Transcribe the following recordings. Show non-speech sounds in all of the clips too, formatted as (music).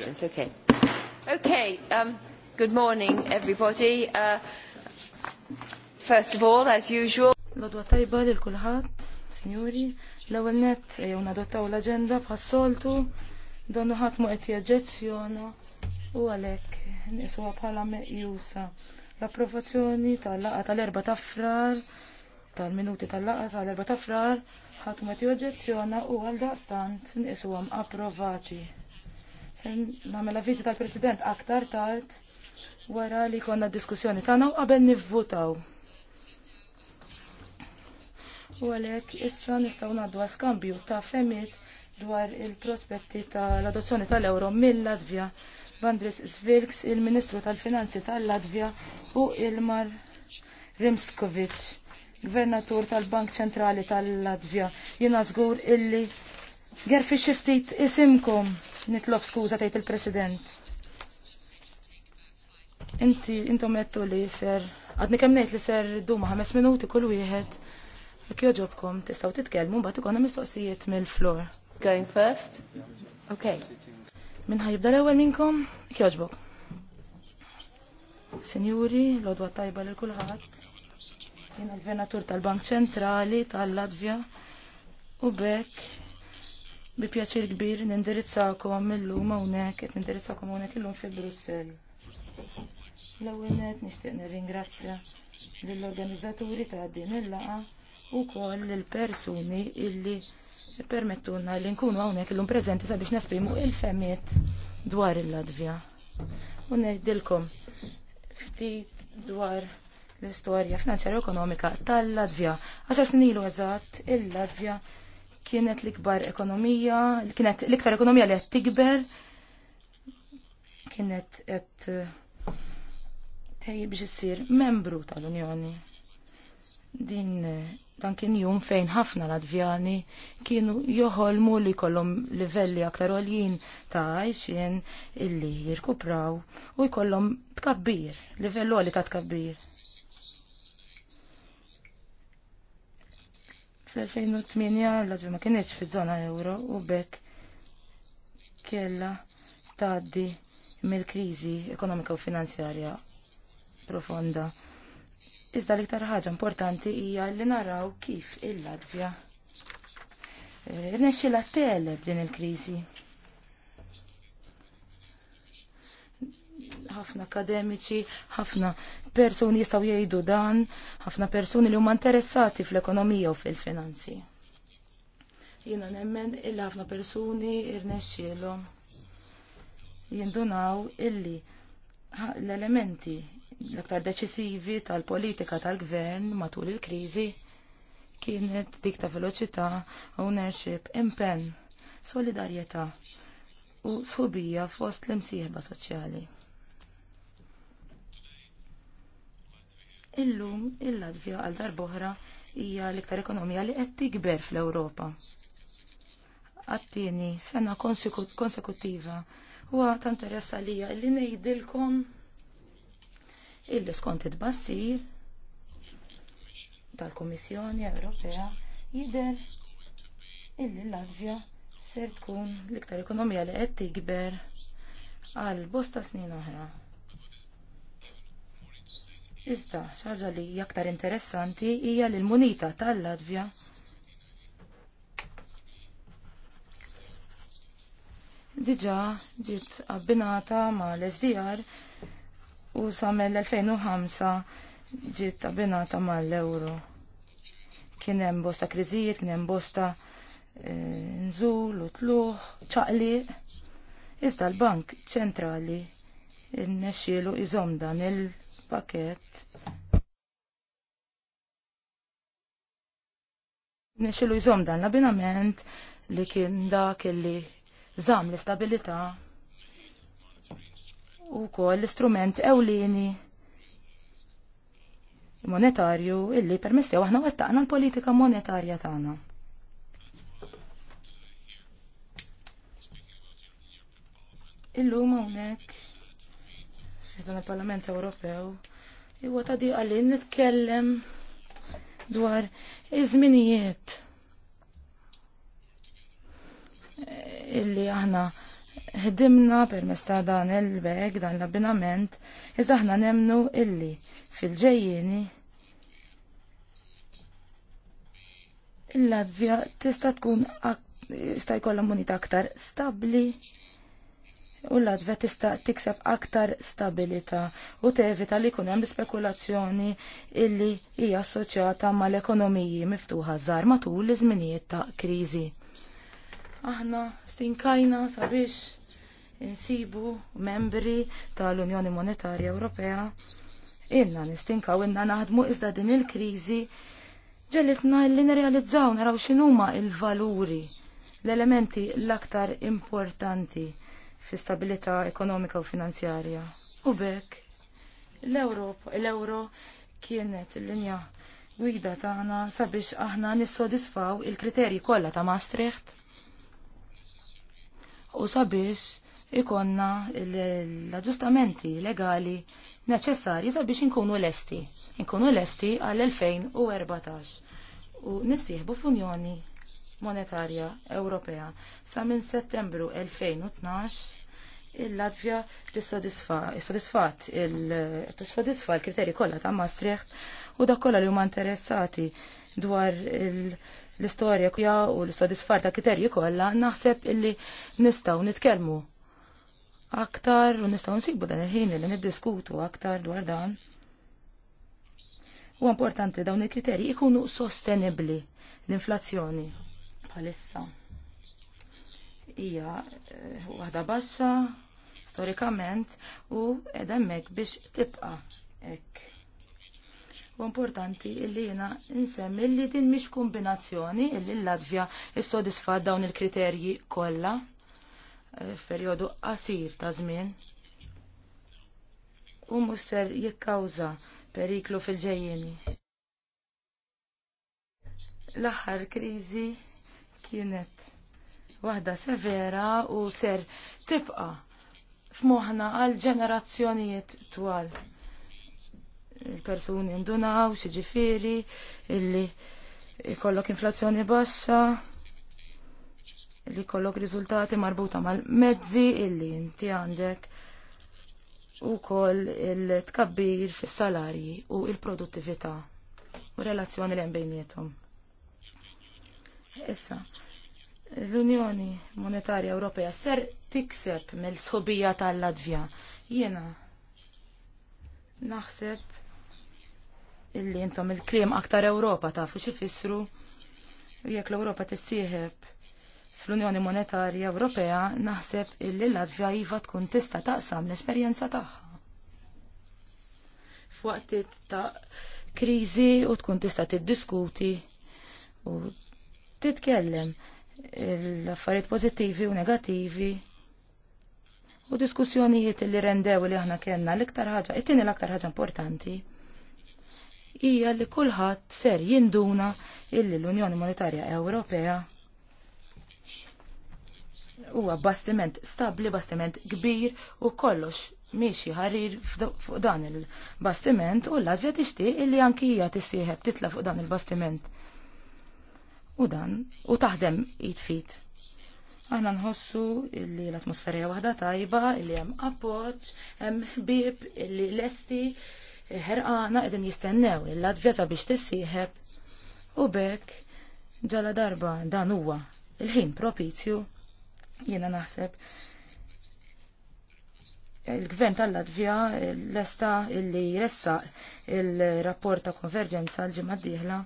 questions. Okay. Okay. Um, good morning, everybody. Uh, first of all, as usual. Lodwa tajba li l-kulħat, signori, l-ewel net jew nadottaw l-agenda bħas-soltu, donu ħadd mu qed jaġġezzjona u għalhekk nisu bħala meqjusa. L-approvazzjoni tal-laqa tal-erba' ta' frar tal-minuti tal-laqa tal-erba ta' frar ħatmet joġġezzjona u għal daqstant nqisuhom approvati. Namela vizita tal-President aktar tard wara li konna diskussjoni tagħna u qabel nivvutaw. U għalhekk issa nistgħu ngħaddu skambju ta' femmit dwar il-prospetti tal-adozzjoni tal-euro mill-Latvja. Bandris Svilks, il-Ministru tal-Finanzi tal-Latvja u Ilmar Rimskovic, Gvernatur tal-Bank Ċentrali tal-Latvja. Jina żgur illi Gerfi xiftit isimkom, nitlob skuza tajt il-president. Inti, intom jettu li ser, għadni kem li ser duma ħames minuti kull wieħed. Jek joġobkom, tistaw titkelmu, bat ikonna mistoqsijiet mill-flor. Going first? Ok. Minn ħajibda l-ewel minnkom, jek joġbok. Senjuri, l-odwa tajba l-kulħat. Jena l-venatur tal-Bank Ċentrali tal-Latvja. U bekk bi pjaċir kbir nindirizzakom illum hawnhekk qed nindirizzakom il illum fi Brussell. L-ewwel nishtiq nixtieq nirringrazzja lill-organizzaturi ta' din il laqgħa wkoll l persuni illi permettunna li nkunu hawnhekk illum preżenti sabiex nesprimu il-femiet dwar il-Latvja. U ngħidilkom ftit dwar l-istorja finanzjarja ekonomika tal-Latvja. Għaxar snin ilu eżatt il-Latvja il latvja kienet l-ikbar ekonomija, kienet l-iktar ekonomija li qed tikber, kienet qed eh, tejji ġissir issir membru tal-Unjoni. Din eh, dan kien jum fejn ħafna Latvjani kienu joħolmu li kollom livelli aktar għaljin ta' għajxien illi jirkupraw u jkollhom tkabbir, livellu għalli ta' tkabbir. Fl-2008 l-ġu ma kienieċ fi zona euro u bekk kella taddi mill-krizi ekonomika u finanzjarja profonda. Iżda l-iktar ħaġa importanti hija li naraw kif il-Latvja eh, la tele din il-kriżi. ħafna akademiċi, ħafna persuni jistaw jgħidu dan, ħafna persuni li huma interessati fl-ekonomija u fil-finanzi. Jiena nemmen illi ħafna persuni irnexxielhom jindunaw illi l-elementi l-aktar deċisivi tal-politika tal-gvern matul il-kriżi kienet dik ta' veloċità, ownership, impenn, solidarjetà u sħubija fost l-imsieħba soċjali. Illum il-Latvja għal darboħra hija l-iktar ekonomija li qed tikber fl-Ewropa. Għattini sena konsekutiva huwa ta' interess għalija li ngħidilkom il-diskonti bassi tal-Komissjoni Ewropea jidher illi l-Latvja ser tkun l-iktar ekonomija li qed tikber għal bosta snin oħra. Iżda, xaġa li aktar interessanti hija li l-munita tal-Latvja diġa ġiet abbinata ma l-SDR u sa mill-2005 ġiet abbinata ma l-euro. Kien hemm bosta kriżijiet, kien hemm bosta e, nżul u tluħ, ċaqliq. Iżda l-Bank ċentrali nnexxielu iżom dan il- pakett nexilu jżom dan l abinament li kien dak li zam l istabilita u kol l-istrument ewlini monetarju illi permessew aħna wettaqna l-politika monetarja tagħna. Illum hawnhekk dan il-Parlament Ewropew huwa ta' di nitkellem dwar iż-żminijiet eh, illi aħna ħdimna permezz ta' dan il-beg, dan l-abbinament, iżda aħna nemnu illi fil-ġejjieni il-Latvja tista' tkun tista' jkollha munita aktar stabbli u l-Latvja tista' tikseb aktar stabilità u tevita li jkun hemm spekulazzjoni illi hija assoċjata mal-ekonomiji miftuħa żgħar matul iż-żminijiet ta' kriżi. Aħna stinkajna sabiex insibu membri tal-Unjoni Monetarja Ewropea inna nistinkaw inna naħdmu iżda din il-kriżi ġellitna li nirrealizzaw naraw x'inhuma il-valuri l-elementi l-aktar importanti fi stabilità ekonomika u finanzjarja. U bekk l-Europa, l-Euro kienet l-linja gwida tagħna sabiex aħna nissodisfaw il-kriterji kollha ta' Maastricht u sabiex ikonna l-aġġustamenti legali neċessari sabiex inkunu lesti. Inkunu esti għall-2014 u nissieħbu f'unjoni Monetarja Ewropea. Sa minn settembru 2012 il-Latvja tissodisfat il-tissodisfa l-kriteri kollha ta' Maastricht u dak kollha li huma interessati dwar l-istorja kja u l-istodisfar ta' kriterji kollha naħseb illi nistgħu nitkellmu aktar u nistgħu nsibu dan il-ħin li niddiskutu aktar dwar dan u importanti dawn il-kriterji ikunu sostenibli l-inflazzjoni bħalissa hija eh, waħda baxa, storikament u edemmek biex tibqa' hekk. U importanti illi jiena insemmi li din mhix kombinazzjoni illi l-Latvja jistodisfa' dawn il-kriterji kollha eh, f'perjodu qasir ta' żmien u mhux jikkawza jikkawża periklu fil-ġejjieni. L-aħħar kriżi kienet waħda severa u ser tibqa f'moħħna għal ġenerazzjonijiet twal. Il-persuni ndunaw, xiġifieri, illi kollok inflazzjoni bassa, illi kollok riżultati marbuta mal-mezzi illi inti għandek u koll il-tkabbir fis salarji u il-produttività u relazzjoni l embejnietum Issa, l-Unjoni Monetarja Ewropea ser tikseb mill-sħobija tal-Latvja. Jiena naħseb illi intom il-klim aktar Ewropa tafu xi fissru jekk l-Ewropa tissieħeb fl-Unjoni Monetarja Ewropea naħseb illi l-Latvja iva tkun tista taqsam l-esperjenza tagħha. F'waqt ta' kriżi u tkun tista' tiddiskuti u titkellem l-affarijiet pożittivi u negattivi u diskussjonijiet li rendew li aħna kellna l-iktar ħaġa, it-tieni l-aktar ħaġa importanti hija li kulħadd ser jinduna illi l-Unjoni Monetarja Ewropea huwa bastiment stabbli, bastiment kbir u kollox miexi ħarir fuq dan il-bastiment u l-Latvja tixtieq illi anki hija tissieħeb titla fuq dan il-bastiment u dan u taħdem jitfit. Aħna nħossu li l-atmosferija waħda tajba, li hemm appoġġ, hemm ħbieb, li lesti ħerqana qegħdin jistennew il-Latvja biex tissieħeb u bekk ġala darba dan huwa il-ħin propizju jiena naħseb il-gvern tal-Latvija l-esta illi jressaq il-rapport ta' konverġenza l-ġimgħa d-dieħla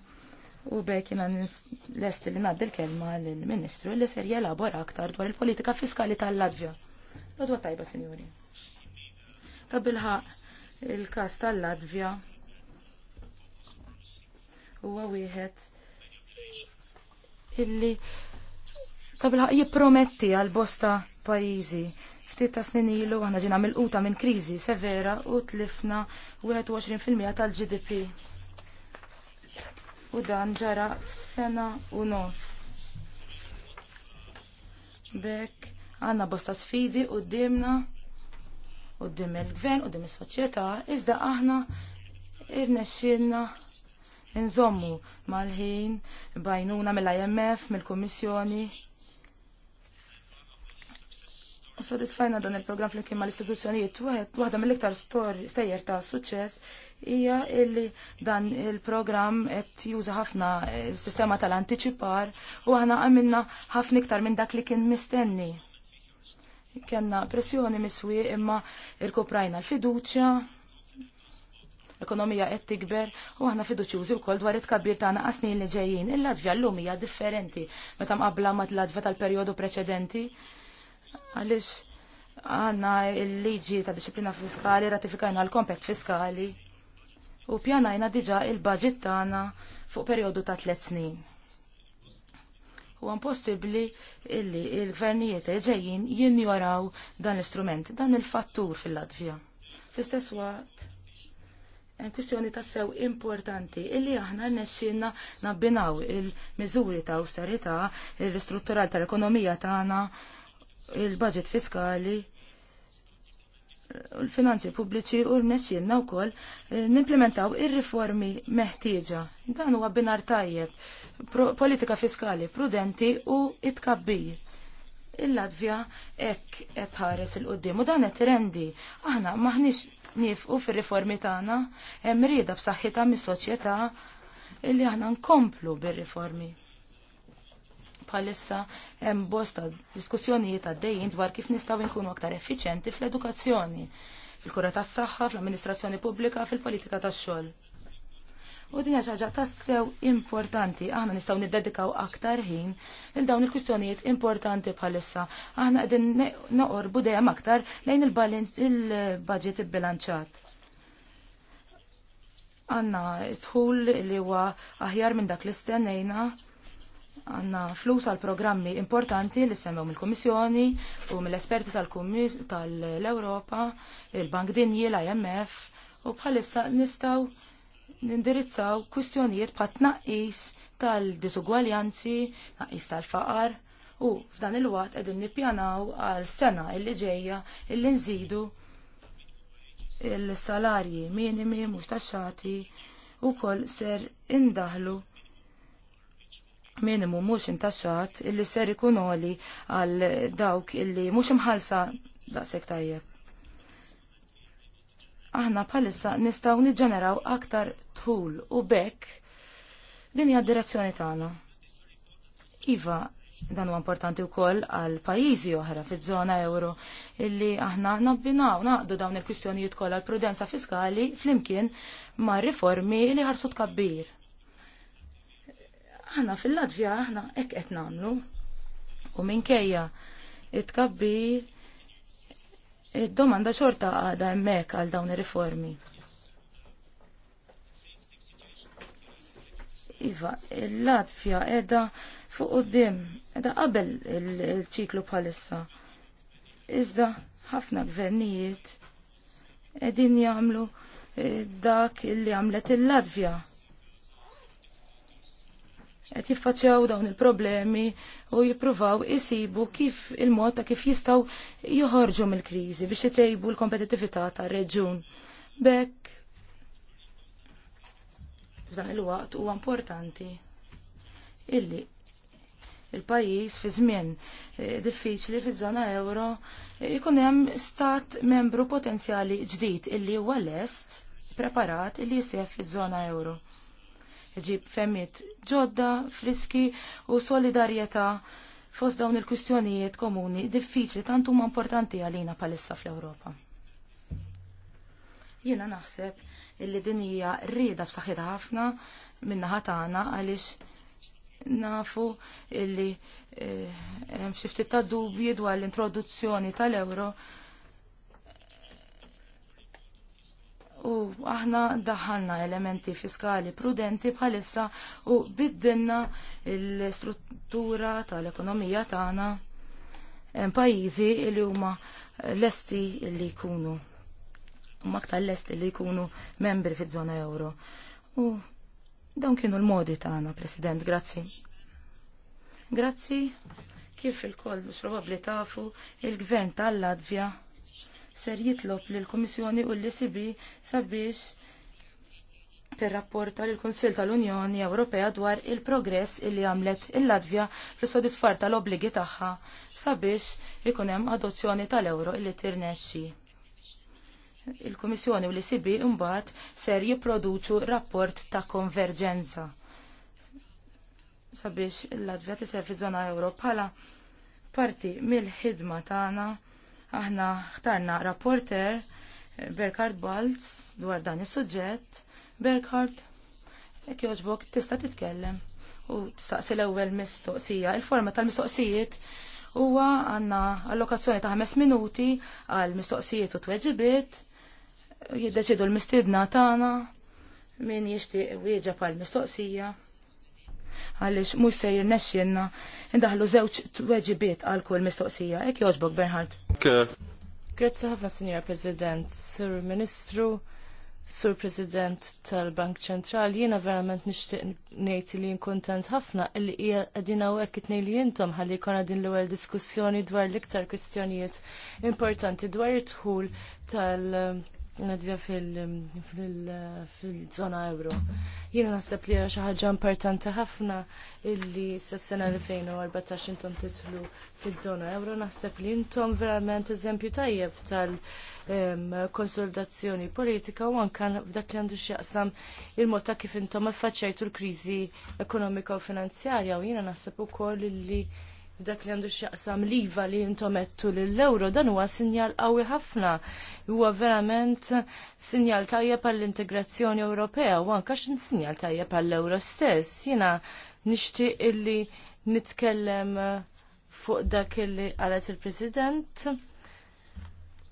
U bekk jina l-est li naddil kelma l-Ministru li ser jelabora aktar dwar il-politika fiskali tal-Latvja. Lodwa tajba, sinjuri. Ta' il-kas tal-Latvja huwa wieħed illi ta' jipprometti għal bosta pajjiżi. Ftit ta' snin ilu aħna ġina mill-quta minn kriżi severa u tlifna 21% tal-GDP u dan ġara f'sena u nofs. Bek, għanna bosta sfidi u dimna u dim il-gvern u dim il-soċieta, iżda aħna irnexxinna nżommu mal-ħin bajnuna mill-IMF, mill-Kommissjoni, mill imf mill kummissjoni Soddisfajna sodisfajna dan il program fl-kien ma l-istituzzjonijiet waħda mill-iktar stor stejjer ta' suċċess hija illi dan il-programm qed juża ħafna s-sistema eh, tal-antiċipar u aħna għamilna ħafna iktar minn dak li kien mistenni. Kenna pressjoni miswi imma irkoprajna l-fiduċja, ekonomija qed tikber u aħna fiduċjużi wkoll dwar it-kabbir tagħna għas-snin li ġejjin. Il-Latvja llum hija differenti meta mqabbla mat-Latvja tal-perjodu preċedenti Għaliex għandna l-liġi ta' disciplina fiskali, ratifikajna l kompet fiskali u pjanajna diġa il-budget tagħna fuq perjodu ta' tliet snin. Huwa impossibbli illi il-gvernijiet ġejjin jinjoraw dan l-istrument, dan il-fattur fil-Latvja. Fl-istess waqt, hemm kwistjoni ta' sew importanti illi aħna rnexxinna nabbinaw il-miżuri ta' awsterità, il-ristruttural tal-ekonomija tagħna il-budget fiskali l-finanzi pubbliċi u rnexxinna wkoll eh, nimplementaw ir-riformi meħtieġa. Dan huwa binar tajjeb, politika fiskali prudenti u itkabbir. Il-Latvja hekk qed il qoddim u dan qed rendi. Aħna maħniex nifqu fir-riformi tagħna hemm rieda b'saħħitha mis-soċjetà illi aħna nkomplu bir reformi bħalissa hemm bosta diskussjonijiet għaddejjin dwar kif nistgħu nkunu aktar effiċjenti fl-edukazzjoni, fil-kura tas-saħħa, fl-amministrazzjoni pubblika, fil-politika tax-xogħol. U din hija ħaġa tassew importanti. Aħna nistgħu niddedikaw aktar ħin lil dawn il-kwistjonijiet importanti bħalissa. Aħna qegħdin noqorbu dejjem aktar lejn il-budget ibbilanċat. Għanna tħul li huwa aħjar minn dak li stennejna għanna flus għal programmi importanti li semmew mill-Komissjoni u mill-esperti tal-Europa, il-Bank Dinji, l-IMF, u bħalissa nistaw nindirizzaw kwistjonijiet bħat tnaqqis tal-disugwaljanzi, tnaqqis tal-faqar, u f'dan il-waqt qegħdin nippjanaw għal sena illi ġejja illi nżidu il-salarji minimi mhux u kol ser indaħlu minimu mhux intaxxat illi ser ikun għoli għal dawk illi mhux imħalsa daqshekk tajjeb. Aħna bħalissa nistgħu niġġeneraw aktar tħul u bekk din hija d-direzzjoni tagħna. Iva, dan huwa importanti wkoll għal pajjiżi oħra fiż-żona euro illi aħna nabbinaw naqdu dawn il-kwistjonijiet kollha għall prudenza fiskali flimkien ma' riformi li ħarsu tkabbir Aħna fil-Latvja aħna hekk qed nagħmlu. U minkejja it id-domanda xorta għada emmek għal dawn ir-riformi. Iva, il-Latvja edha fuq u dim, edha qabel il-ċiklu bħalissa. Iżda, ħafna gvernijiet edin jamlu eh, dak illi għamlet il-Latvja qed jiffaċċjaw dawn il-problemi u jippruvaw isibu kif il-mod ta' kif jistgħu joħorġu mill-kriżi biex itejbu l kompetitività tar-reġjun. Bekk f'dan il-waqt huwa importanti illi il-pajjiż fi żmien eh, diffiċli fiż-żona euro jkun eh, hemm stat membru potenzjali ġdid illi huwa lest preparat illi jsef fiż-żona euro ġib femmit ġodda, friski u solidarjetà fost dawn il-kustjonijiet komuni diffiċli tant huma importanti għalina palissa fl-Ewropa. Jiena naħseb illi din hija rrieda b'saħħitha ħafna minna tagħna għaliex nafu illi eh, hemm xi ftit ta' dubji dwar l-introduzzjoni tal-euro u aħna daħħalna elementi fiskali prudenti bħalissa u biddinna l-struttura tal-ekonomija tagħna pajjiżi li huma lesti li jkunu huma aktar lesti li jkunu membri fiż-żona euro. U dawn kienu l-modi tagħna, President, grazzi. Grazzi, kif il-koll, probabbli tafu, il-gvern tal-Latvja ser jitlob lill kummissjoni u l-ECB sabiex tirrapporta lill kunsill tal-Unjoni Ewropea dwar il-progress illi għamlet il-Latvja fis sodisfar tal obbligi tagħha sabiex ikun hemm adozzjoni tal ewro illi tirnexxi. Il-Kummissjoni u l-ECB imbagħad ser jipproduċu rapport ta' konverġenza sabiex il-Latvja tisef fiż-żona Ewro bħala parti mill-ħidma tagħna Aħna ħtarna rapporter eh, Berkard Balz dwar dan is-suġġett. Berkard, jekk jogħġbok tista' titkellem u tistaqsi l-ewwel mistoqsija. Il-forma tal-mistoqsijiet huwa għandna allokazzjoni ta' ħames minuti għal mistoqsijiet u tweġibiet jiddeċidu l-mistidna tagħna min jixtieq wieġeb għal mistoqsija għaliex mhux se jirnexxielna indaħlu żewġ tweġibiet għal kull mistoqsija. Ek jogħġbok Bernhard. Grazzi ħafna Signor President, Sur Ministru, Sur President tal-Bank Ċentral, jiena verament nixtieq ngħid li nkuntent ħafna illi hija qegħdin hawnhekk itnej li jintom ħalli jkollna din l-ewwel diskussjoni dwar l-iktar kwistjonijiet importanti dwar it-dħul tal- nadvja fil-zona euro. Jina naħseb li xi ħaġa importanti ħafna illi s-sena 2014 intom titlu fil-zona euro. Naħseb li intom verament eżempju tajjeb tal-konsolidazzjoni politika u għankan dak li għandu x'jaqsam il-mod ta' kif intom affaċċajtu l-kriżi ekonomika u finanzjarja u jiena naħseb ukoll illi dak li għandu x'jaqsam liva li jintomettu lill-euro dan huwa sinjal qawwi ħafna. Huwa verament sinjal tajjeb għall-integrazzjoni Ewropea u anke sinjal tajjeb għall-euro stess. Jiena nixtieq illi nitkellem eh, fuq dak illi qalet il-President.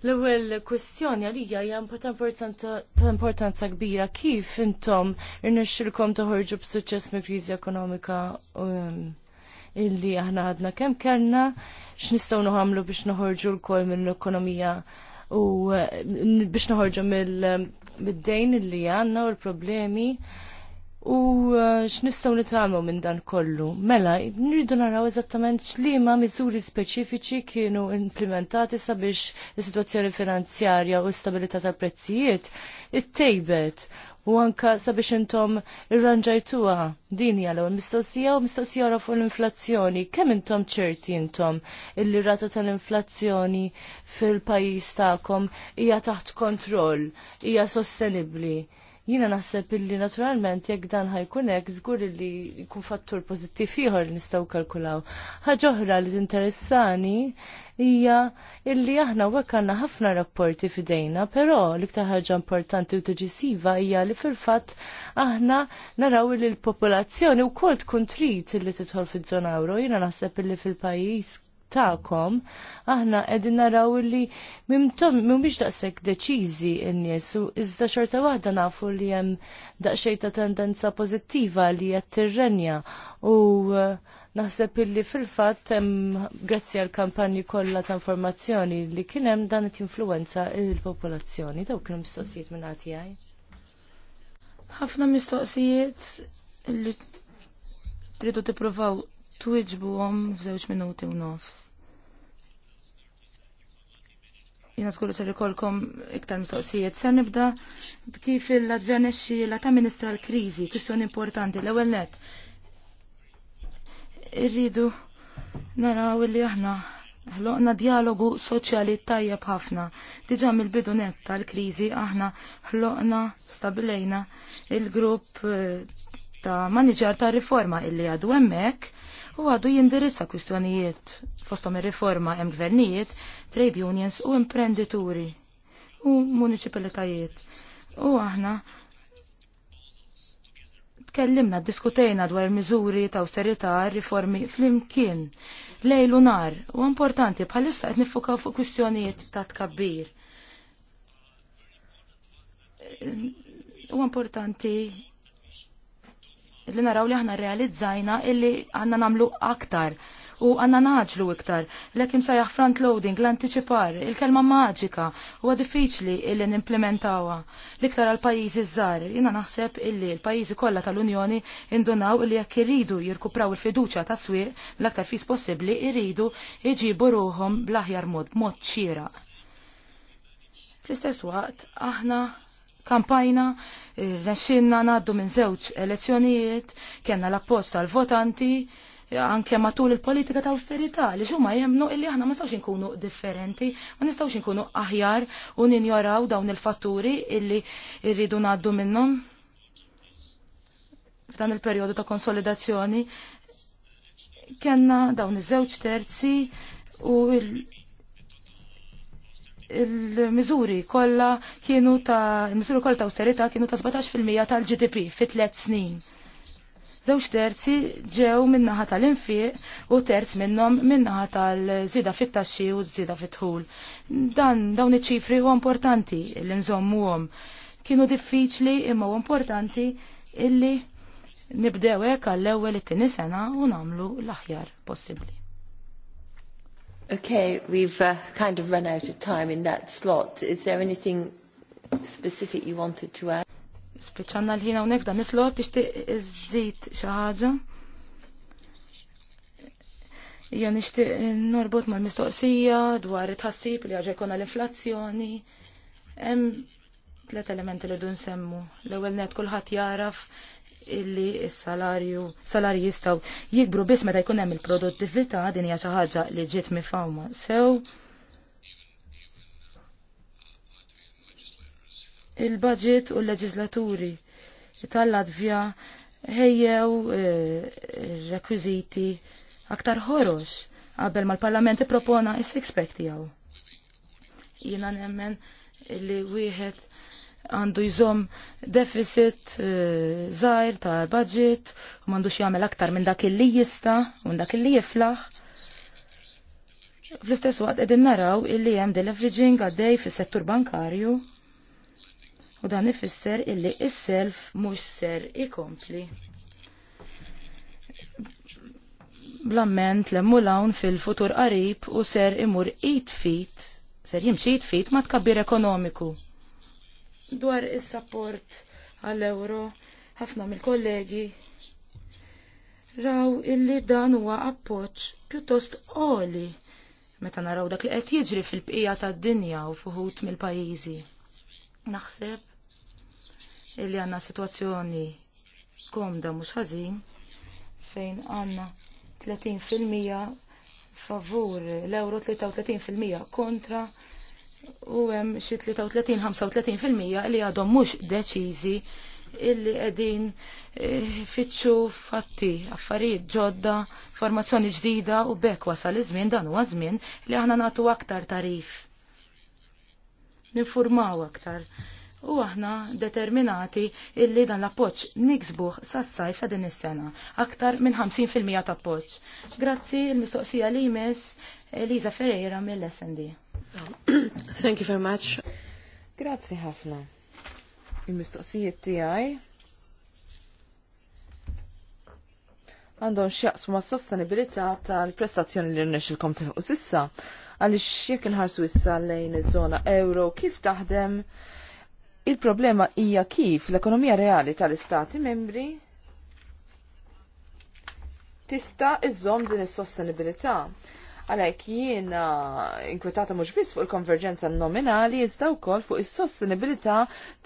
L-ewwel kwestjoni għalija hija ta' importanza kbira kif intom irnexxilkom toħorġu b'suċċess mill-kriżi ekonomika um, illi aħna għadna kemm kellna x'nistgħu nħamlu biex noħorġu l-kol mill-ekonomija u eh, biex noħorġu mill-dejn illi għandna u l-problemi. U eh, x'nistgħu nitgħamlu minn dan kollu? Mela, nridu naraw eżattament x'liema miżuri speċifiċi kienu implementati sabiex is-sitwazzjoni finanzjarja u stabilità tal-prezzijiet ittejbet u anka sabiex intom irranġajtuha din jalaw mistoqsija u mistoqsija wara fuq l-inflazzjoni. Kemm intom ċerti intom illi rata tal-inflazzjoni fil-pajjiż tagħkom hija taħt kontroll, hija sostenibbli. Jina naħseb illi naturalment jekk dan ħajkun hekk żgur li jkun fattur pożittiv ieħor li nistgħu kalkulaw. Ħaġa oħra li tinteressani hija illi aħna wek għandna ħafna rapporti fidejna, però l-iktar ħaġa importanti u deċisiva hija li fil-fatt aħna naraw li l-popolazzjoni wkoll tkun trid li tidħol fiż-żona euro. Jiena naħseb illi fil-pajjiż ta'kom, aħna edin naraw li mhumiex daqsek deċizi n-nies, u iżda xorta waħda nafu li jem daqxej ta' tendenza pozittiva li qed tirrenja u uh, Naħseb illi fil-fatt grazzi għal kampanji kollha ta' informazzjoni li kien hemm dan qed influenza il popolazzjoni daw kienu mistoqsijiet minn għaj. Ħafna mistoqsijiet li tridu tippruvaw twiġbuhom f'żewġ minuti u nofs. jina skullu se rikolkom iktar mistoqsijiet. se nibda kif il-advernexxi l-ta' ministra l-kriżi, kwistjoni importanti. L-ewwel net, irridu naraw li aħna ħloqna dialogu soċjali tajjeb ħafna. Diġà mill-bidu net tal-kriżi aħna ħloqna stabilejna il-grupp eh, ta' maniġar ta' riforma illi għadu hemmhekk u għadu jindirizza kwistjonijiet fostom ir-riforma hemm gvernijiet, trade unions u imprendituri u municipalitajiet. U aħna Tkellimna, diskutejna dwar miżuri ta' austerità, riformi flimkien, lejlu lunar, u importanti bħalissa qed nifukaw fuq kwistjonijiet ta' tkabbir. U importanti li naraw li aħna realizzajna illi għanna namlu aktar u għanna naġlu iktar. l-ekim sajjaħ front loading, l-anticipar, il-kelma maġika u diffiċli illi n-implementawa. L-iktar għal-pajizi zzar, jina naħseb illi l-pajizi kollha tal-Unjoni indunaw illi jekk iridu jirkupraw il-fiduċa ta' swieq l-aktar fis possibli iridu iġibu ruhom bl-aħjar mod, mod ċira. Fl-istess waqt, aħna kampajna, eh, rnexxinna naddu minn żewġ elezzjonijiet, kellna l appost tal-votanti, anke matul il-politika ta' austerità li xuma jemnu illi aħna ma nistawx inkunu differenti, ma nistawx inkunu aħjar u ninjoraw dawn il-fatturi illi irridu ngħaddu minnhom f'dan il-perjodu ta' konsolidazzjoni kenna dawn iż-żewġ terzi u il-mizuri kolla kienu ta' il-mizuri kolla ta' austerita kienu ta' 17% tal-GDP fit tliet snin. Żewġ terzi ġew min-naħa tal-infiq u terz minnhom min-naħa tal-żida fit-taxxi u żida fit-tħul. Dan dawn iċ-ċifri huwa importanti li għom. Kienu diffiċli imma huwa importanti illi nibdew hekk għall-ewwel it-tieni sena u nagħmlu l-aħjar possibbli. Okay, we've uh, kind of run out of time in that slot. Is there anything specific you wanted to add? spiċċanna l-ħin hawnhekk dan islot tixtieq iżid xi ħaġa. Ja nixtieq norbot mal-mistoqsija dwar it-ħassib li ħaġa jkollna l-inflazzjoni. Hemm tlet elementi li dun semmu. L-ewwel net kulħadd jaraf illi s-salarju, salarji jistgħu jikbru biss meta jkun hemm il-produttività din hija xi ħaġa li ġiet mifhawma. Sew so, il-budget u l-leġislaturi tal-Latvja ħejjew eh, rekwiziti aktar ħoros qabel mal-Parlament propona is-sixpack tiegħu. Jiena nemmen li wieħed għandu jżomm deficit eh, żgħir ta' budget u m'għandux jagħmel aktar minn dak li jista' u minn dak li jiflaħ. Fl-istess waqt qegħdin naraw illi hemm deleveraging għaddej fis-settur bankarju U dan ifisser illi is-self mhux ser ikompli. Blamment lemmu lawn fil-futur qarib u ser imur 8 fit, ser jimxi 8 fit ma tkabbir ekonomiku. Dwar is-sapport għall-euro, ħafna mill-kollegi raw illi dan huwa appoġġ pjuttost qoli meta naraw dak li qed jiġri fil-bqija tad-dinja u fuħut mill-pajjiżi. Naħseb illi għanna situazzjoni komda mhux ħażin fejn għanna 30% favur l-euro 33% kontra u hemm xi 33-35% li għadhom mhux deċiżi illi qegħdin e, fitxu fatti affarijiet ġodda, formazzjoni ġdida u bekk wasal iż-żmien dan huwa żmien li aħna nagħtu aktar tarif. Ninfurmaw aktar u aħna determinati illi dan l-appoċ niksbuħ sas-sajf ta' din is-sena, aktar minn 50% ta' appoċ. Grazzi il-mistoqsija li jmiss Eliza Ferreira mill-SND. (coughs) Thank you very much. Grazzi ħafna. Il-mistoqsijiet tiegħi għandhom x'jaqsmu ma' sostenibilità tal-prestazzjoni li rnexxilkom tilħu sissa għaliex jekk inħarsu issa lejn iż-żona euro kif taħdem Il-problema hija kif l-ekonomija reali tal-istati membri tista iżżomm din is-sostenibilità. Għalhekk jiena inkwetata mhux biss fuq il-konverġenza nominali iżda wkoll fuq is-sostenibilità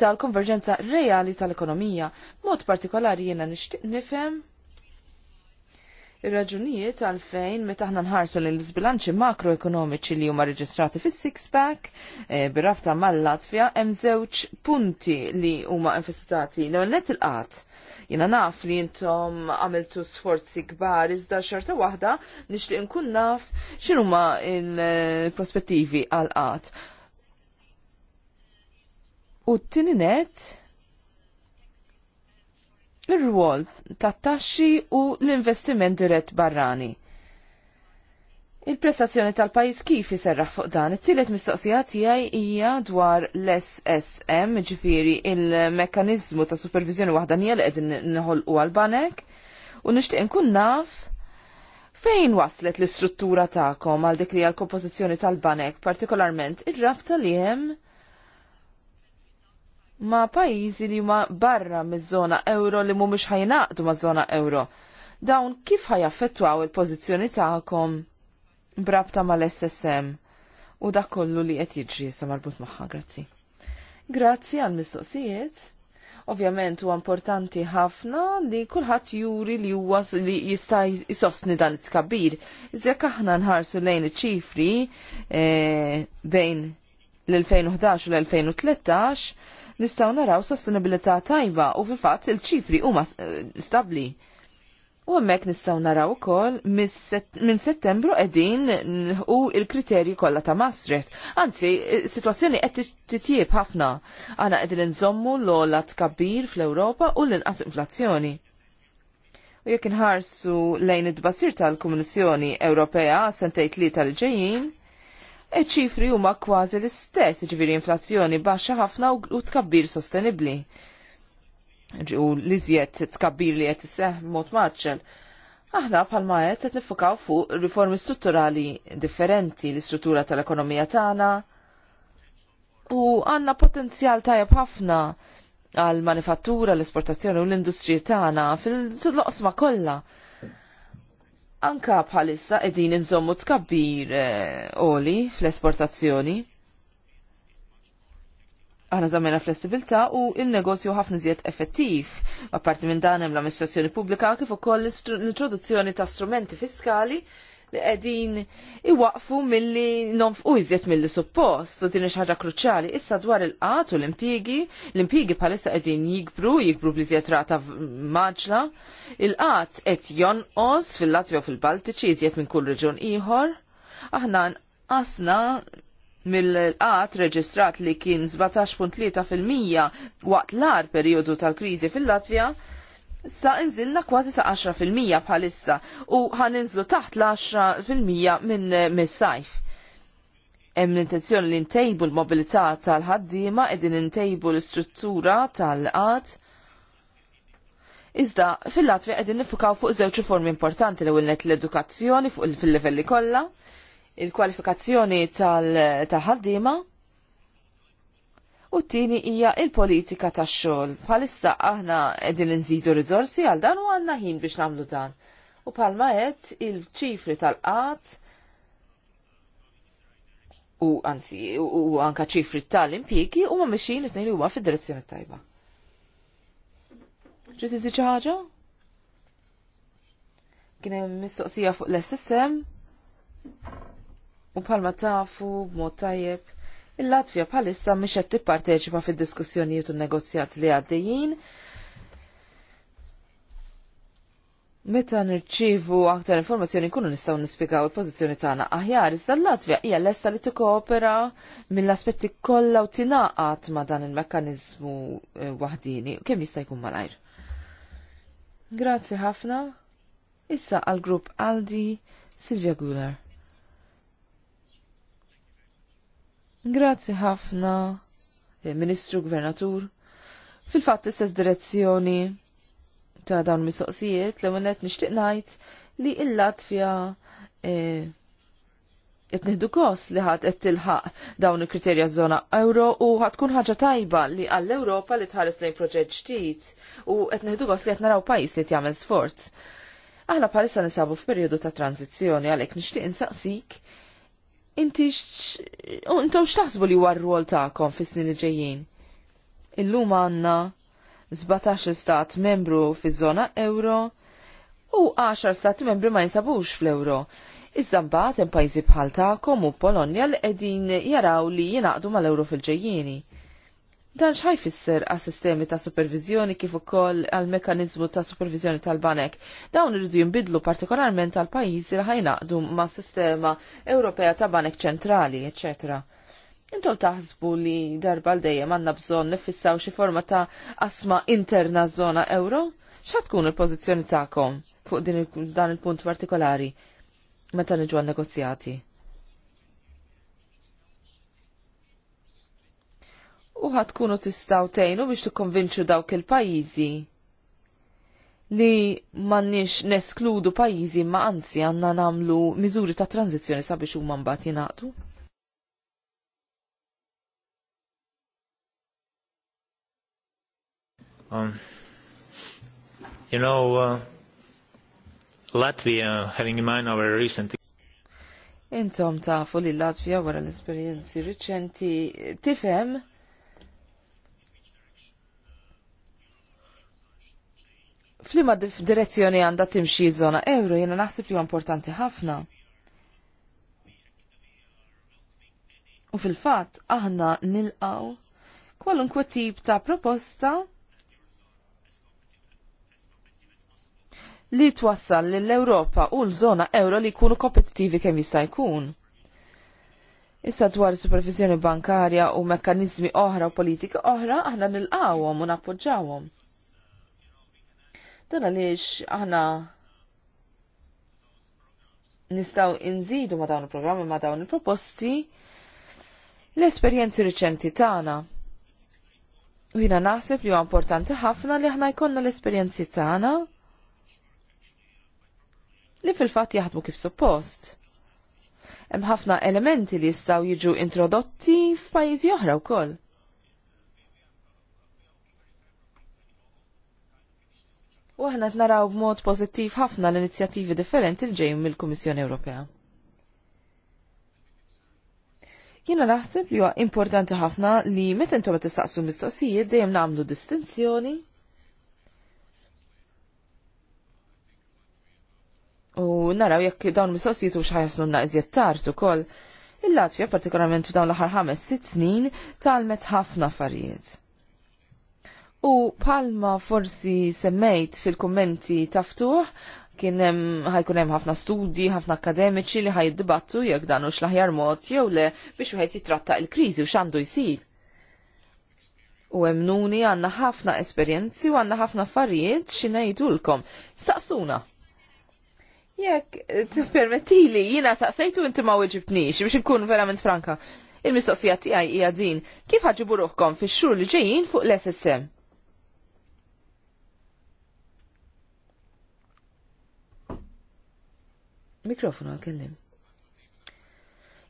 tal-konverġenza reali tal-ekonomija. Mod partikolari jiena nixtieq nifhem Ir-raġunijiet għalfejn meta aħna nħarsu l sbilanċi makroekonomiċi li huma reġistrati fis-six-pack e, eh, bir-rabta mal-Latvja hemm żewġ punti li huma infestati l net il-qatt. Jina naf li jintom għamiltu sforzi kbar iżda xorta waħda nixtieq nkun naf x'inhuma il-prospettivi għal qatt. U t-tini net ir-rwol tat-taxxi u l-investiment dirett barrani. Il-prestazzjoni tal-pajis kif jiserraħ fuq dan? It-tielet mistoqsija tiegħi hija dwar l-SSM, ġifieri il-mekkaniżmu ta' supervizjoni wahdanija li qegħdin neħolqu għal-banek u nixtieq nkun naf fejn waslet l-istruttura tagħkom għal dik li għal kompożizzjoni tal-banek, partikolarment ir-rabta li hemm ma' pajjiżi li huma barra miż-żona euro li mhumiex ħajnaqdu maż-żona euro. Dawn kif ħajaffettwaw il-pożizzjoni tagħkom brabta mal-SSM u dak kollu li qed jiġri sa marbut magħha, grazzi. Grazzi għal mistoqsijiet. Ovvjament huwa importanti ħafna li kulħadd juri li huwa li jista' jisostni dan it-tkabbir. Iżjek aħna nħarsu lejn iċ-ċifri eh, bejn l-2011 u l-2013 nistgħu naraw sostenibilità tajba u fil-fatt il-ċifri huma eh, stabbli. U hemmhekk nistgħu naraw ukoll minn Settembru qegħdin u l-kriterji kollha ta' Masret. Anzi, eh, sitwazzjoni qed titjib ħafna. Għana qegħdin nżommu l-ola tkabbir fl-Ewropa u l-inqas inflazzjoni u jekk inħarsu lejn id-basir tal-Kommissjoni Ewropea sentejt li tal-ġejjin, ċifri huma kważi l-istess, ġifieri inflazzjoni baxxa ħafna u tkabbir sostenibbli. Ġu li żjed tkabbir li qed isseħ mod maċċel. Aħna bħalma qed qed nifukaw fuq riformi strutturali differenti l-istruttura tal-ekonomija tagħna u għandna potenzjal tajjeb ħafna għal manifattura, l-esportazzjoni u l-industrija tagħna fil-loqsma kollha anka bħalissa edin nżommu tkabbir eh, oli fl-esportazzjoni. Aħna żammena flessibilità u il-negozju ħafna iżjed effettiv. Apparti minn dan hemm l-amministrazzjoni pubblika kif ukoll l-introduzzjoni ta' strumenti fiskali li qegħdin iwaqfu milli nonfqu iżjed milli suppost u din ħaġa kruċjali issa dwar il-qat u l-impjiegi, l impigi bħalissa qegħdin jikbru, jikbru bliżjed rata maġla, il-qat qed jonqos fil latvija u fil-Baltiċi iżjed minn kull reġun ieħor. Aħna nqasna mill-qat reġistrat li kien 17.3% waqt l-ar periodu tal-kriżi fil-Latvja sa inżilna kważi sa 10% bħalissa u ħaninżlu taħt l-10% minn mis-sajf. Hemm l-intenzjoni li ntejbu l-mobilità tal-ħaddiema qegħdin intejbu l-istruttura tal-qad. Iżda fil-Latvija qegħdin nifukaw fuq żewġ riformi importanti li ewwel l-edukazzjoni fuq fil-livelli kollha, il-kwalifikazzjoni tal-ħaddiema, tal ħaddiema u t-tieni hija il-politika tax-xogħol. Bħalissa aħna qegħdin inżidu rizorsi għal dan u għanna ħin biex nagħmlu dan. U palma għed il-ċifri tal qat u għansi u anka ċifri tal-impjiegi huma mixin it-tnejn huma fid-direzzjoni tajba. Ġiet t xi ħaġa? Kien hemm mistoqsija fuq l-SSM u bħalma tafu b'mod tajjeb il-Latvja bħalissa mhix qed tipparteċipa fid-diskussjonijiet u negozjat li għaddejjin. Meta nirċivu aktar informazzjoni kunu nistgħu nispjegaw il-pożizzjoni tagħna aħjar iżda l-Latvja hija lesta li tikkopera mill-aspetti kollha u tingħaqad ma' dan il-mekkaniżmu eh, waħdini kemm jista' jkun malajr. Grazzi ħafna. Issa għal grupp Aldi Silvia Guller. Grazzi ħafna, eh, Ministru Gvernatur. Fil-fatt istess direzzjoni ta' dawn mistoqsijiet li għonet nixtieq ngħid li il-Latvja eh, qed nieħdu gost li ħadd qed tilħaq dawn il-kriterja żona euro u tkun ħaġa tajba li għall-Ewropa li tħares lejn proġett ġdid u qed nieħdu gost li qed naraw pajjiż li jagħmel sforz. Aħna bħalissa nisabu f'perjodu ta' tranzizzjoni għalhekk nixtieq insaqsik inti intom x'taħsbu li huwa r-rwol tagħkom fis-snin ġejjin? Illum għandna 17 stat membru fiż-żona euro u 10 stat membru ma jinsabux fl-euro. Iżda mbagħad hemm pajjiżi bħal tagħkom u Polonja li qegħdin jaraw li jingħaqdu mal-euro fil-ġejjieni. Dan xaj fisser għas sistemi ta' supervizjoni kif ukoll għal mekanizmu ta' supervizjoni tal-banek. Dawn irridu jimbidlu partikolarment għal pajjiżi li ħajnaqdu ma' sistema Ewropea ta' banek ċentrali, ecc. Intom taħsbu li darba l dejjem għandna bżonn nifissaw xi forma ta' asma interna zona euro? Xa tkun il-pożizzjoni tagħkom fuq dan il-punt partikolari meta niġu għal negozjati? u kunu tistaw tejnu biex tikkonvinċu dawk il-pajizi li mannix neskludu pajizi ma anzi għanna namlu miżuri ta' tranzizjoni sabiex huma mbagħad jingħaqdu? Um, you know, uh, Latvia, having in mind our recent Intom tafu li Latvia wara l-esperjenzi riċenti tifhem flima direzzjoni għanda timxi zona euro jena naħseb li importanti ħafna. U fil-fat, aħna nilqaw kwalunkwe tip ta' proposta li twassal l-Europa u l-zona euro li kunu kompetitivi kemm jista' jkun. Issa dwar supervizjoni bankarja u mekkanizmi oħra u politika oħra aħna nilqawhom u nappoġġawhom. Dan għaliex aħna nistaw inżidu ma dawn il-programmi ma dawn il-proposti l-esperjenzi riċenti tagħna. U jina naħseb li huwa importanti ħafna li aħna jkollna l-esperjenzi tagħna li fil-fatt jaħdmu kif suppost. Hemm ħafna elementi li jistgħu jiġu introdotti f'pajjiżi oħra wkoll. U aħna naraw b'mod pożittiv ħafna l-inizjattivi differenti li ġejjin mill-Kummissjoni Ewropea. Jiena naħseb li huwa importanti ħafna li meta intom qed tistaqsu mistoqsijiet dejjem nagħmlu distinzjoni U naraw jekk dawn mistoqsijiet u na naqżiet tard ukoll. il latvija partikolarment f'dawn l-aħħar ħames sitt snin talmet ħafna affarijiet. U palma forsi semmejt fil-kommenti taftuħ, kien hemm ħajkun hemm ħafna studji, ħafna akademiċi li ħajdibattu jekk dan hux l-aħjar mod jew le biex wieħed jitratta l-kriżi u x'għandu jsir. U emnuni għanna ħafna esperjenzi u għanna ħafna affarijiet xinajdulkom. Saqsuna. Jekk, eh, permettili, jina saqsejtu inti ma weġibtnix biex nkun verament franka. Il-mistoqsija tiegħi hija din, kif ħaġibu ruħkom fix-xhur li ġejjin fuq l-SSM? Mikrofonu għal-kellim.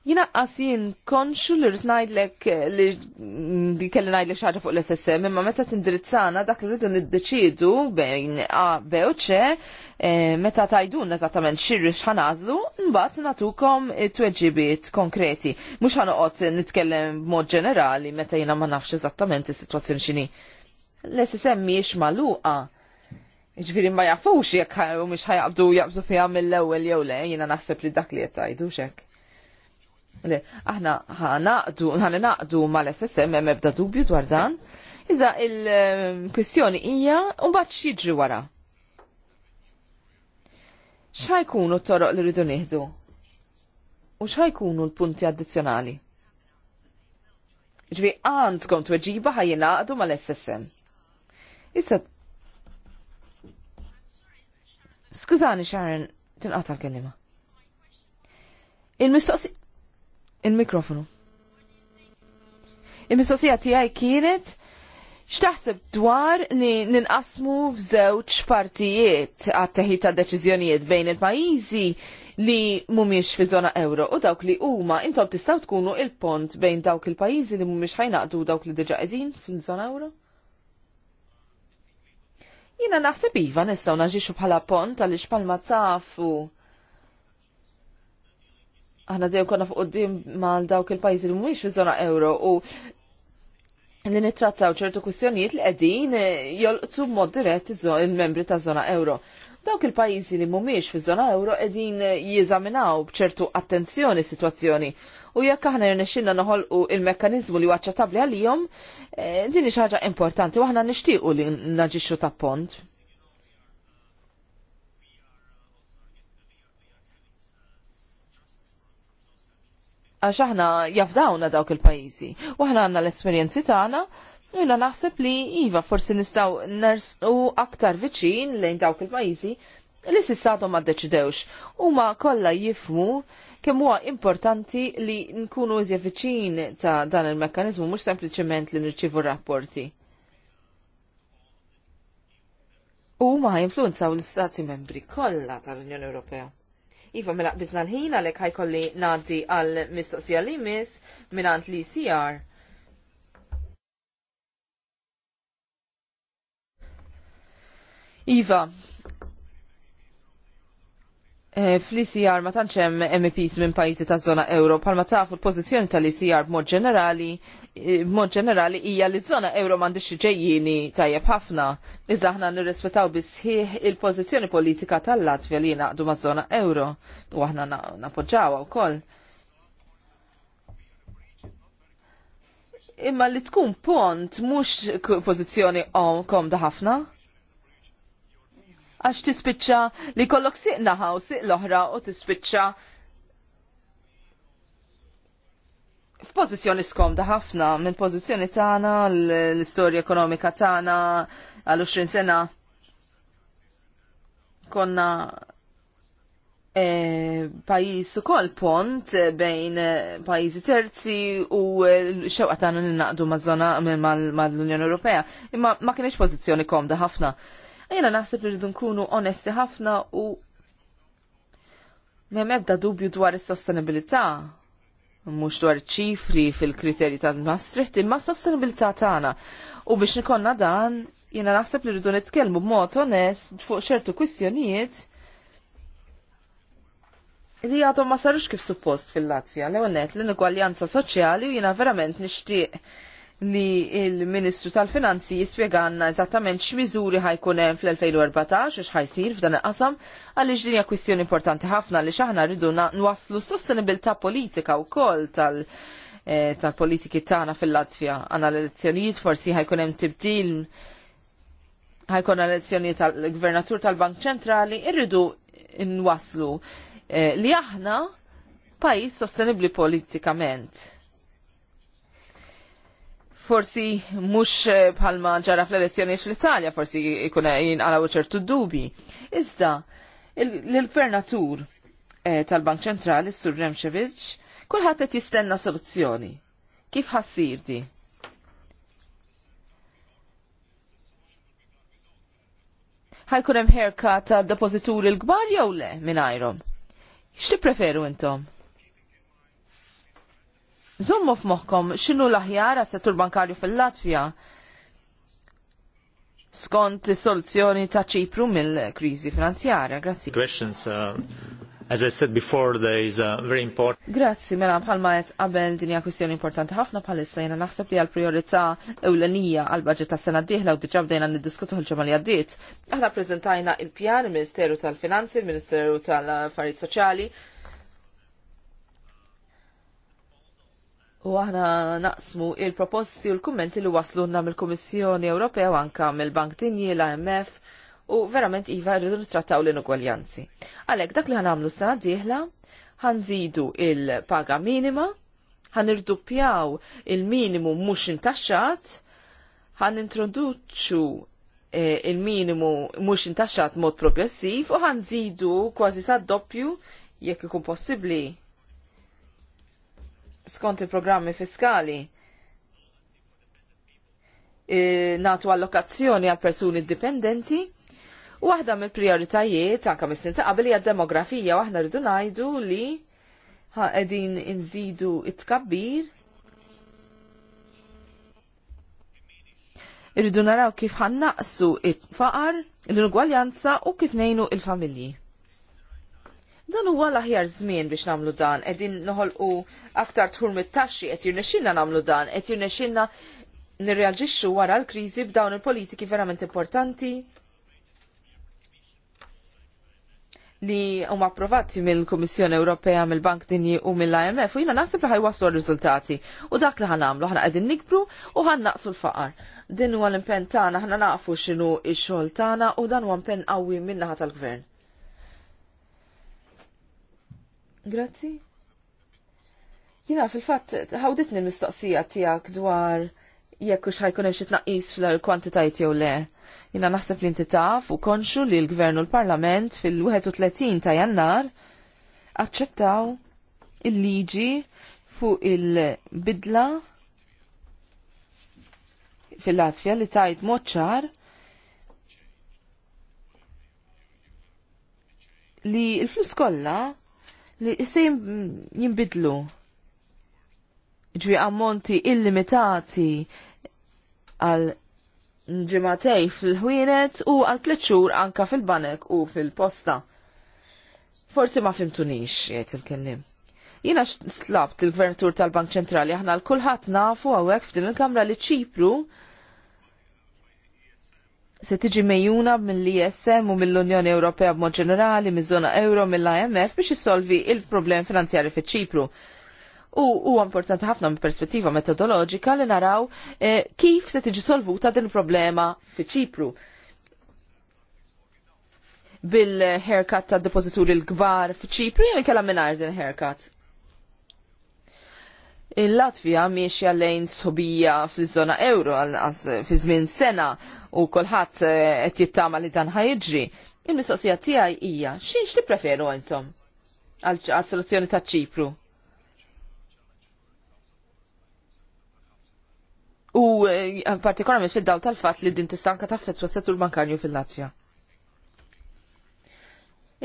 Jina għasin konxu li najdlek li di kelli najdlek xaġa fuq l-SSM, imma meta tindirizzana dak li rridu n-deċidu bejn A, B u C, eh, meta tajdun eżattament xirri xħanazlu, mbatt natukom tweġibiet konkreti. Mux ħanuqot nitkellem mod ġenerali meta jina ma nafx eżattament is-situazzjoni xini. L-SSM miex maluqa Iġviri ma jafux jekk u mux ħajabdu jabżu fija mill-ewel jew le, jina naħseb li dak li jettajdu xek. Le, aħna ħanaqdu, ħana naqdu mal-SSM hemm ebda dubju dwar dan, iżda il-kwistjoni hija u bat xieġri wara. X'ħajkunu t-toroq li rridu nieħdu? U x'ajkunu l-punti addizzjonali? Ġvi għandkom tweġiba ħajjinaqdu mal-SSM. Issa Skużani, Sharon, tinqata l kellima Il-mistoqsi... Il-mikrofonu. Il-mistoqsija tiegħi kienet x'taħseb dwar li ninqasmu f'żewġ partijiet għat-teħid ta' deċiżjonijiet bejn il-pajjiżi li mumiex fi zona euro u dawk li huma intom tistgħu tkunu il-pont bejn dawk il-pajjiżi li mumiex ħajnaqdu dawk li diġa qegħdin fil-żona euro? Jina naħseb iva nistaw naġiċu bħala pont għalix palma tafu. Aħna dejjem konna fuq qoddim mal dawk il-pajjiżi li mhumiex fiż-żona euro u li nittrattaw ċertu kwistjonijiet li qegħdin eh, jolqtu mod dirett il-membri taż-żona euro. Dawk il-pajjiżi li mhumiex fiż-żona euro qegħdin eh, jiżaminaw b'ċertu attenzjoni s-sitwazzjoni u jekk aħna jirnexxinna noħolqu il-mekkaniżmu li waċċettabbli għalihom, eh, din hi ħaġa importanti u aħna nixtiequ li naġixxu ta' pont. Għax aħna jafdawna dawk il-pajjiżi u aħna għandna l-esperjenzi tagħna Jina naħseb li Iva forsi nistaw nersu aktar viċin lejn dawk il-pajizi li sissatom ma deċidewx. ma kolla jifmu kemm huwa importanti li nkunu iżja viċin ta' dan il-mekkaniżmu mhux sempliċement li nirċivu rapporti. U ma jinfluenzaw l istati membri kollha tal-Unjoni Ewropea. Iva mela bizna l-ħin għalhekk ħajkolli ngħaddi għal mistoqsija li miss minant li sijar. Iva, Eh, Fl-ICR ma tantx hemm minn pajjiżi taż-żona euro, palma fu l-pożizzjoni tal-ICR e b'mod ġenerali, eh, b'mod ġenerali hija li ż-żona euro mandi ġejjini tajjeb ħafna. Iżda aħna nirrispettaw bisħiħ il-pożizzjoni politika tal-Latvja li naqdu maż-żona euro u aħna napoġġawha wkoll. Imma li tkun pont mhux pożizzjoni komda ħafna għax tispiċċa li kollok siq naħa u siq l-oħra u tispiċċa f'pożizzjoni skomda ħafna minn pożizzjoni tagħna l-istorja ekonomika tagħna għal 20 sena konna pajjiż e, pajis u kol pont bejn pajizi terzi u xewqa tagħna naqdu maż-żona mal-Unjoni Ewropea. Imma ma kienx pożizzjoni komda ħafna. Jena naħseb li rridu nkunu onesti ħafna u Mem ebda dubju dwar is-sostenibilità. Mhux dwar ċifri fil-kriterji ta' Maastricht imma s-sostenibilità tagħna. U biex nikonna dan, jiena naħseb li rridu nitkellmu b'mod onest fuq ċertu kwistjonijiet li għadhom ma sarux kif suppost fil-Latvja, l ewwel net l inigwaljanza soċjali u jiena verament nixtieq li il-Ministru tal-Finanzi jispjeganna eżattament x'miżuri ħajkun hemm fl-2014 x ħajsir f'dan il-qasam għaliex din hija kwistjoni importanti ħafna li x'aħna rridu nwaslu s-sostenibilità politika wkoll tal- eh, tal-politiki tagħna fil-Latvja. Għandna l-elezzjonijiet forsi ħajkun hemm tibdil ħajkun elezzjonijiet tal-Gvernatur tal-Bank Ċentrali irridu nwaslu eh, li aħna pajis sostenibli politikament forsi mhux eh, bħalma ġara fl-elezzjoni fl-Italja, forsi jkun jinqalaw ċertu dubi. Iżda, l-gvernatur eh, tal-Bank Ċentrali, Sur Remxevic, kulħadd qed jistenna soluzzjoni. Kif ħassir di? ħajkun hemm ħerka ta' depozituri l-kbar jew le minn ajrom? X'tippreferu intom? Zummu f'moħħkom x'inhu l-aħjar għas-settur bankarju fil-Latvja skont soluzzjoni ta' ċipru mill-kriżi finanzjarja. Grazzi. Questions, uh, as I said before, there is a very important... Grazzi, mela bħalma qed qabel din hija kwistjoni importanti ħafna bħalissa Jena naħseb li għal-priorità ewlenija għal budget ta' sena diħla u diġà bdejna niddiskutu diskutu ġemma li għaddiet. Aħna prezentajna il-pjan il-Ministeru tal-Finanzi, il-Ministeru tal-Affarijiet Soċjali, u aħna naqsmu il-proposti u l-kummenti li waslu mill-Kummissjoni Ewropea u anka mill-Bank Dinji, l amf u verament iva rridu nittrattaw l-inugwaljanzi. Għalek, dak li ħanamlu s-sena diħla, ħanżidu il-paga minima, ħanirduppjaw il-minimu mux intaxxat, ħanintroduċu introduċu e, il-minimu mux intaxxat mod progressiv u ħanżidu kważi sa' doppju jekk ikun possibli skont il-programmi fiskali e, natu allokazzjoni għal persuni dipendenti u waħda mill prioritajiet anka mis ta' qabel għad demografija u aħna rridu ngħidu li qegħdin inżidu it-tkabbir Irridu naraw kif ħannaqsu it-faqar, l-ingwaljanza u kif nejnu il-familji. Dan huwa l-aħjar żmien biex nagħmlu dan, qegħdin noħolqu aktar tħur mit-taxxi, qed jirnexxinna nagħmlu dan, qed jirnexxinna nirreaġixxu wara l-kriżi b'dawn il-politiki verament importanti li huma approvati mill-Kummissjoni Ewropea, mill-Bank Dinji u mill-IMF u jiena naħseb li ħajwaslu r-riżultati. U dak li ħanamlu ħana qegħdin nikbru u ħannaqsu l-faqar. Din huwa l-impenn tagħna ħana nafu x'inhu x-xogħol tagħna u dan huwa impenn qawwi min-naħa tal-gvern. Grazzi. Jina, fil-fat, ħawditni l-mistoqsija tijak dwar jekk ux ħajkun xi tnaqqis fil-kwantitajt jew le. Jina naħseb li inti taf u konxu li l-Gvern u l-Parlament fil-31 ta' Jannar aċċettaw il-liġi fuq il-bidla fil latfja li tajt moċċar li l-flus kollha li se jimbidlu. Ġvi ammonti illimitati għal ġematej fil-ħwienet u għal tliet xhur anka fil-banek u fil-posta. Forsi ma fimtunix, jgħid il-kellim. Jina slabt il-gvernatur tal-Bank Ċentrali aħna l-kulħadd nafu hawnhekk f'din il-Kamra li ċipru se tiġi mejjuna mill-ISM u mill-Unjoni Ewropea b'mod ġenerali, miż-żona euro, mill-IMF biex issolvi il-problem finanzjari fi ċipru. U huwa importanti ħafna minn perspettiva metodoloġika li naraw eh, kif se tiġi solvuta din il-problema fi ċipru bil-haircut ta' depozituri l-kbar fi ċipru jew inkella minn din haircut il-Latvija miex lejn sħobija fil zona euro għal fi żmien sena u kulħadd eh, qed jittama li dan ħajġri. Il-mistoqsija tiegħi hija xiex li preferu għentom għal-soluzzjoni ta' Ċipru? U eh, partikolarment fid-daw tal-fatt li din tistanka taffetwa settur bankarju fil-Latvja.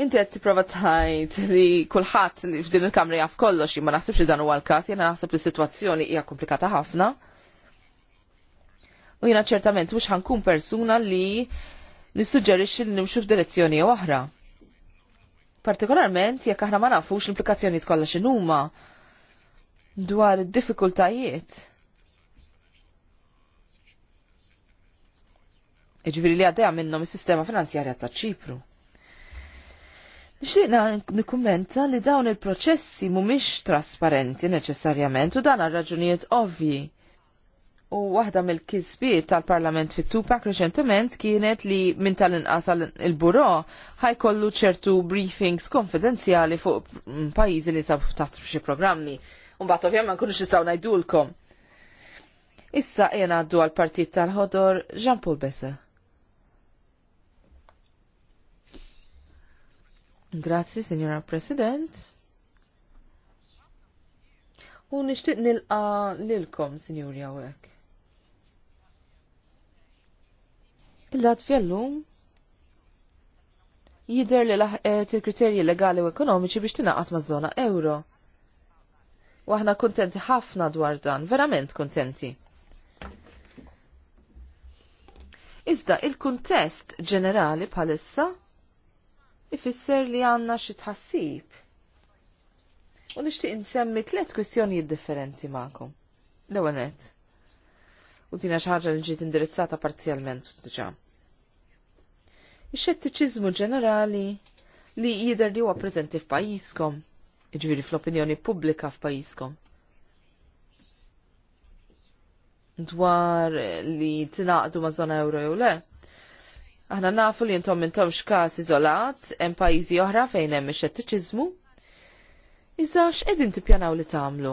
Inti qed tipprova tħajt li kulħadd li f'din il-kamra jaf kollox imma naħsibx li dan huwa l-każ, jiena naħseb li situazzjoni sitwazzjoni hija komplikata ħafna. U jiena ċertament mhux ħankun persuna li nissuġġerixxi li nimxu f'direzzjoni oħra. Partikolarment jekk aħna ma nafux l-implikazzjonijiet kollha x'inhuma dwar id-diffikultajiet. Iġviri li għaddeja minnom is-sistema finanzjarja ta' ċipru. X'iena nikkummenta li dawn il-proċessi mhumiex trasparenti neċessarjament u dan għal raġunijiet ovvi. U waħda mill-kisbiet tal-Parlament fit tupak reċentement kienet li minn tal-inqas il-buro ħajkollu ċertu briefings konfidenzjali fuq pajjiżi li sabu taħt xi programmi. Mbagħad ovvjament ma nkunux nistgħu ngħidulkom. Issa qiegħna għaddu għall-Partit tal-Ħodor Jean Paul Bessa. Grazzi, Signora President. U nishtiq nilqa lilkom, Signori għawek. Il-Latvja l jider li laħqet il-kriterji legali u ekonomiċi biex tinaqat ma' zona euro. U aħna kontenti ħafna dwar dan, verament kontenti. Iżda il-kuntest ġenerali bħalissa ifisser li għandna xi tħassib. U nixtieq insemmi tliet kwistjonijiet differenti magħkom. L-ewwel nett. U dina xi ħaġa li ġiet indirizzata parzjalment diġà. Ix-xettiċiżmu ġenerali li jidher li huwa preżenti f'pajjiżkom, jiġifieri fl-opinjoni pubblika f'pajjiżkom. Dwar li tingħaqdu ma' żona euro jew le Aħna nafu li intom tomx każ iżolat, hemm pajjiżi oħra fejn hemm ix-xettiċiżmu. Iżda x'qegħdin tippjanaw li tagħmlu?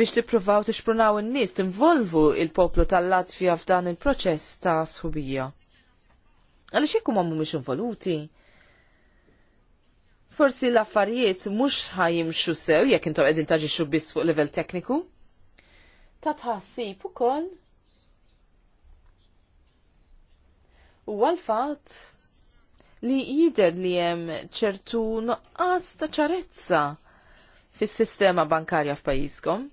biex tippruvaw tixprunaw in-nies tinvolvu il-poplu tal-Latvija f'dan il-proċess ta' sħubija. Għaliex jekk huma mhumiex involuti? Forsi l-affarijiet mhux ħajimxu sew jekk intom qegħdin taġixxu biss fuq livell tekniku? Ta' tħassib ukoll u għal-fat li jider li jem ċertu noqqas ta' ċarezza fis-sistema bankarja f'pajjiżkom.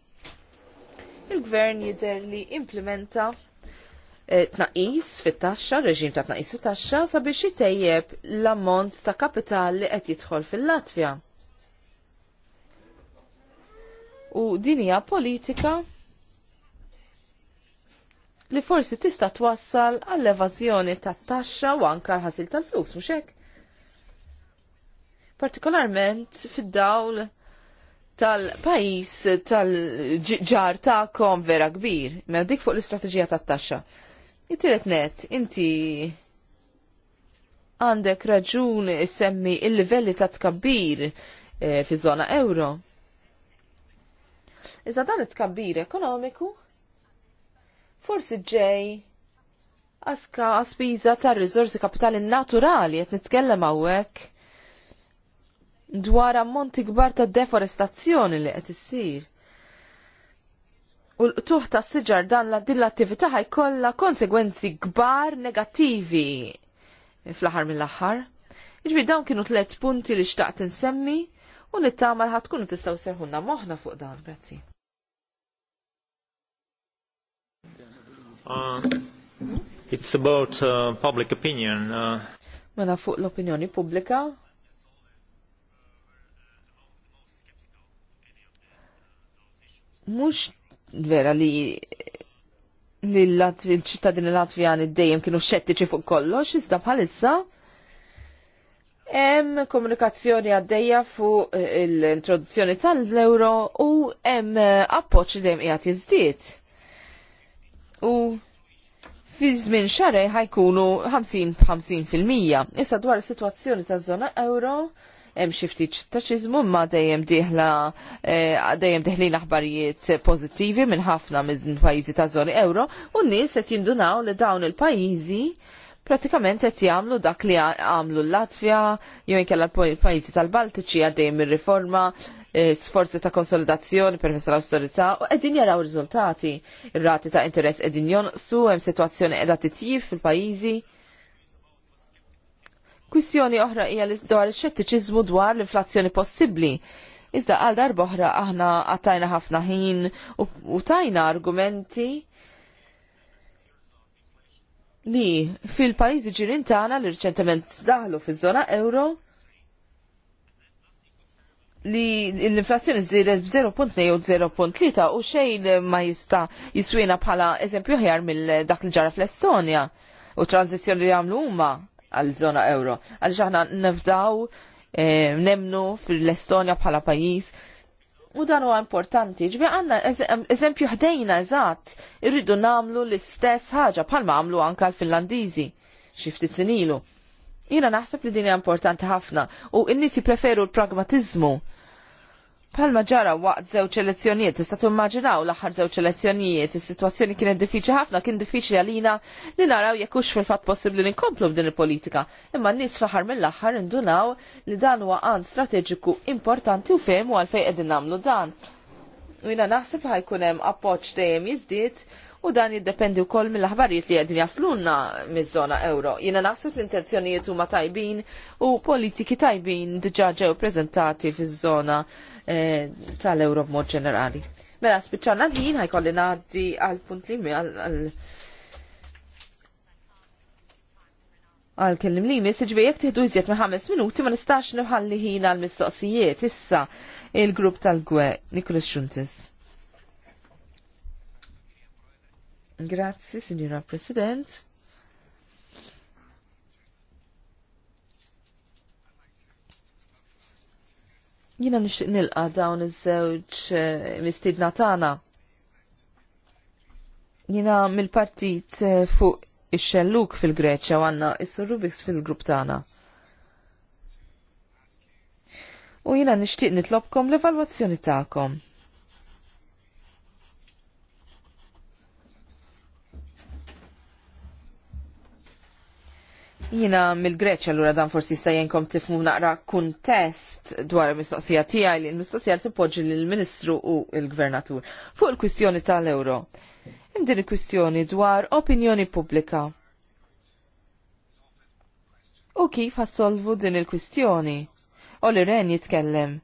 Il-gvern jider li implementa eh, tnaqis fit-taxxa, reġim ta' tnaqis fit-taxxa sabiex jitejjeb l-ammont ta' kapital li qed jidħol fil-Latvja. U din hija politika li forsi tista' twassal għall-evażjoni tat-taxxa u anke l-ħasil tal-flus mhux hekk. Partikolarment fid-dawl tal-pajis tal-ġar ta'kom vera kbir, mela dik fuq l-istrateġija tat-taxxa. Intiret net, inti għandek raġun semmi il-livelli ta' tkabbir eh, fi zona euro. Iżda dan it-tkabbir ekonomiku forsi ġej aska spiża tar rizorsi kapitali naturali qed nitkellem hawnhekk dwar ammonti kbar ta' deforestazzjoni li qed issir. U l-tuħ ta' siġar dan din l-attività ħajkollha konsegwenzi kbar negattivi fl-aħħar mill-aħħar. Iġbir dawn kienu tliet punti li xtaqt insemmi u nittama kunu tistgħu serħunna moħħna fuq dan, grazzi. Uh, it's about uh, public opinion. Uh. Mela fuq l-opinjoni pubblika. Mux vera li li l-ċittadini Latvjani dejjem kienu xettiċi fuq kollox, iżda bħalissa Hemm komunikazzjoni għaddejja fuq l-introduzzjoni tal-euro u hemm appoġġ dejjem qiegħed jiżdied u fi żmien xarej ħajkunu 50-50%. Issa dwar is-sitwazzjoni taż-żona euro, hemm xi ftit ċittaċiżmu ma dejjem diħla eh, dejjem deħlin aħbarijiet pożittivi minn ħafna minn pajjiżi ta' żoni euro u n-nies qed jindunaw li dawn il-pajjiżi pratikament qed jagħmlu dak li għamlu l-Latvja jew inkella l-pajjiżi tal-Baltiċi għaddejjem ir-riforma sforzi ta' konsolidazzjoni permess tal-austerità u qegħdin jaraw riżultati. Ir-rati ta' interess qegħdin jonqsu hemm sitwazzjoni qiegħda titjib fil-pajjiżi. Kwissjoni oħra hija dwar ix-xettiċiżmu dwar l-inflazzjoni possibbli. Iżda għal darba aħna għattajna ħafna ħin u tajna argumenti li fil-pajizi ġirin tagħna li riċentement daħlu fiż-żona euro li l-inflazzjoni zidet b-0.2 u 0.3 u xejn ma jista jiswina bħala eżempju ħjar mill dak li ġara fl-Estonja u tranzizjoni li għamlu huma għal-zona euro. Għal xaħna nifdaw eh, nemnu fil-Estonja bħala pajis u dan huwa importanti. Ġbi għanna eżempju ħdejna eżatt irridu namlu l-istess ħaġa bħalma għamlu anka l-Finlandiżi xi ftit sinilu. Jina naħseb li din hija importanti ħafna u n-nies jipreferu l-pragmatizmu. Palma ġara waqt żewġ elezzjonijiet, tista' timmaġinaw l-aħħar żewġ elezzjonijiet, is-sitwazzjoni kienet diffiċli ħafna, kien diffiċli għalina li naraw jekk hux fil-fatt possibbli li nkomplu b'din il-politika. Imma n-nies faħar mill axar indunaw li dan huwa għan strateġiku importanti u fejn u għalfejn qegħdin nagħmlu dan. U jina naħseb ħajkunem appoċ hemm appoġġ dejjem u dan jiddependi wkoll mill-aħbarijiet li qegħdin jaslunna miż-żona euro. Jiena naħseb l-intenzjonijiet huma tajbin u politiki tajbin diġà ġew preżentati fiż-żona eh, tal-euro b'mod ġenerali. Mela spiċċana l-ħin ħajkolli ngħaddi għal punt li għal għal kellim li mis ġvi jek tiħdu iżjed minn ħames minuti ma nistax nħalli ħin għal mistoqsijiet issa il-grupp tal-gwe Nikolas Xuntis. Grazzi, Signora President. Jina nixtieq nilqa dawn iż-żewġ eh, mistiedna tagħna. Jina mill-partit eh, fuq ix-xelluk fil-Greċja u għandna is Rubiks fil-grupp tagħna. U jina nixtieq nitlobkom l-evalwazzjoni tagħkom Jina mill-Greċja ura dan forsi jista' jenkom tifmu naqra kuntest dwar il-mistoqsija tiegħi li l-mistoqsija li lill-Ministru u l-Gvernatur fuq il-kwistjoni tal-euro. Hemm din il-kwistjoni dwar opinjoni pubblika. U kif ħassolvu din il-kwistjoni? Oli Ren jitkellem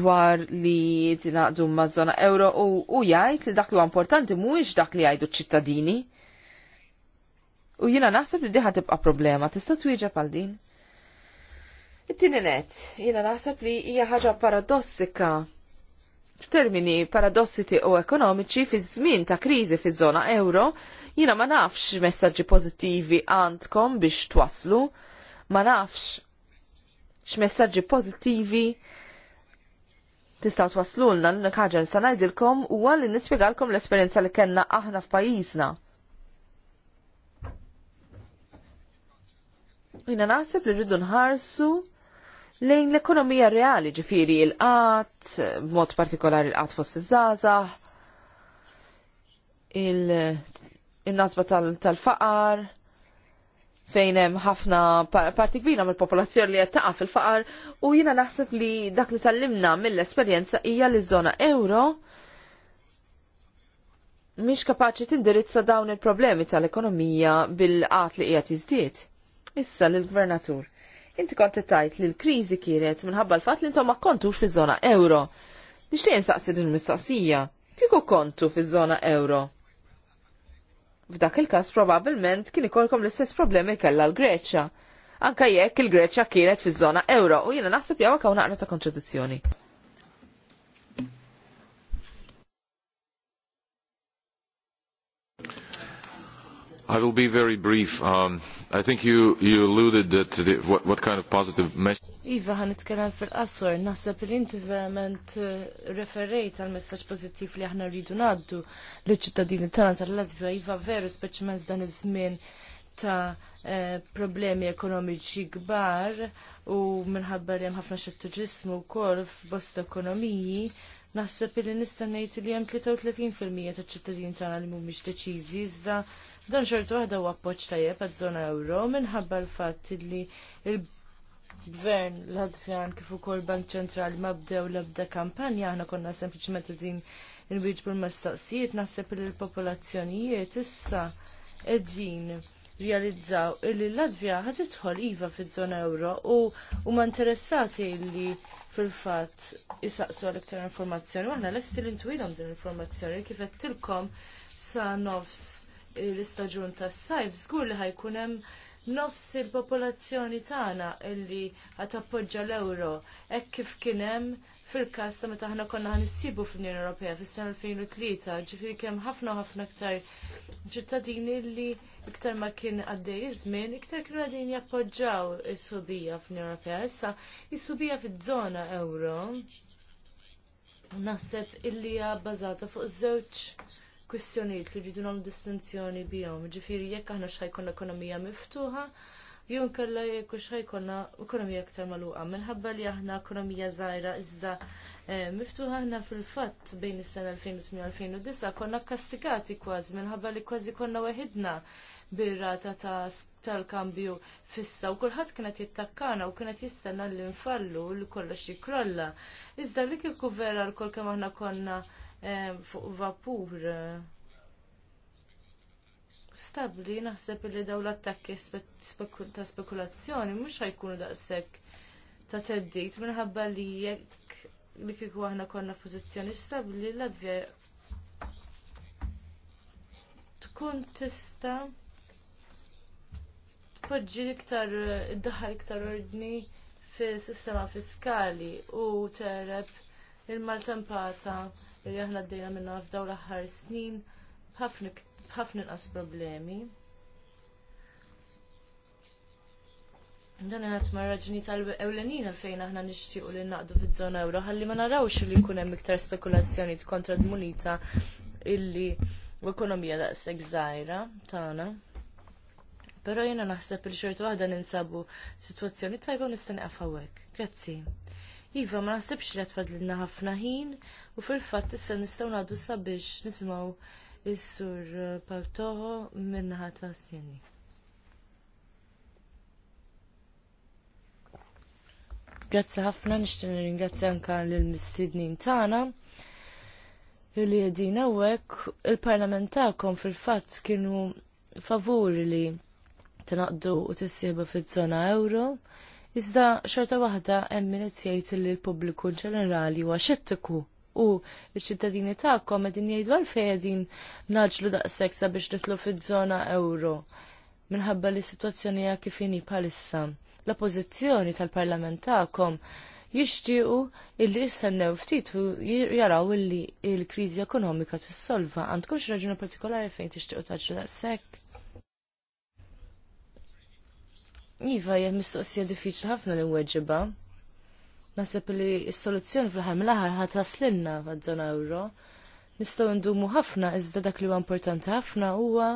dwar li tinaqdu ma' zona euro u, u jgħid li dak li huwa importanti mhuwiex dak li jgħidu ċ-ċittadini U jina naħseb li diħa tibqa problema, tista' twieġa pal din. It-tieni net, jina naħseb li hija ħaġa paradossika f'termini paradossiti u ekonomiċi fi żmien ta' kriżi fi żona euro, jina ma nafx messaġġi pożittivi għandkom biex twaslu, ma nafx x'messaġġi pożittivi tistaw twaslulna l-ħagġa nista' ngħidilkom huwa li nispjegalkom l-esperjenza li kellna aħna f'pajjiżna Jina naħseb li rridu nħarsu lejn l-ekonomija reali ġifiri il-qat, mod partikolari il-qat fost iż-żazah, il-nazba tal-faqar, fejn hemm ħafna parti kbira mill-popolazzjoni li qed taqa' fil-faqar u jiena naħseb li dak li tallimna mill-esperjenza hija li żona euro mhix kapaċi tindirizza dawn il-problemi tal-ekonomija bil-qat li qiegħed jiżdied. Issa l-gvernatur. Inti kont tajt li l-kriżi kienet minħabba l fat li intom ma kontux fiż-żona euro. Nixtieq insaqsi din mistoqsija. Kieku kontu fiż-żona euro? F'dak il-każ probabbilment kien ikolkom l-istess problemi kellha l-Greċja. Anka jekk il-Greċja kienet fiż-żona euro u jiena naħseb jew hawn naqra ta' kontradizzjoni. I will be very brief. Um, I think you, you alluded that the, what, what kind of positive message. Iva, għan itkellem fil-qasor, nasab il inti verament uh, referejt għal messaġġ pozittif li aħna rridu naddu l-ċittadini tagħna tal-Latvija, iva veru speċjalment dan iż-żmien ta' eh, problemi ekonomiċi kbar u minħabba li hemm u kol f-bost ekonomiji, naħseb il nista' ngħid li hemm 33% ta' ċittadini tagħna li mhumiex deċizi, iżda Dan xortu waħda huwa appoġġ tajjeb għad żona euro minħabba l-fatt li il-gvern Latvjan kif ukoll Bank Ċentrali ma bdew l-ebda kampanja aħna konna sempliċement din il-wieġbu l mistoqsijiet naħseb li l-popolazzjonijiet issa qegħdin realizzaw illi l-Latvja ħad tidħol iva fiż-żona euro u huma interessati li fil-fatt isaqsu għal iktar informazzjoni. aħna lesti l-intwilhom din l-informazzjoni kif qed tilkom sa nofs l-istaġun tas-sajf, żgur li ħajkun hemm nofs il-popolazzjoni tagħna illi qed tappoġġa l-ewro hekk kif kien hemm fil-każ ta' meta aħna konna issibu fl-Unjoni Ewropea fis-sena 2003, ġifieri kemm ħafna ħafna iktar ċittadini li iktar ma kien għaddej iż-żmien, iktar kienu għaddejn jappoġġaw is-subija fl-Unjoni Ewropea. Issa is-subija fiż-żona ewro naħseb illi hija bbażata fuq żewġ kwistjonijiet li rridu nagħmlu distinzjoni bihom. Ġifieri jekk aħna x'ħajkun ekonomija miftuħa, jew nkella jekk x'ħajkonna ekonomija aktar magħluqa. Minħabba li aħna ekonomija żgħira iżda eh, miftuħa aħna fil-fatt bejn is-sena 2008-2009 konna kastikati kważi minħabba li kważi konna weħidna bir-rata tal-kambju fissa u kulħadd kienet jittakkana u kienet jistenna li nfallu li kollox jikrolla. Iżda li kieku vera l-kol kemm aħna konna fuq vapur eh, stabbli naħseb li dawn l-attakki ta' spekulazzjoni mhux ħajkunu daqshekk ta' teddit minħabba li jekk li kieku aħna konna pożizzjoni stabbli l-Latvja tkun tista' tpoġġi iktar iddaħħal iktar ordni fis-sistema fiskali u tereb il-maltempata li aħna għaddejna minna f'daw l-aħħar snin b'ħafna inqas problemi. Dan għat ma raġuni tal-ewlenin fejn aħna nixtiequ li naqdu fiż-żona ewro ħalli ma narawx li jkun hemm iktar spekulazzjoni kontra d-munita illi u ekonomija daqshekk żgħira tagħna. Però jiena naħseb il xorta waħda ninsabu sitwazzjoni tajba u nista' nieqaf Grazzi. Iva, ma nasibx li l-inna ħafna ħin u fil-fatt issa nistgħu għadu sabiex nismaw is-sur minna uh, minnaħa ta' sieni Grazzi ħafna nixtieq ringrazzi anke lill-mistidnin tagħna li jedin hawnhekk il-parlament tagħkom fil-fatt kienu favuri li tanaqdu u tissieħbu fiż-żona euro Iżda xorta waħda hemm min qed jgħid li l-pubbliku ġenerali huwa xettiku u l ċittadini tagħkom qegħdin jgħidu għalfejn qegħdin naġlu daqshekk sabiex nitlu fiż-żona euro minħabba li s-sitwazzjoni hija kif inhi bħalissa. L-oppożizzjoni tal-Parlament tagħkom jixtiequ illi jistennew ftit u jaraw illi l-kriżi ekonomika tissolva. Għandkomx raġuna partikolari fejn tixtiequ taġlu daqshekk? Iva, jgħem mistoqsija diffiċli ħafna li nweġiba. Nasib li s-soluzzjoni fl-ħar mill-ħar ħat taslinna għad-żona euro. Nistaw ndumu ħafna, iżda dak li huwa importanti ħafna huwa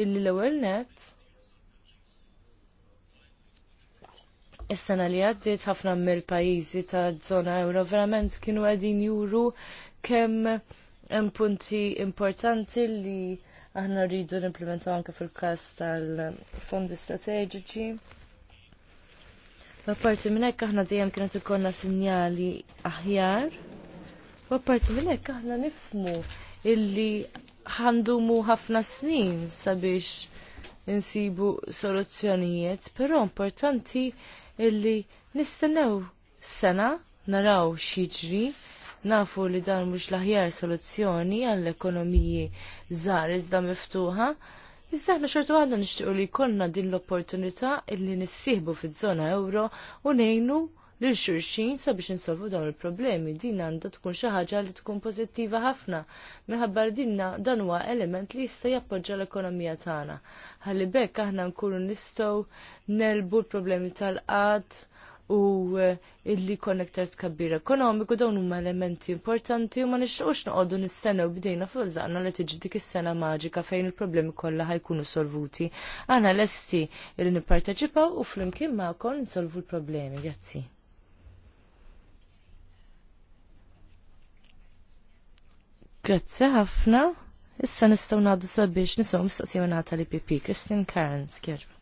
illi l-ewwel net. Is-sena li għaddiet ħafna mill-pajjiżi ta' żona euro verament kienu qegħdin juru kemm hemm punti importanti li aħna rridu nimplementaw anke fil-każ tal-fondi strateġiċi Apparti minn hekk aħna dejjem kienet ikollna sinjali aħjar. U apparti minn hekk aħna nifmu illi ħandumu ħafna snin sabiex insibu soluzzjonijiet, però importanti illi nistennew sena naraw x'jiġri nafu li dan mhux l-aħjar soluzzjoni għall-ekonomiji żgħar iżda miftuħa. Iżda aħna xortu għadna nixtiequ li jkollna din l-opportunità illi nissieħbu fiż-żona euro u ngħinu lil xurxin sabiex insolvu dawn il-problemi. Din għandha tkun xi ħaġa li tkun pożittiva ħafna. Minħabba dinna dan huwa element li jista' jappoġġa l-ekonomija tagħna. Ħalli bekk aħna nkunu nistgħu nelbu l-problemi tal-qatt u eh, illi konnektar tkabbir ekonomiku dawn huma elementi importanti u ma nixtiequx noqogħdu nistennew bdejna fuq żaqna li tiġi dik is-sena maġika fejn il-problemi kollha ħajkunu solvuti. Aħna lesti li nipparteċipaw u flimkien magħkom nsolvu l-problemi. Grazzi. Grazzi ħafna. Issa nistgħu ngħaddu sabiex nisgħu mistoqsija mingħata li PP Kristin Karens, kjerba.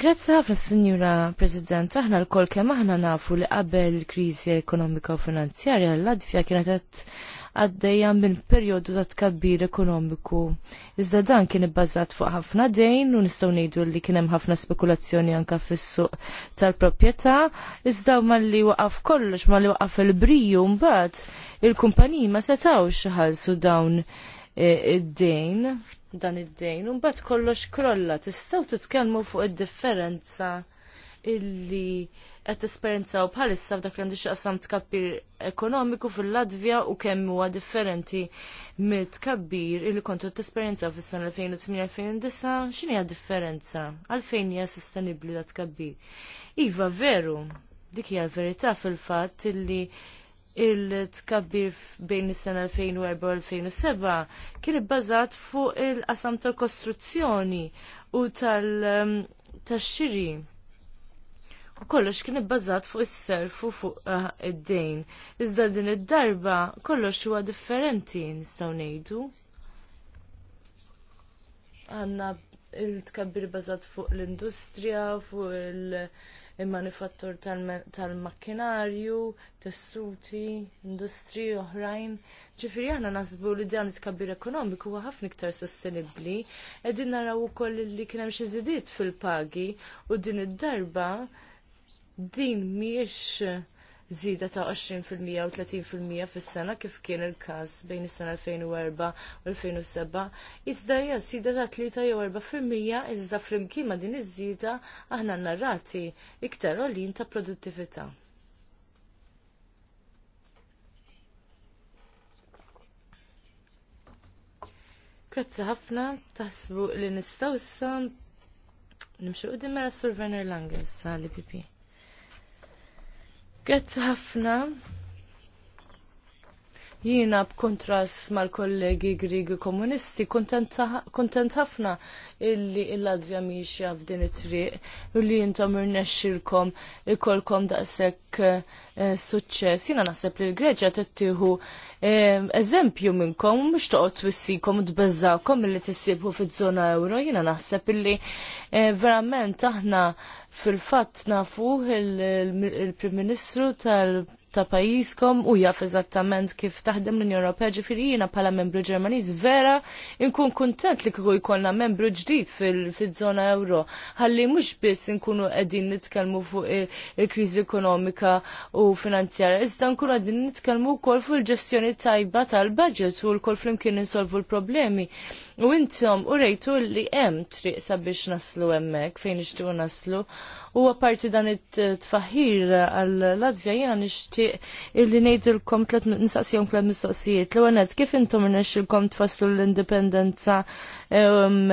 Grazzi ħafna Sinjura President, aħna l-kol kemm aħna nafu li qabel kriżi ekonomika u finanzjarja l ladvja kienet qed għaddejja minn perjodu ta' tkabbir ekonomiku. Iżda dan kien ibbażat fuq ħafna dejn u nistgħu ngħidu li kien hemm ħafna spekulazzjoni anke fis-suq tal-proprjetà, iżda malli waqaf kollox, malli waqaf il-briju mbagħad il-kumpaniji ma setgħux ħalsu dawn eh, id-dejn dan id-dejn, un bat kollox krolla, tistaw titkellmu fuq id-differenza illi qed tesperjenzaw bħalissa f'dak li għandu xaqsam tkabbir ekonomiku fil-Latvja u kemm huwa differenti mit tkabbir illi kontu tesperjenzaw fis-sena 2008-2009, x'inhi għad differenza? Għalfejn hija sostenibbli dat tkabbir? Iva veru, dik hija l-verità fil-fatt illi il-tkabbir bejn is-sena 2004 u 2007 kien bbażat fuq il-qasam tal-kostruzzjoni u tal um, xiri U kollox kien ibbażat fuq is-serf u fuq uh, id-dejn. Iżda din id-darba kollox huwa differenti nistgħu ngħidu. Għandna il-tkabbir bażat fuq l-industrija, -industrija, fuq il il-manifattur tal-makkinarju, tessuti, industri oħrajn. Ġifieri aħna naħsbu li dan it-tkabbir ekonomiku huwa ħafna iktar sostenibbli. Qegħdin naraw ukoll li kien hemm xi żidiet fil-pagi u din id-darba din mhijiex żieda ta' 20% u 30% fis-sena kif kien il-każ bejn is-sena 2004 u 2007, iżda hija zida ta' 3 jew 4% iżda flimkien ma' din iż-żieda aħna narrati iktar għolin ta' produttività. Grazzi ħafna, taħsbu li nistaw issa nimxu qudiem mela Sur Werner Langes, sa' l-PP. Grazzi ħafna. Jiena b'kontras mal-kollegi Grigi komunisti kontent ħafna illi l-Latvja miexja f'din it-triq u li jintom irnexxilkom ikolkom daqshekk eh, suċċess. Jiena naħseb li l-Greċja tittieħu eh, eżempju minnkom u mhux toqgħod twissikom u tbeżżawkom illi tissibħu fiż-żona euro. Jiena naħseb illi eh, verament aħna fil-fatt nafu il-Prim Ministru tal- ta' pajjiżkom u jaf eżattament kif taħdem l-Unjoni Ewropea ġifieri jiena bħala membru Ġermaniż vera nkun kuntent li kieku jkollna membru ġdid fil-żona euro. Ħalli mhux biss nkunu qegħdin nitkellmu fuq il-kriżi ekonomika u finanzjarja, iżda nkunu qegħdin nitkellmu wkoll fuq il-ġestjoni tajba tal-budget u l-kol flimkien insolvu l-problemi. U intom u rejtu li hemm triq sabiex naslu hemmhekk fejn nixtiequ naslu. U parti dan it-tfaħir għal-Latvja jiena nixtieq nixtieq illi ngħidilkom tlet nistaqsihom tliet mistoqsijiet. L-ewwel nett kif intom irnexxilkom tfasslu l-indipendenza ehm,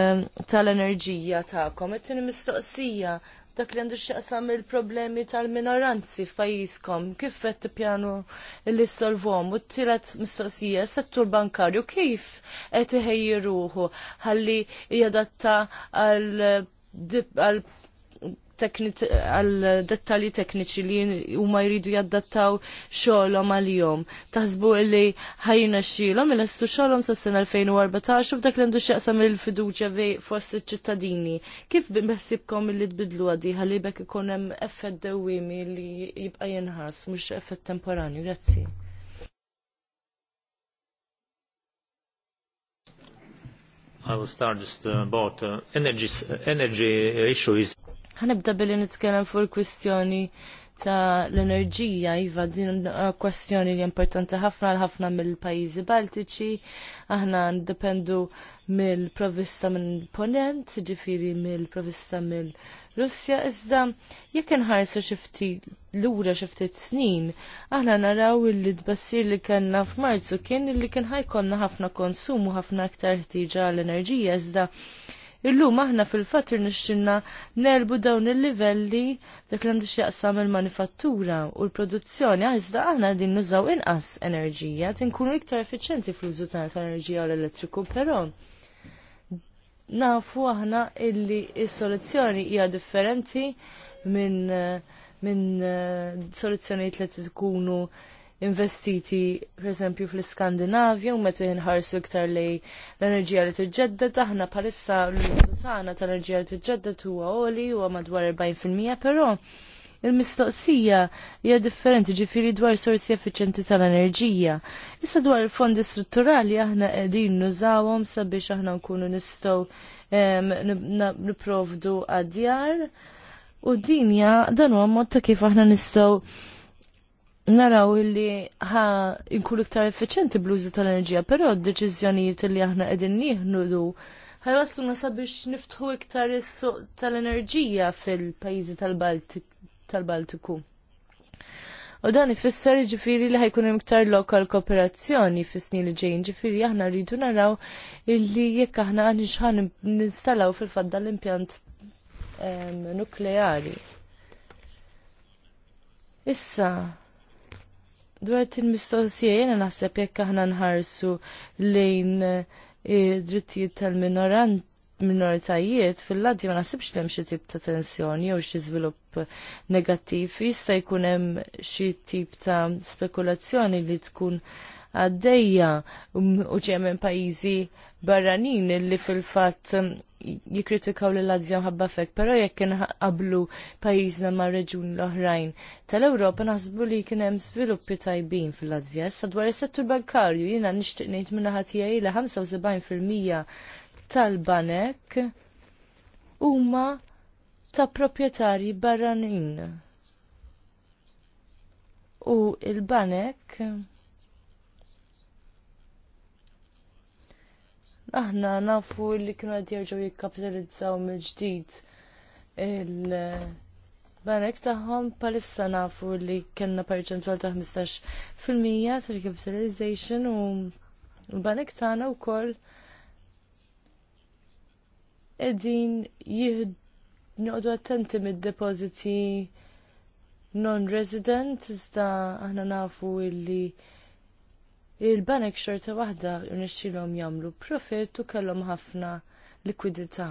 tal-enerġija tagħkom. It-tieni mistoqsija dak li għandu xaqsam il-problemi tal-minoranzi f'pajjiżkom, kif qed tippjanu li solvom u t-tielet mistoqsija settur bankarju kif qed iħejjiruhu ħalli jadatta għal għal dettali tekniċi li huma jridu jaddattaw xogħolhom għalihom. Taħsbu li ħajna xilhom il-estu xogħolhom sas sena 2014 u f'dak li għandu x'jaqsam il-fiduċja fost iċ-ċittadini. Kif beħsibkom li tbidlu għadi ħalli bekk ikun hemm effett dewwiemi li jibqa' jinħass mhux effett temporani, Grazzi. I will start just about uh, energy, uh, energy issues. Ħanibda billi nitkellem fuq il-kwistjoni ta' l-enerġija, iva, din kwestjoni li importanti ħafna l-ħafna mill-pajizi baltiċi, aħna ndependu mill-provista minn ponent, ġifiri mill-provista mill-Russja, iżda jekk nħarsu xifti l-ura t snin, aħna naraw li tbassir li kellna f'Marzu kien li kien ħajkonna ħafna konsum u ħafna aktar ħtiġa l-enerġija, iżda Illum aħna fil-fatt nixtinna nerbu dawn il-livelli dak li għandu x'jaqsam il-manifattura u l-produzzjoni għazda aħna din nużaw inqas enerġija tinkunu iktar effiċenti fl-użu tal-enerġija u l-elettriku però nafu aħna illi is-soluzzjoni hija differenti minn min, min eh, soluzzjonijiet li tkunu investiti pereżempju fl-Iskandinavja u meta jinħarsu iktar li l-enerġija li tiġġedded aħna bħalissa l-użu tagħna tal-enerġija li tiġġedded huwa għoli huwa madwar 40% però il-mistoqsija hija differenti ġifiri dwar sorsi effiċenti tal-enerġija. Issa dwar il-fondi strutturali aħna qegħdin nużawhom sabiex aħna nkunu nistgħu niprovdu għadjar u dinja dan huwa mod ta' kif aħna nistgħu naraw illi ħa inkunu iktar effiċenti bl tal-enerġija, però d-deċiżjonijiet li aħna qegħdin nieħdu ħajwasluna sabiex niftħu iktar is-suq tal-enerġija fil-pajjiżi tal-Baltiku. U dan ifisser ġifiri li ħajkun iktar lokal kooperazzjoni fis-snin li ġejjin, ġifiri aħna rridu naraw illi jekk aħna għandix ħan fil-fadda l-impjant nukleari. Issa, Dwar il-mistoqsija jena naħseb jekk aħna nħarsu lejn eh, drittijiet tal minoritajiet fil-laddi ma nasibx li hemm xi tip ta' tensjoni jew xi żvilupp negattiv, jista' jkun hemm xi tip ta' spekulazzjoni li tkun għaddejja mm, u ġej pajjiżi barranin li fil-fatt jikritikaw l latvija mħabba fek, pero jekk kien għablu pajjiżna ma' reġun l-oħrajn tal-Ewropa naħsbu li kien hemm sviluppi tajbin fil latvija Issa dwar is-settur bankarju jiena nixtieq ngħid minnaħa tiegħi li 75% tal-banek huma ta' proprjetarji barranin. U il-banek aħna nafu li kienu għad jirġaw jikkapitalizzaw mill-ġdid il-banek taħħom palissa nafu li kellna perċentwal ta' 15% fil-mija tal-capitalization u l-banek taħna u koll edin jihdu attenti mid-depoziti non-resident, iżda aħna nafu illi li il-banek xorta waħda rnexxilhom jagħmlu profit u kellhom ħafna likwidità.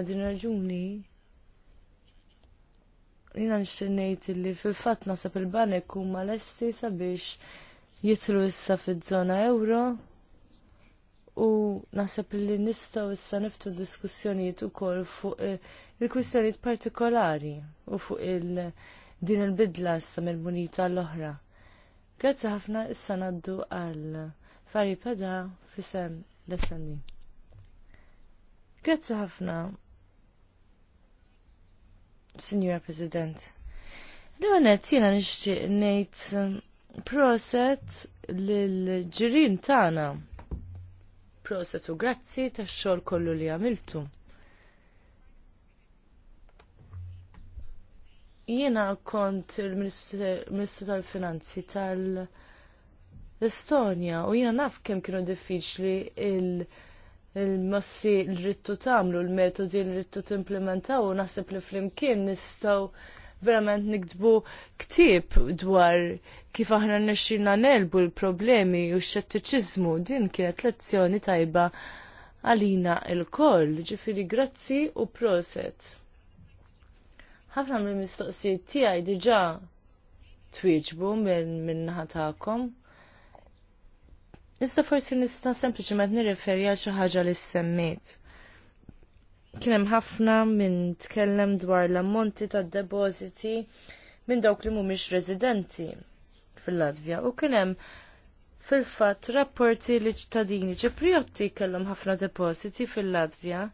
Għadin raġuni jina ngħid li fil-fatt nasab il-banek huma lesti sabiex jitlu issa fiż-żona euro u naħseb li nistgħu issa niftu diskussjonijiet ukoll fuq eh, il-kwistjonijiet partikolari u fuq il- din il-bidla issa mill-munita l-oħra. Grazzi ħafna issa ngħaddu għal Fari Pada fisem l-SND. Grazzi ħafna, Signora President. L-għonet jena nixtieq ngħid um, proset l-ġirin tagħna. Proset u grazzi tax-xogħol kollu li għamiltu. Jiena kont il-Ministru tal-Finanzi tal-Estonja u jiena naf kemm kienu diffiċli il-massi l rittu tagħmlu, l-metodi l rittu timplementaw u naħseb li flimkien nistgħu verament nikdbu ktib dwar kif aħna nexxina nelbu l-problemi u x-xettiċiżmu din kienet lezzjoni tajba għalina il-koll, ġifiri grazzi u proset ħafna mill-mistoqsijiet tiegħi diġà twieġbu minn naħa tagħkom. Iżda forsi nista' sempliċement nirreferi għal xi ħaġa li semmejt. Kien hemm ħafna minn tkellem dwar l-ammonti tad-depożiti minn dawk li mhumiex residenti fil-Latvja u kien hemm fil-fatt rapporti li ċittadini ċipriotti kellhom ħafna depositi fil-Latvja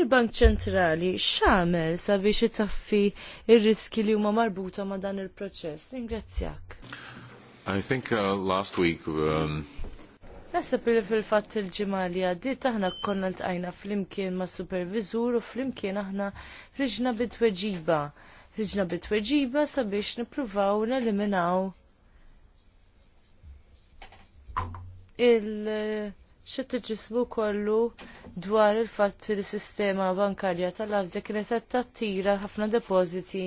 il-Bank Ċentrali x'għamel sabiex itaffi ir-riski li huma marbuta ma' dan il-proċess. Ringrazzjak. I think uh, last week um... Nasab li fil-fatt il-ġimgħa li għaddiet aħna konna fl flimkien ma' supervizur u flimkien aħna riġna bitweġiba. Riġna bitweġiba sabiex nippruvaw neliminaw il- X'i tiġisbu kollu dwar il-fatt li sistema bankarja tal-Avdja kienet qed tattira ħafna depożiti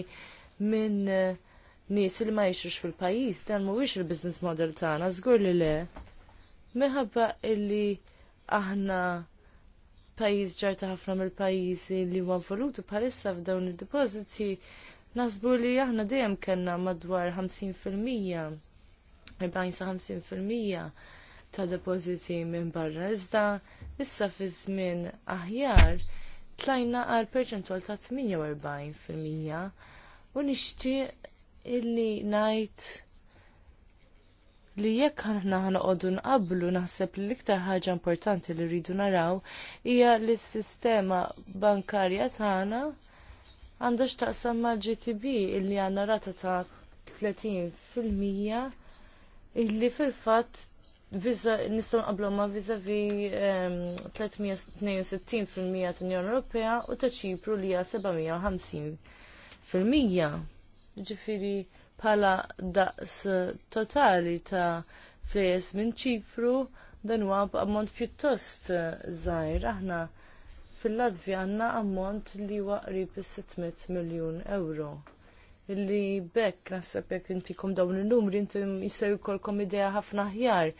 minn eh, nies li ma jixux fil-pajjiż dan mhuwiex il-business model tagħna, żgur li le. Minħabba illi aħna pajjiż ġarta ħafna mill-pajjiżi li huwa involuti bħalissa f'dawn id-depożiti nasbu li aħna dejjem kellna madwar 50 fil-mija, 40 sa 50 fil-mija ta' depożiti minn barra. Iżda issa fi żmien aħjar tlajna għal perċentwal ta' 48% u nixtieq illi ngħid li jekk aħna ħanqodu nqablu naħseb li l-iktar ħaġa importanti li rridu naraw hija li s-sistema bankarja tagħna għandha x'taqsam mal-GTB illi għandna rata ta' 30% illi fil-fatt viza nistgħu nqablu ma' viza vi 362 fil-mija tal-Unjoni Ewropea u ta' Ċipru li hija 750 fil-mija. Ġifiri bħala daqs totali ta' flejes minn Ċipru dan huwa ammont pjuttost żgħir aħna fil-Latvja għandna ammont li huwa qrib 600 miljun euro li bekk naħseb jekk intikom dawn il-numri inti jistgħu jkollkom idea ħafna aħjar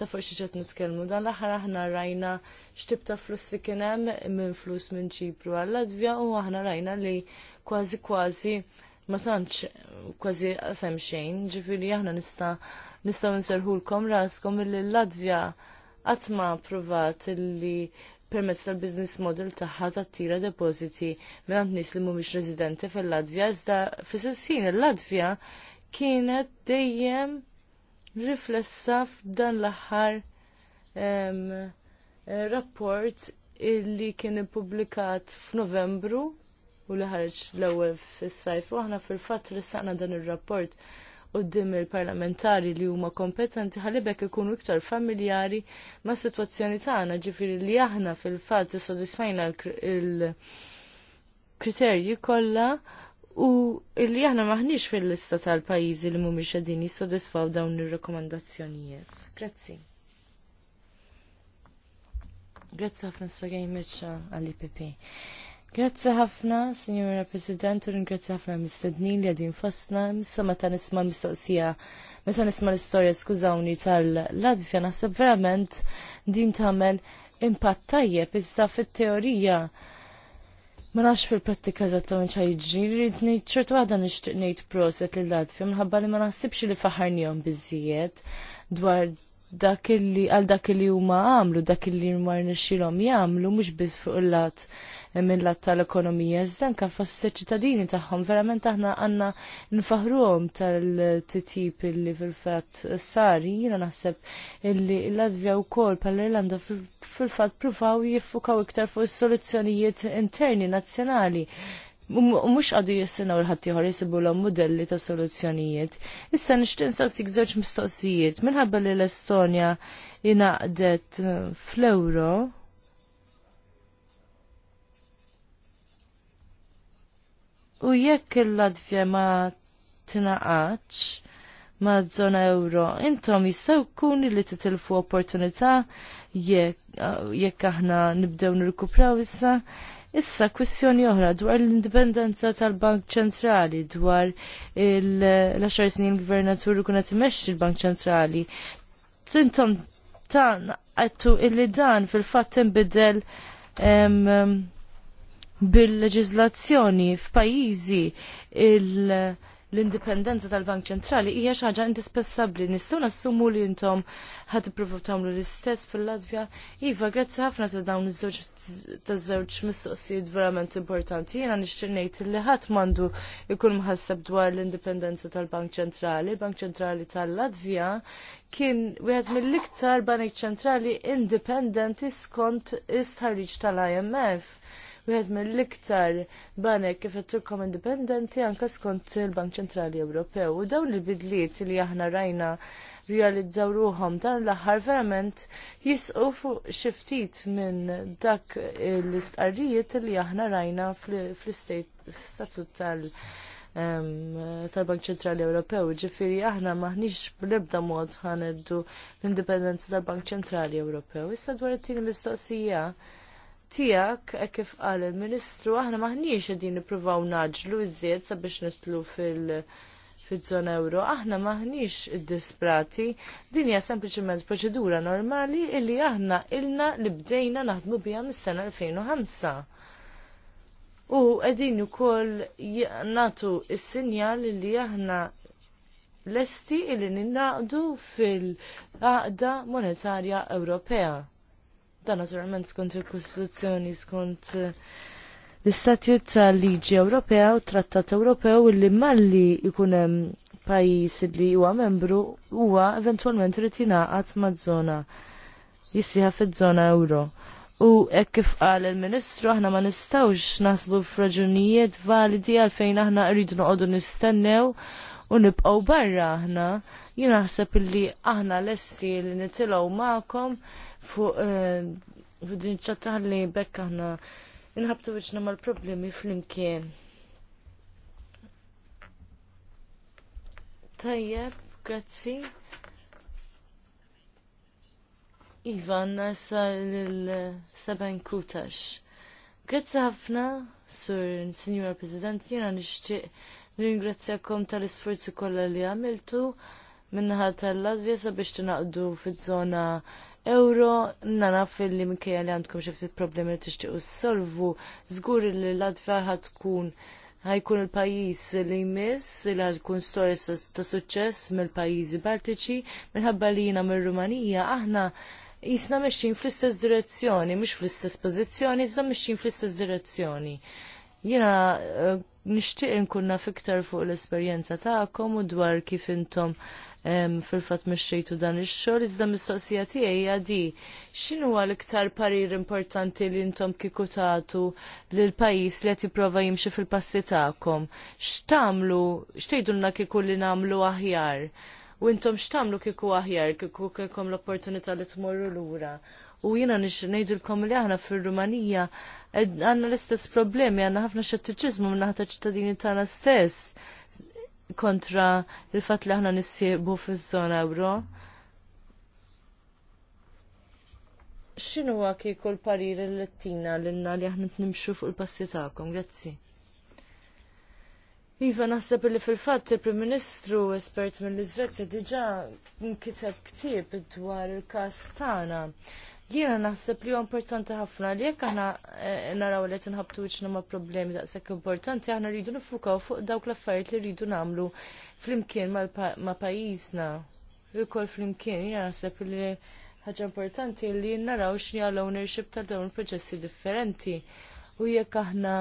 ta' fuq xi qed nitkellmu. Dan l-aħħar aħna rajna x'tib ta' flussi kien hemm minn flus minn Ċipru għall Latvja u aħna rajna li kważi kważi ma tantx kważi qasem xejn, ġifiri aħna nista' nistgħu nserħulkom raskom li l-Latvja qatt ma provat li permezz tal-business model tagħha tattira depositi mingħand nies li mhumiex residenti fil-Latvja iżda fis-sissin il-Latvja kienet dejjem riflessa f'dan l-aħħar eh, rapport illi kien ippubblikat f'Novembru u li ħareġ l-ewwel fis-sajf u aħna fil-fatt ressaqna dan ir-rapport quddiem il-parlamentari li huma kompetenti ħalibek ikunu iktar familjari ma' situazzjoni tagħna ġifieri li aħna fil-fatt issodisfajna l-kriterji kollha u li aħna maħniex fil-lista tal-pajjiżi li mhumiex qegħdin jissodisfaw dawn ir rakkomandazzjonijiet Grazzi. Grazzi ħafna sa għal-IPP. Grazzi ħafna, Signora President, u ringrazzi ħafna mistednin li għadin fostna, missa meta nisma mistoqsija, meta nisma l-istoria, skużawni, tal ladvja naħseb verament din tagħmel impatt tajjeb, iżda fit-teorija. Ma nafx fil-prattika eżattament ta' jiġri, rrid ngħid ċertu għadha nixtieq ngħid proset lil Latvja minħabba li ma naħsibx li faħarnihom biżżejjed dwar dak li għal dak li huma għamlu, dak li mar nixxilhom jagħmlu mhux biss fuq il-lat minn lat tal-ekonomija, iżda anke fost ċittadini tagħhom verament aħna għandna nfaħruhom tal-titip illi fil-fatt sar jiena naħseb illi l-Latvja wkoll pal irlanda fil-fatt pruvaw jiffukaw iktar fuq is-soluzzjonijiet interni nazzjonali mux għadu jessinaw l-ħattijħor jisibu l modelli ta' soluzzjonijiet. Issa nishtin sassik zewċ mistoqsijiet. Minħabba li l-Estonja inaqdet fl-euro, U jekk il-Latvja ma tinaqax ma zona euro, intom jistaw kun li titilfu opportunità uh, jekk aħna nibdew nirkupraw issa. Issa kwistjoni oħra dwar l-indipendenza tal-Bank Ċentrali dwar l-10 snin gvernatur kuna timexxi l-Bank Ċentrali. Tintom ta' għattu illi dan fil-fatt inbidel bil-leġizlazzjoni f'pajjiżi l-indipendenza tal-Bank Ċentrali hija xi ħaġa indispensabbli. Nistgħu nassumu li intom ħadd ippruvu tagħmlu l-istess fil-Latvja. Iva, grazzi ħafna ta' dawn iż-żewġ taż-żewġ mistoqsijiet verament importanti. Jiena nixtieq ngħid li ħadd m'għandu jkun mħassab dwar l-indipendenza tal-Bank Ċentrali. Il-Bank Ċentrali tal-Latvja kien wieħed mill-iktar banek ċentrali indipendenti skont is-tħarriġ tal-IMF wieħed mill-iktar banek kif itturkom indipendenti anke skont il-Bank Ċentrali Ewropew. U dawn il-bidliet li aħna rajna realizzaw ruhom dan l-aħħar verament jisqu fuq xi ftit minn dak l-istqarrijiet li aħna rajna fl-istatut tal- tal-Bank Ċentrali Ewropew, ġifiri aħna maħniex bl-ebda mod ħaneddu l-indipendenza tal-Bank Ċentrali Ewropew. Issa dwar it-tieni mistoqsija tijak, e kif qal il-Ministru, aħna maħniġ għedin nipruvaw naġlu iżjed sabiex nitlu fil- fil-żona euro, aħna maħniġ disprati, din hija sempliċement proċedura normali illi aħna ilna li bdejna naħdmu biha mis-sena 2005. U qegħdin ukoll natu il sinjal li aħna lesti illi ninnaqdu fil-għaqda monetarja Ewropea. Dan naturalment skont il-Kostituzzjoni skont eh, l-istatut tal-Liġi Ewropea u Trattat Ewropew li malli jkun hemm pajjiż li huwa membru huwa eventwalment irid jingħaqad maż-żona jissieħa fiż-żona euro. U hekk kif qal il-Ministru aħna ma nistgħux nasbu f'raġunijiet validi għalfejn aħna rridu noqogħdu nistennew u nibqgħu barra aħna. Jien naħseb illi aħna lesti li nitilgħu magħkom fuq eh, din ċatta li bekk aħna inħabtu wiċna mal-problemi fl-imkien. Tajjeb, grazzi. Ivan nasa l seben kutax. Grazzi ħafna, Sur Signora President, jena nixtieq ringrazzjakom tal-isforzi kollha li għamiltu minnaħa tal-Latvija sabiex tinaqdu fiż-żona euro, nana fil-li minkejja li għandkom xifsit problemi li tixtiqu s-solvu, zgur li l adfa ħatkun ħajkun il-pajis li jmiss li ħatkun storja ta' suċċess mill-pajizi Baltiċi minħabba li jina mill-Rumanija aħna jisna mexxin fl-istess direzzjoni, mux fl-istess pożizzjoni, iżda mexxin fl-istess direzzjoni. Jina eh, nixtieq nkunna fiktar fuq l-esperjenza tagħkom u dwar kif intom fil fat mxejtu dan ix-xogħol, iżda mistoqsija tiegħi di x'inhu l-iktar parir importanti li intom kieku tagħtu lil pajjiż li qed jipprova jimxi fil-passi tagħkom. X'tagħmlu, x'tgħidulna kiku li nagħmlu aħjar? U intom x'taħmlu kieku aħjar kieku kikom l-opportunità li tmorru lura. U jina l-kom li aħna fil-Rumanija għanna l-istess problemi, għanna ħafna xattiċizmu minna ħata ċittadini tana stess kontra il-fat li aħna nissiebu fiż-żona bro. X'inhuwa kieku l-parir il lettina l-inna li aħna nimxu fuq il-passi tagħkom, grazzi. Iva naħseb li fil-fatt il-Prim Ministru espert mill-Iżvezja diġà nkiteb ktieb dwar il-każ tagħna Jiena naħseb li huwa importanti ħafna li jekk aħna eh, naraw li qed inħabtu wiċċna ma' problemi daqshekk importanti aħna rridu nifukaw fuq dawk l-affarijiet li rridu nagħmlu flimkien ma' pajjiżna. Ukoll flimkien jiena naħseb li ħaġa importanti li naraw x'ni l-ownership ta' dawn il-proċessi differenti u jekk aħna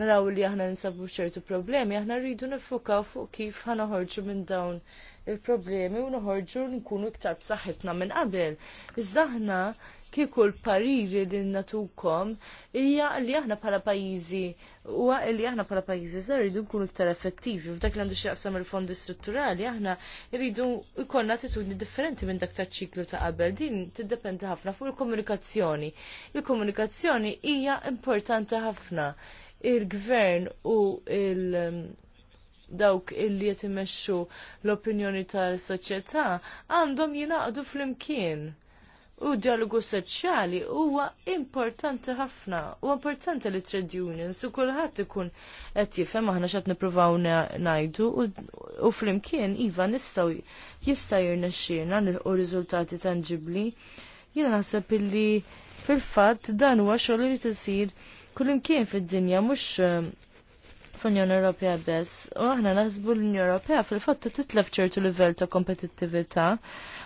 naraw li aħna ninsabu ċertu problemi, aħna rridu nifukaw fuq kif ħanaħorġu minn dawn il-problemi u noħorġu nkunu iktar b'saħħitna minn qabel. Iżda aħna kieku l-pariri li natukom hija li aħna bħala pajjiżi u li aħna bħala pajjiżi iżda rridu nkunu iktar effettivi f'dak li għandu x'jaqsam il-fondi strutturali aħna rridu jkollna attitudni differenti minn dak taċ-ċiklu ta' qabel din tiddependi ħafna fuq il-komunikazzjoni. Il-komunikazzjoni hija importanti ħafna il-gvern u il- um, dawk illi qed imexxu l-opinjoni tal-soċjetà għandhom jingħaqdu flimkien. U dialogu soċjali huwa importanti ħafna u importanti li trade unions u kulħadd ikun qed jifhem aħna x'qed nippruvaw ngħidu u flimkien iva nistgħu jista' jirnexxielna nilqu riżultati tanġibbli. Jiena naħseb illi fil-fatt dan huwa xogħol li tisir kullimkien fid-dinja mhux eh, fl-Unjoni Ewropea bes. U aħna naħsbu l-Unjoni Ewropea fil-fatt titlef ċertu livell ta' kompetittività.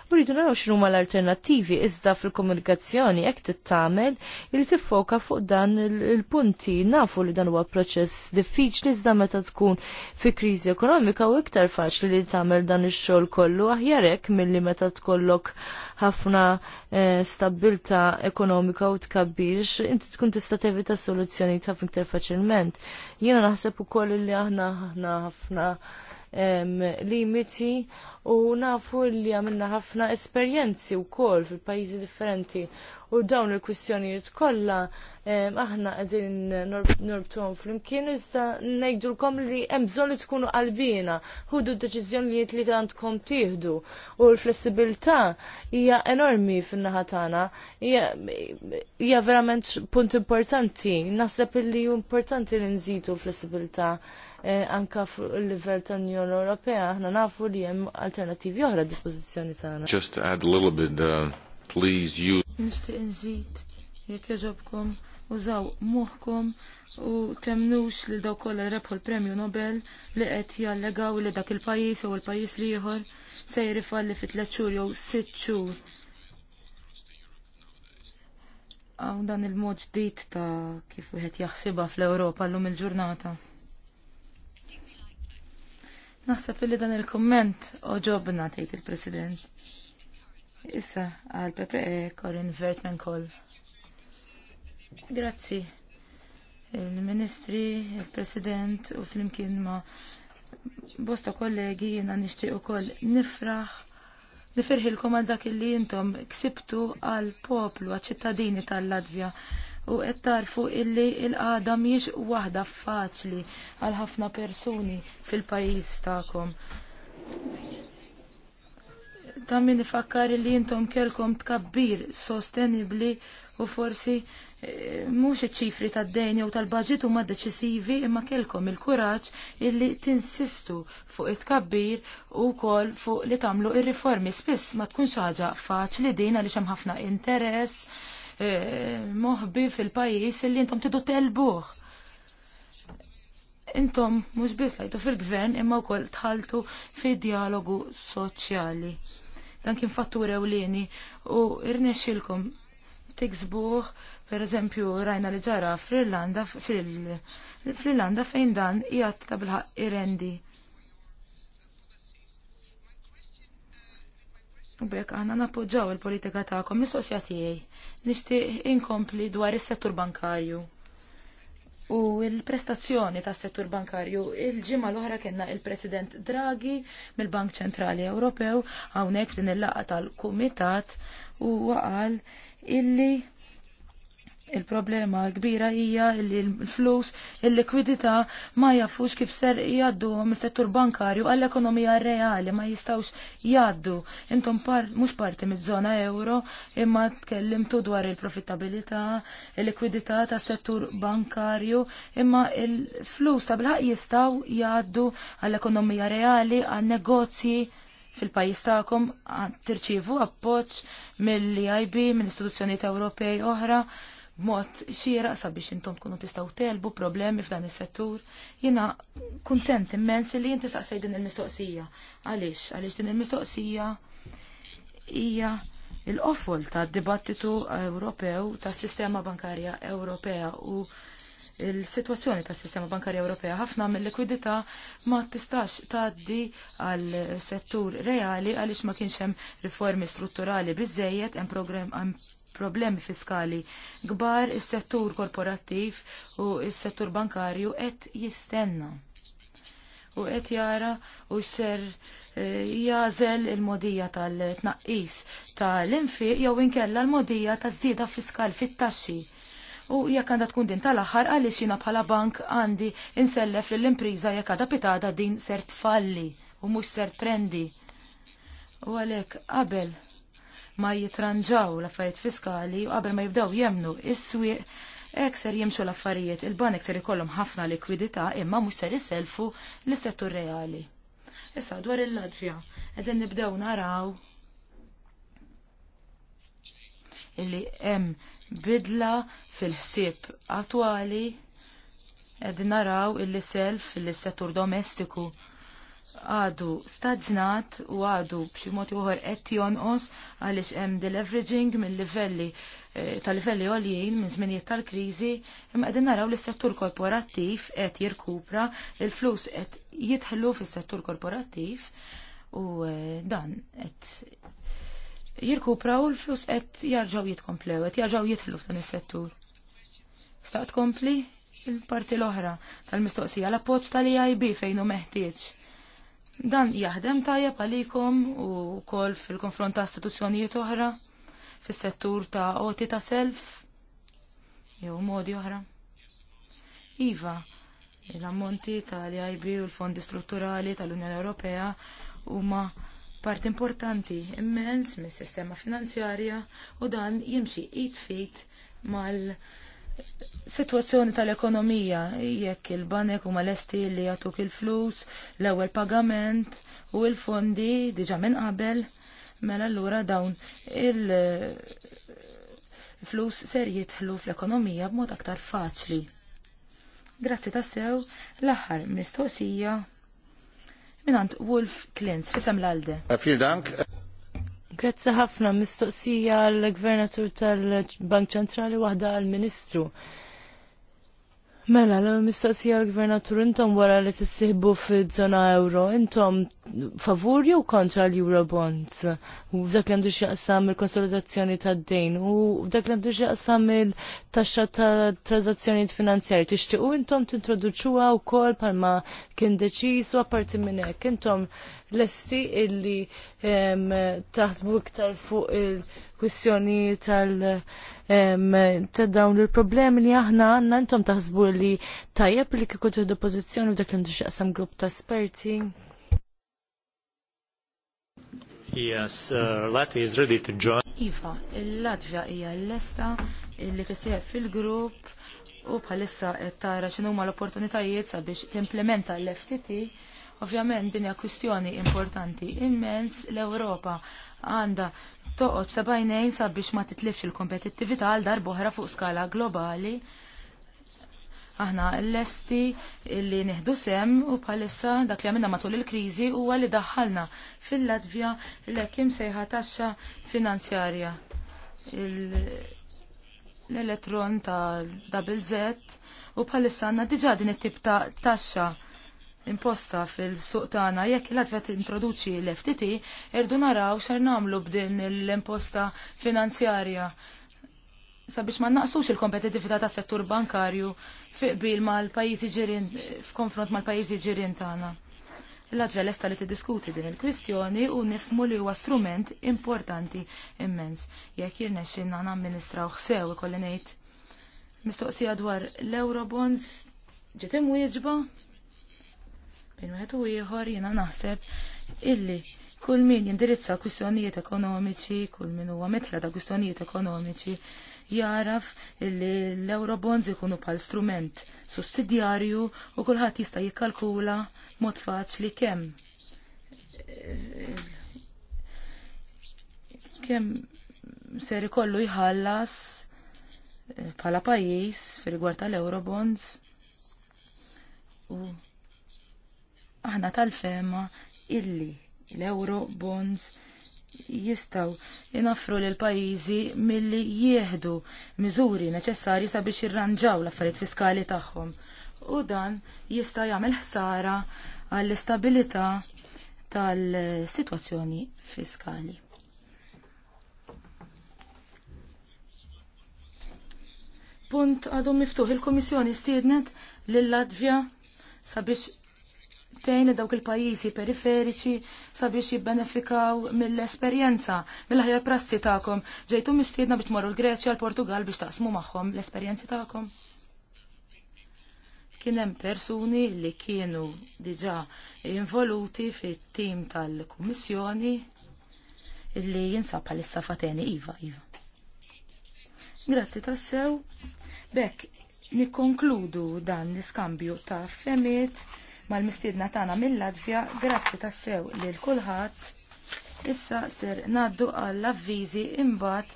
U rridu naraw x'huma l-alternattivi iżda fil-komunikazzjoni hekk tittamel li tiffoka fuq dan il-punti nafu li dan huwa proċess diffiċli iżda meta tkun fi kriżi ekonomika u iktar faċli li tagħmel dan ix-xogħol kollu aħjar hekk milli meta tkollok ħafna Eh, stabilta ekonomika u tkabbirx, inti tkun tista' tevita soluzzjoni ta' fiktar faċilment. Jiena naħseb ukoll li aħna ħafna ħafna limiti u nafu li għamilna ħafna esperjenzi u kol fil pajizi differenti u dawn il-kwistjonijiet kollha aħna qegħdin norbtuhom flimkien iżda ngħidulkom li hemm bżonn li tkunu qalbina, ħudu d-deċiżjonijiet li għandkom tieħdu u l-flessibilità hija enormi fin-naħa tagħna, hija verament punt importanti, naħseb li hu importanti li nżidu l-flessibilità e, anka fuq il-livell tal-Unjoni Ewropea aħna nafu li hemm alternattivi oħra d-dispożizzjoni tagħna. Just add a little bit, uh, please use nixtieq inżid jekk jogħġobkom użaw moħħkom u temnux lil dawk kollha rebħu l-Premju Nobel li qed jallegaw li dak il-pajjiż jew il-pajjiż ieħor se jirifalli fi tliet xhur jew sitt xhur. Hawn dan il-mod ġdid ta' kif wieħed jaħsibha fl-Ewropa llum il-ġurnata. Naħseb illi dan il-komment oġobna tgħid il-President. Issa, għal korin eh, vert men kol. Grazzi. Il-Ministri, il-President u fl-imkien ma bosta kollegi jena nishtiq u koll nifraħ nifirħilkom għal dak li jintom ksibtu għal poplu għal ċittadini tal-Latvja u qed tarfu illi il għada mhijiex waħda faċli għal ħafna persuni fil-pajjiż tagħkom ta' min ifakkar li jintom kelkom tkabbir sostenibli u forsi eh, mhux iċ-ċifri tad-dejn jew tal-baġit huma deċisivi imma kelkom il-kuraġġ illi tinsistu fuq it-tkabbir u wkoll fuq li tagħmlu ir-riformi spiss ma tkunx xaġa faċli din għaliex hemm ħafna interess eh, moħbi fil-pajjiż illi intom tidu telbuh intom mhux biss lajtu fil-gvern imma wkoll tħaltu fid dialogu soċjali dan kien u ewlieni u tiksbuħ tiksbuh pereżempju rajna li ġara fl-Irlanda fl-Irlanda fejn dan jgħat ta' irendi. U bekk aħna napoġġaw il-politika tagħkom mistoqsija tiegħi nixtieq inkompli dwar is-settur bankarju u l-prestazzjoni tas settur bankarju. Il-ġimgħa l-oħra kena il-President Draghi mill-Bank Ċentrali Ewropew hawnhekk din il-laqgħa tal-Kumitat u għal illi Il-problema kbira hija li l-flus, il-likwidità ma jafux kif ser jaddu mis-settur bankarju għall-ekonomija reali ma jistawx jaddu. Intom par, mhux parti miż-żona euro imma tkellimtu dwar il-profittabilità, il-likwidità tas-settur bankarju imma il-flus ta' bilħaq jistaw jaddu għall-ekonomija reali għan-negozji fil-pajis ta'kom tirċivu appoċ mill-IB, mill-istituzzjoniet Ewropej oħra mod xieraq sabiex intom kunu tistgħu telbu problemi f'dan is-settur. Jiena kuntent immens li jinti saqsej din il-mistoqsija. Għaliex? Għaliex din il-mistoqsija hija il-qofol ta' dibattitu Ewropew tas sistema bankarja Ewropea u il-situazzjoni tas sistema bankarja Ewropea ħafna mill-likwidità ma tistax tgħaddi għal settur reali għaliex ma kienx hemm riformi strutturali biżejjed hemm problemi fiskali kbar is-settur korporattiv u s-settur bankarju qed jistenna u qed jara u ser eh, jażel il-modija tal-tnaqqis tal-infiq jew inkella l-modija taż-żieda fiskal fit-taxxi. U jekk għandha tkun din tal-aħħar għaliex jiena bħala bank għandi insellef lill impriża jekk għadha pitada din ser tfalli u mhux ser trendi. U għalhekk qabel ma jitranġaw l-affarijiet fiskali u qabel ma jibdaw jemnu is-swieq hekk ser jimxu l-affarijiet il-banek ser ikollhom ħafna likwidità imma mhux ser iselfu l-settur reali. Issa dwar il-Latvja qegħdin nibdew naraw illi hemm bidla fil-ħsieb attwali qegħdin naraw illi self fil-settur domestiku għadu staġnat u għadu b'xi mod ieħor qed jonqos għaliex hemm deleveraging minn livelli eh, tal-livelli għoljien minn żminijiet tal-kriżi, imma qegħdin naraw li s-settur korporattiv qed jirkupra, il-flus qed jitħlu fis-settur korporattiv u eh, dan qed u l flus qed jarġaw jitkomplew, qed jarġaw jitħlu f'dan is-settur. Staqt kompli il-parti l-oħra tal-mistoqsija l-appoġġ tal-EIB fejn hu meħtieġ Dan jaħdem tajjeb għalikom u kol fil-konfront ta' istituzzjonijiet oħra, fis-settur ta' oti ta' self, jew modi oħra. Iva, l-ammonti tal-IB u l-fondi strutturali tal-Unjoni Ewropea huma part importanti immens mis-sistema finanzjarja u dan jimxi it fit mal- Situazzjoni tal-ekonomija, jekk il-banek u malesti li jatuk il-flus, l ewwel pagament u il-fondi diġa minn qabel, mela allura dawn il-flus ser jitħlu fl-ekonomija b'mod aktar faċli. Grazzi tassew, l-aħħar mistoqsija minant Wolf Klintz, fisem l-alde. Fil dank. Grazzi ħafna mistoqsija għall gvernatur tal-Bank Ċentrali waħda għal-Ministru. Mela, l mistoqsija l-gvernatur intom wara li tissieħbu fid zona euro, intom favur jew kontra l-Eurobonds? U f'dak li għandu xieqsam il-konsolidazzjoni tad-dejn u f'dak li għandu xieqsam il-taxxa ta' tranzazzjonijiet finanzjari. Tixtiequ intom tintroduċuha wkoll palma kien deċiż u apparti minn hekk intom lesti illi taħdmu iktar fuq il-kwistjoni tal- ta' dawn il-problemi li aħna għanna intom taħsbu li tajjeb li kiku tuħdu pozizjoni l li xaqsam grupp ta' esperti. Yes, uh, Latvia is ready to join. Iva, il-Latvia hija l-lesta li tisseħ fil-grupp u bħalissa tara x'inhuma l-opportunitajiet sabiex timplementa l-FTT Ovvjament din hija kwistjoni importanti immens l-Ewropa għandha toqgħod sebajnejn sabiex ma titlifx il-kompetittività għal darbohra fuq skala globali. Aħna l-esti li neħdu sem u bħalissa dak li għamilna matul il-kriżi huwa li daħħalna fil-Latvja l-ekim sejħa taxxa finanzjarja. L-elettron ta' double Z u bħalissa għandna diġà din it-tip ta' taxxa imposta fil-suq tagħna jekk il-Latvja introduċi l-FTT irdu naraw xar nagħmlu b'din l-imposta finanzjarja sabiex ma naqsux il-kompetitività tas settur bankarju fiqbil mal-pajjiżi ġirin, f'konfront mal-pajjiżi ġirien tagħna. l latvja lesta li tiddiskuti din il-kwistjoni u nifmu li huwa strument importanti immens. Jekk jirnexxinna namministraw ħsew ikolli ngħid. Mistoqsija dwar l-Eurobonds ġiet imwieġba' Bejn wieħed u ieħor jiena naħseb illi kull min jindirizza kwistjonijiet ekonomiċi, kull min huwa mitla ta' kwistjonijiet ekonomiċi, jaraf illi l-Eurobonds ikunu bħal strument sussidjarju u kulħadd jista' jikkalkula mod faċli kemm kemm ser ikollu jħallas eh, bħala pajjiż fir-rigward tal-Eurobonds u aħna tal-fema illi l-euro bonds jistaw inaffru lil pajjiżi milli jieħdu miżuri neċessarji sabiex jirranġaw l-affarijiet fiskali tagħhom. U dan jista' jagħmel ħsara għall-istabilità tal-sitwazzjoni fiskali. Punt għadu miftuħ il-Komissjoni stiednet lil latvja sabiex Tejn li dawk il-pajjiżi periferiċi sabiex jibbenefikaw mill-esperjenza, mill ħajja prassi tagħkom. Ġejtu mistiedna biex tmorru l-Greċja l-Portugal biex taqsmu magħhom l-esperjenzi tagħkom. Kien hemm persuni li kienu diġà involuti fit-tim tal-Kummissjoni illi jinsab bħalissa fateni Iva, Iva. Grazzi tassew. Bekk, nikkonkludu dan l-iskambju ta' femiet mal-mistiedna tagħna mill-Latvja, grazzi tassew lil kulħadd. Issa ser naddu għall-avviżi imbagħad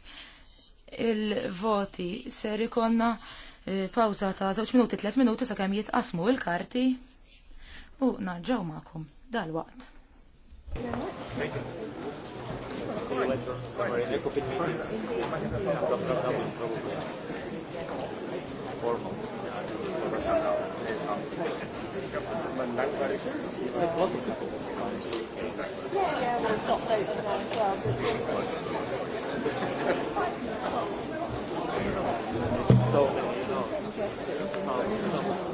il-voti ser ikonna eh, pawza ta' żewġ minuti, tliet minuti sakemm jitqasmu l karti u naġġaw magħkom dal-waqt. Formal glaube, Yeah, yeah, we've got votes well. so So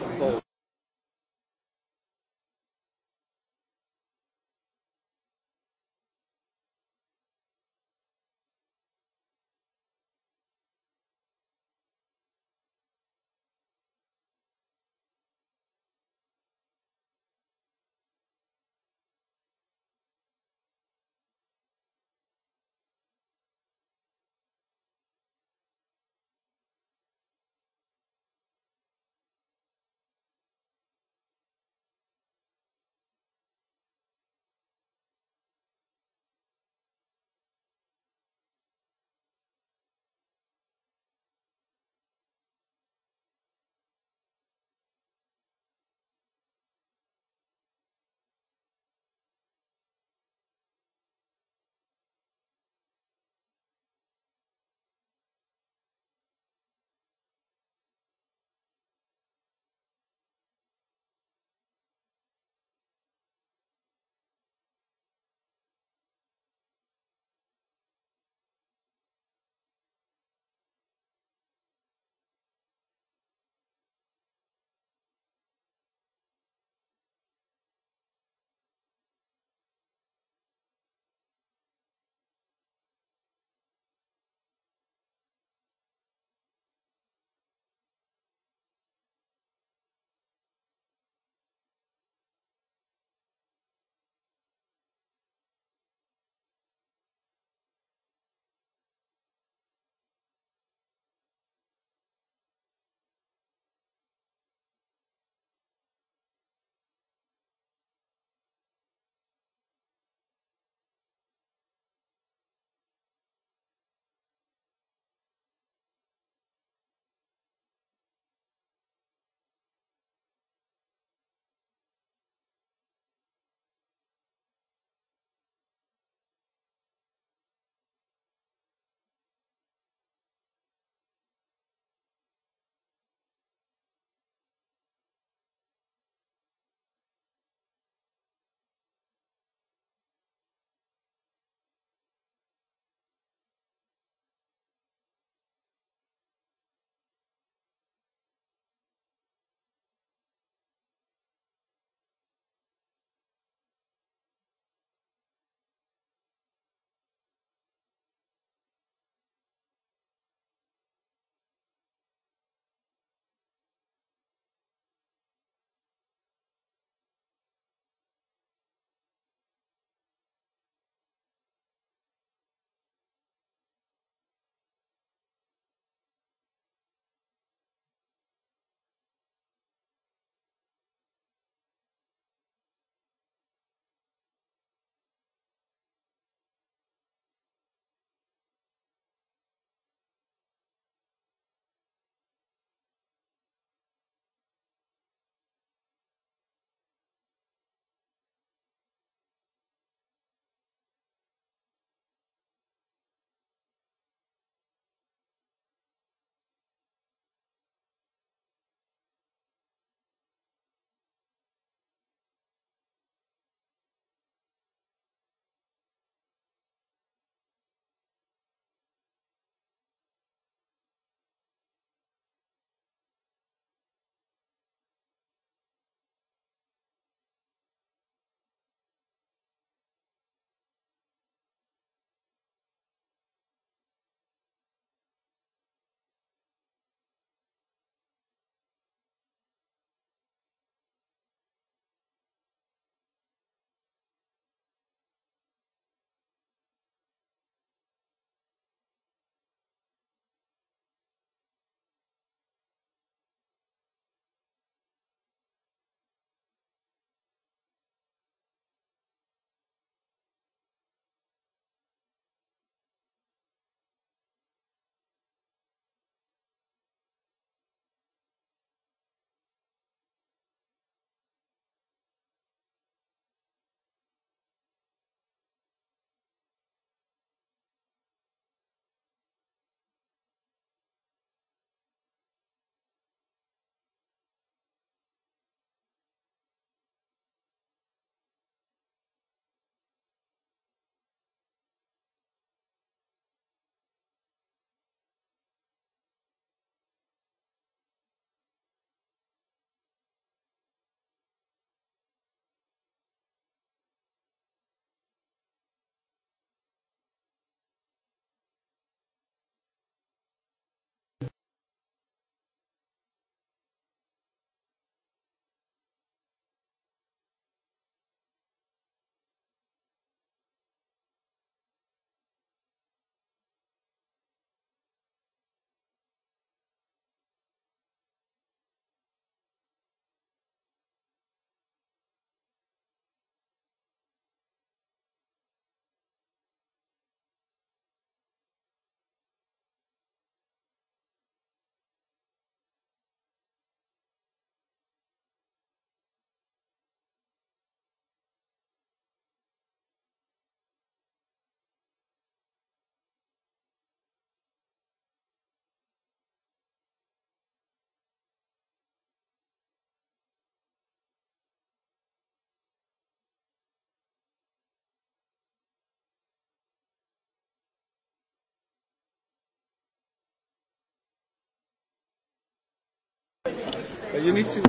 You need to.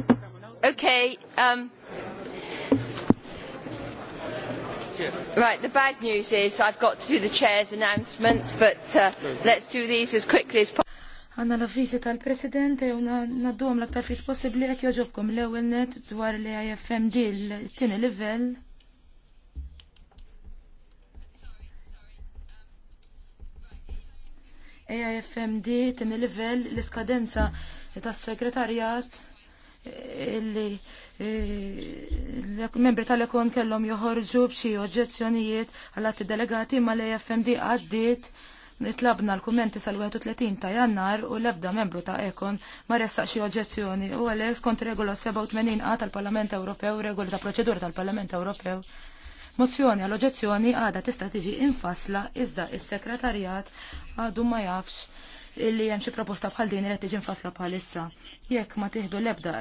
Okay. Um, right, the bad news is I've got to do the chair's announcements, but uh, let's do these as quickly as possible. Għanna la avvizi tal-President e u naddum l-aktar fis possibli għak joġobkom l-ewel net dwar li IFMD l-tini level. AIFMD tini level l-iskadenza tas-segretarjat illi eh, membri tal-ekon kellhom joħorġu b'xi oġġezzjonijiet għal atti delegati ma li FMD għaddiet nitlabna l-kummenti sal-31 ta' jannar u l-ebda membru ta' ekon ma ressaq xi oġġezzjoni u għalhekk skont regola 87 a tal-Parlament Ewropew, regoli ta' proċedura tal-Parlament Ewropew. Mozzjoni għal oġġezzjoni għada tista' tiġi infasla iżda is-sekretarjat għadu ma jafx Illi hemm xi proposta bħal din li qed tiġi mfassla bħalissa. Jekk ma tieħdu l-ebda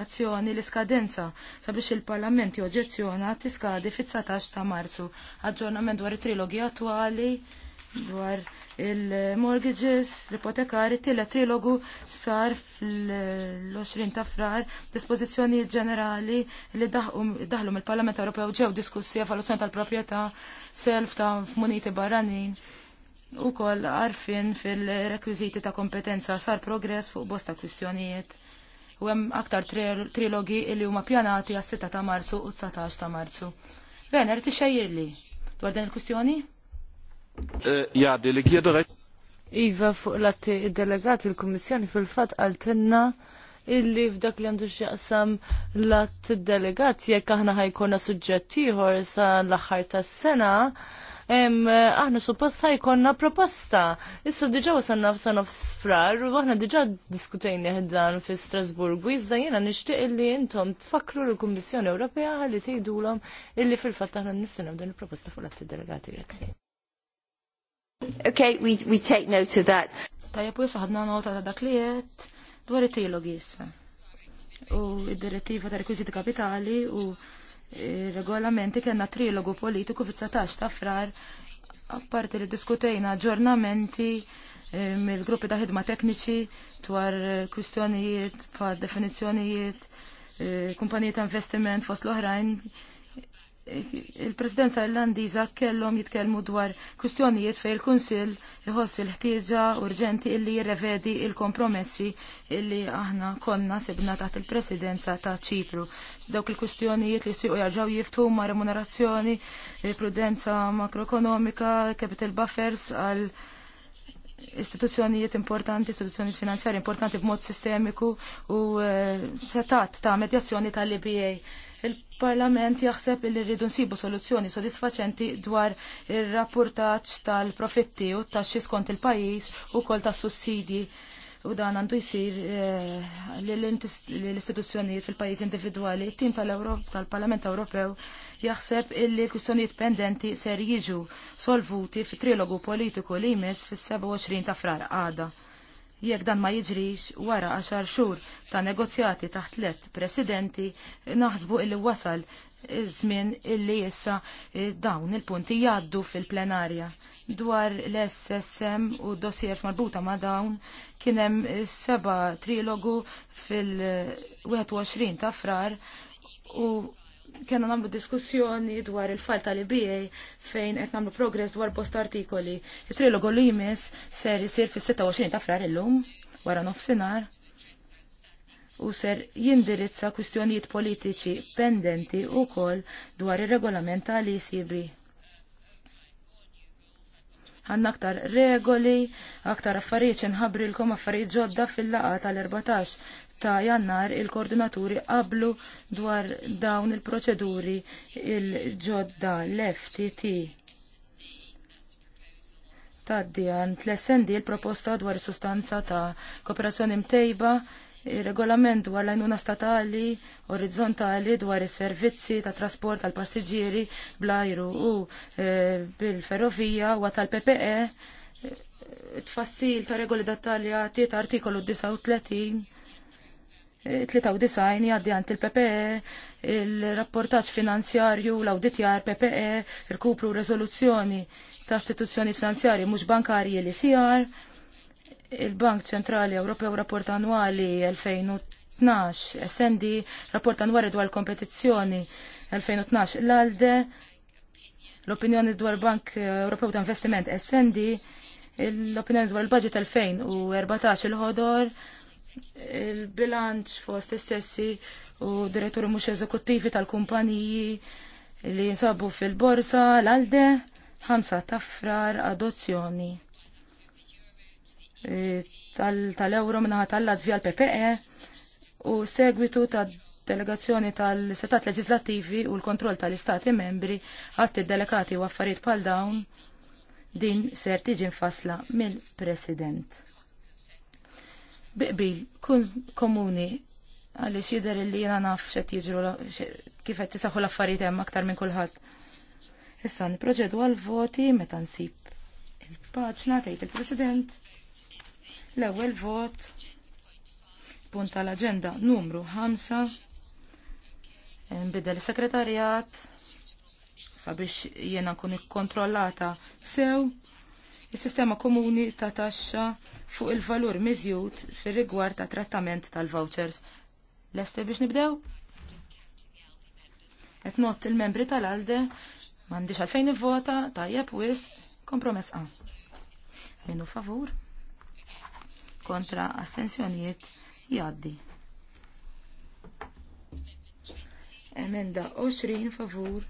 azzjoni l-iskadenza sabiex il-Parlament joġġezzjona tiskadi fit-19 ta' Marzu. Aġġornament dwar it-trilogi attwali dwar il-mortgages, l-ipotekari, tilla trilogu sar fl-20 ta' frar, dispozizjoni ġenerali li daħlu mill-Parlament Ewropew ġew diskussija evoluzzjoni tal-proprjetà self ta' f'muniti barranin U koll għarfin fil-rekwiziti ta' kompetenza sar progress fuq bosta kwistjonijiet. U hemm aktar trilogi illi huma pjanati għas 6 ta' Marzu u 19 ta' Marzu. Werner, tixejjirli dwar din il-kwistjoni? Eh, ja, delegjerda Iva fuq l-atti delegat il-Kummissjoni fil-fat għaltenna illi f'dak li għandu xjaqsam l-att delegat jekk aħna ħajkonna suġġett ieħor sa l-aħħar tas-sena aħna suppost ħajkonna proposta. Issa diġa wasanna f'san sfrar, u aħna diġa diskutejni ħeddan fi Strasburgu, iżda jena nixtieq li intom tfakru l-Kummissjoni Ewropea li tgħidulhom illi fil-fatt aħna nistennew din il-proposta fuq l-atti delegati. Grazzi. Okay, we, we take note of that. Tajja pwis ħadna nota ta' dak li qed dwar it-trilogis u id-direttiva ta' rekwiziti kapitali u regolamenti kena trilogu politiku fit-19 ta' frar, apparti li diskutejna ġornamenti eh, mill-gruppi ta' ħidma tekniċi dwar kwistjonijiet pa' definizzjonijiet, eh, kumpaniji ta' investiment fost l-oħrajn il-presidenza irlandiża kellhom jitkellmu dwar kwistjonijiet fejn il-Kunsill iħoss il-ħtieġa urġenti illi jirrevedi il-kompromessi illi aħna konna sibna taħt il-presidenza ta' Ċipru. Dawk il-kwistjonijiet li siqu jarġaw jiftu ma' remunerazzjoni, prudenza makroekonomika, capital buffers għal istituzzjonijiet importanti, istituzzjonijiet finanzjari importanti b'mod sistemiku u eh, setat ta' medjazzjoni tal-IBA parlament jaħseb li rridu nsibu soluzzjoni sodisfaċenti dwar ir-rapportaġġ tal-profitti u tax-xi skont il-pajjiż ukoll tas-sussidji u dan għandu jisir eh, l-istituzzjonijiet fil-pajjiż individwali. Tim tal-Parlament Ewropew jaħseb illi kwistjonijiet pendenti ser jiġu solvuti fit-trilogu politiku li jmiss fis-27 ta' frar għada. Jekk dan ma jiġrix wara għaxar xhur ta' negozjati taħt tlet presidenti, naħsbu illi wasal żmien illi issa eh, dawn il-punti jgħaddu fil-plenarja. Dwar l-SSM u dossiers marbuta ma' dawn kien hemm seba trilogu fil-21 eh, ta' frar u kena namlu diskussjoni dwar il-fall tal-IBA fejn qed namlu progress dwar post artikoli. Il-trilogu li jmiss ser jisir fis-26 ta' frar illum wara nofsinhar u ser jindirizza kwistjonijiet politiċi pendenti u kol dwar ir-regolament tal-ECB. Għanna aktar regoli, aktar affarijiet nħabrilkom affarijiet ġodda fil-laqa tal-14 ta' jannar il-koordinaturi qablu dwar dawn il-proċeduri il-ġodda l-FTT. Taddijan tlessendi il-proposta dwar sustanza ta' kooperazzjoni mtejba, il-regolament dwar l-għajnuna statali, orizzontali dwar is-servizzi ta' trasport tal passiġġieri bl-ajru u e, bil-ferrovija u tal-PPE tfassil ta' regoli dettaljati ta' artikolu 39 93 jgħaddi għant il-PPE, il-rapportaċ finanzjarju, l-auditjar PPE, il-kupru rezoluzzjoni ta' istituzzjoni finanzjarji mhux bankarji li sijar, il-Bank Ċentrali Ewropew rapport annwali 2012, SND rapport annuali dwar kompetizzjoni 2012, l-ALDE, l-opinjoni dwar Bank Ewropew ta' Investiment SND, l-opinjoni dwar il-Budget 2014 il-ħodor, il ħodor il-bilanċ fost istessi u direttori mhux eżekuttivi tal-kumpaniji li jinsabu fil-borsa l-alde ħamsa taffrar adozzjoni e, tal-euro minnaħa tal-Latvija l-PPE u segwitu tad delegazzjoni tal-setat leġislattivi u l-kontroll tal-istati membri għatti delegati u affarijiet pal dawn din ser tiġi nfasla mill-President biqbil komuni għaliex jidher li jiena naf xet jiġru kif qed tisaħħu l-affarijiet hemm aktar minn kulħadd. Issa niproġedu għal-voti meta nsib il-paġna tgħid il-President. L-ewwel vot punt tal-aġenda numru 5 nbidel is-sekretarjat sabiex jiena nkun ikkontrollata sew Is-sistema komuni ta' taxxa fuq il-valur miżjud fir-rigward ta' trattament tal-vouchers. Lester biex nibdew? Et not il-membri tal-alde, mandiċ għalfejn il-vota, tajjeb wis, kompromess A. Minu favur, kontra astensjonijiet, jaddi. Emenda 20 favur,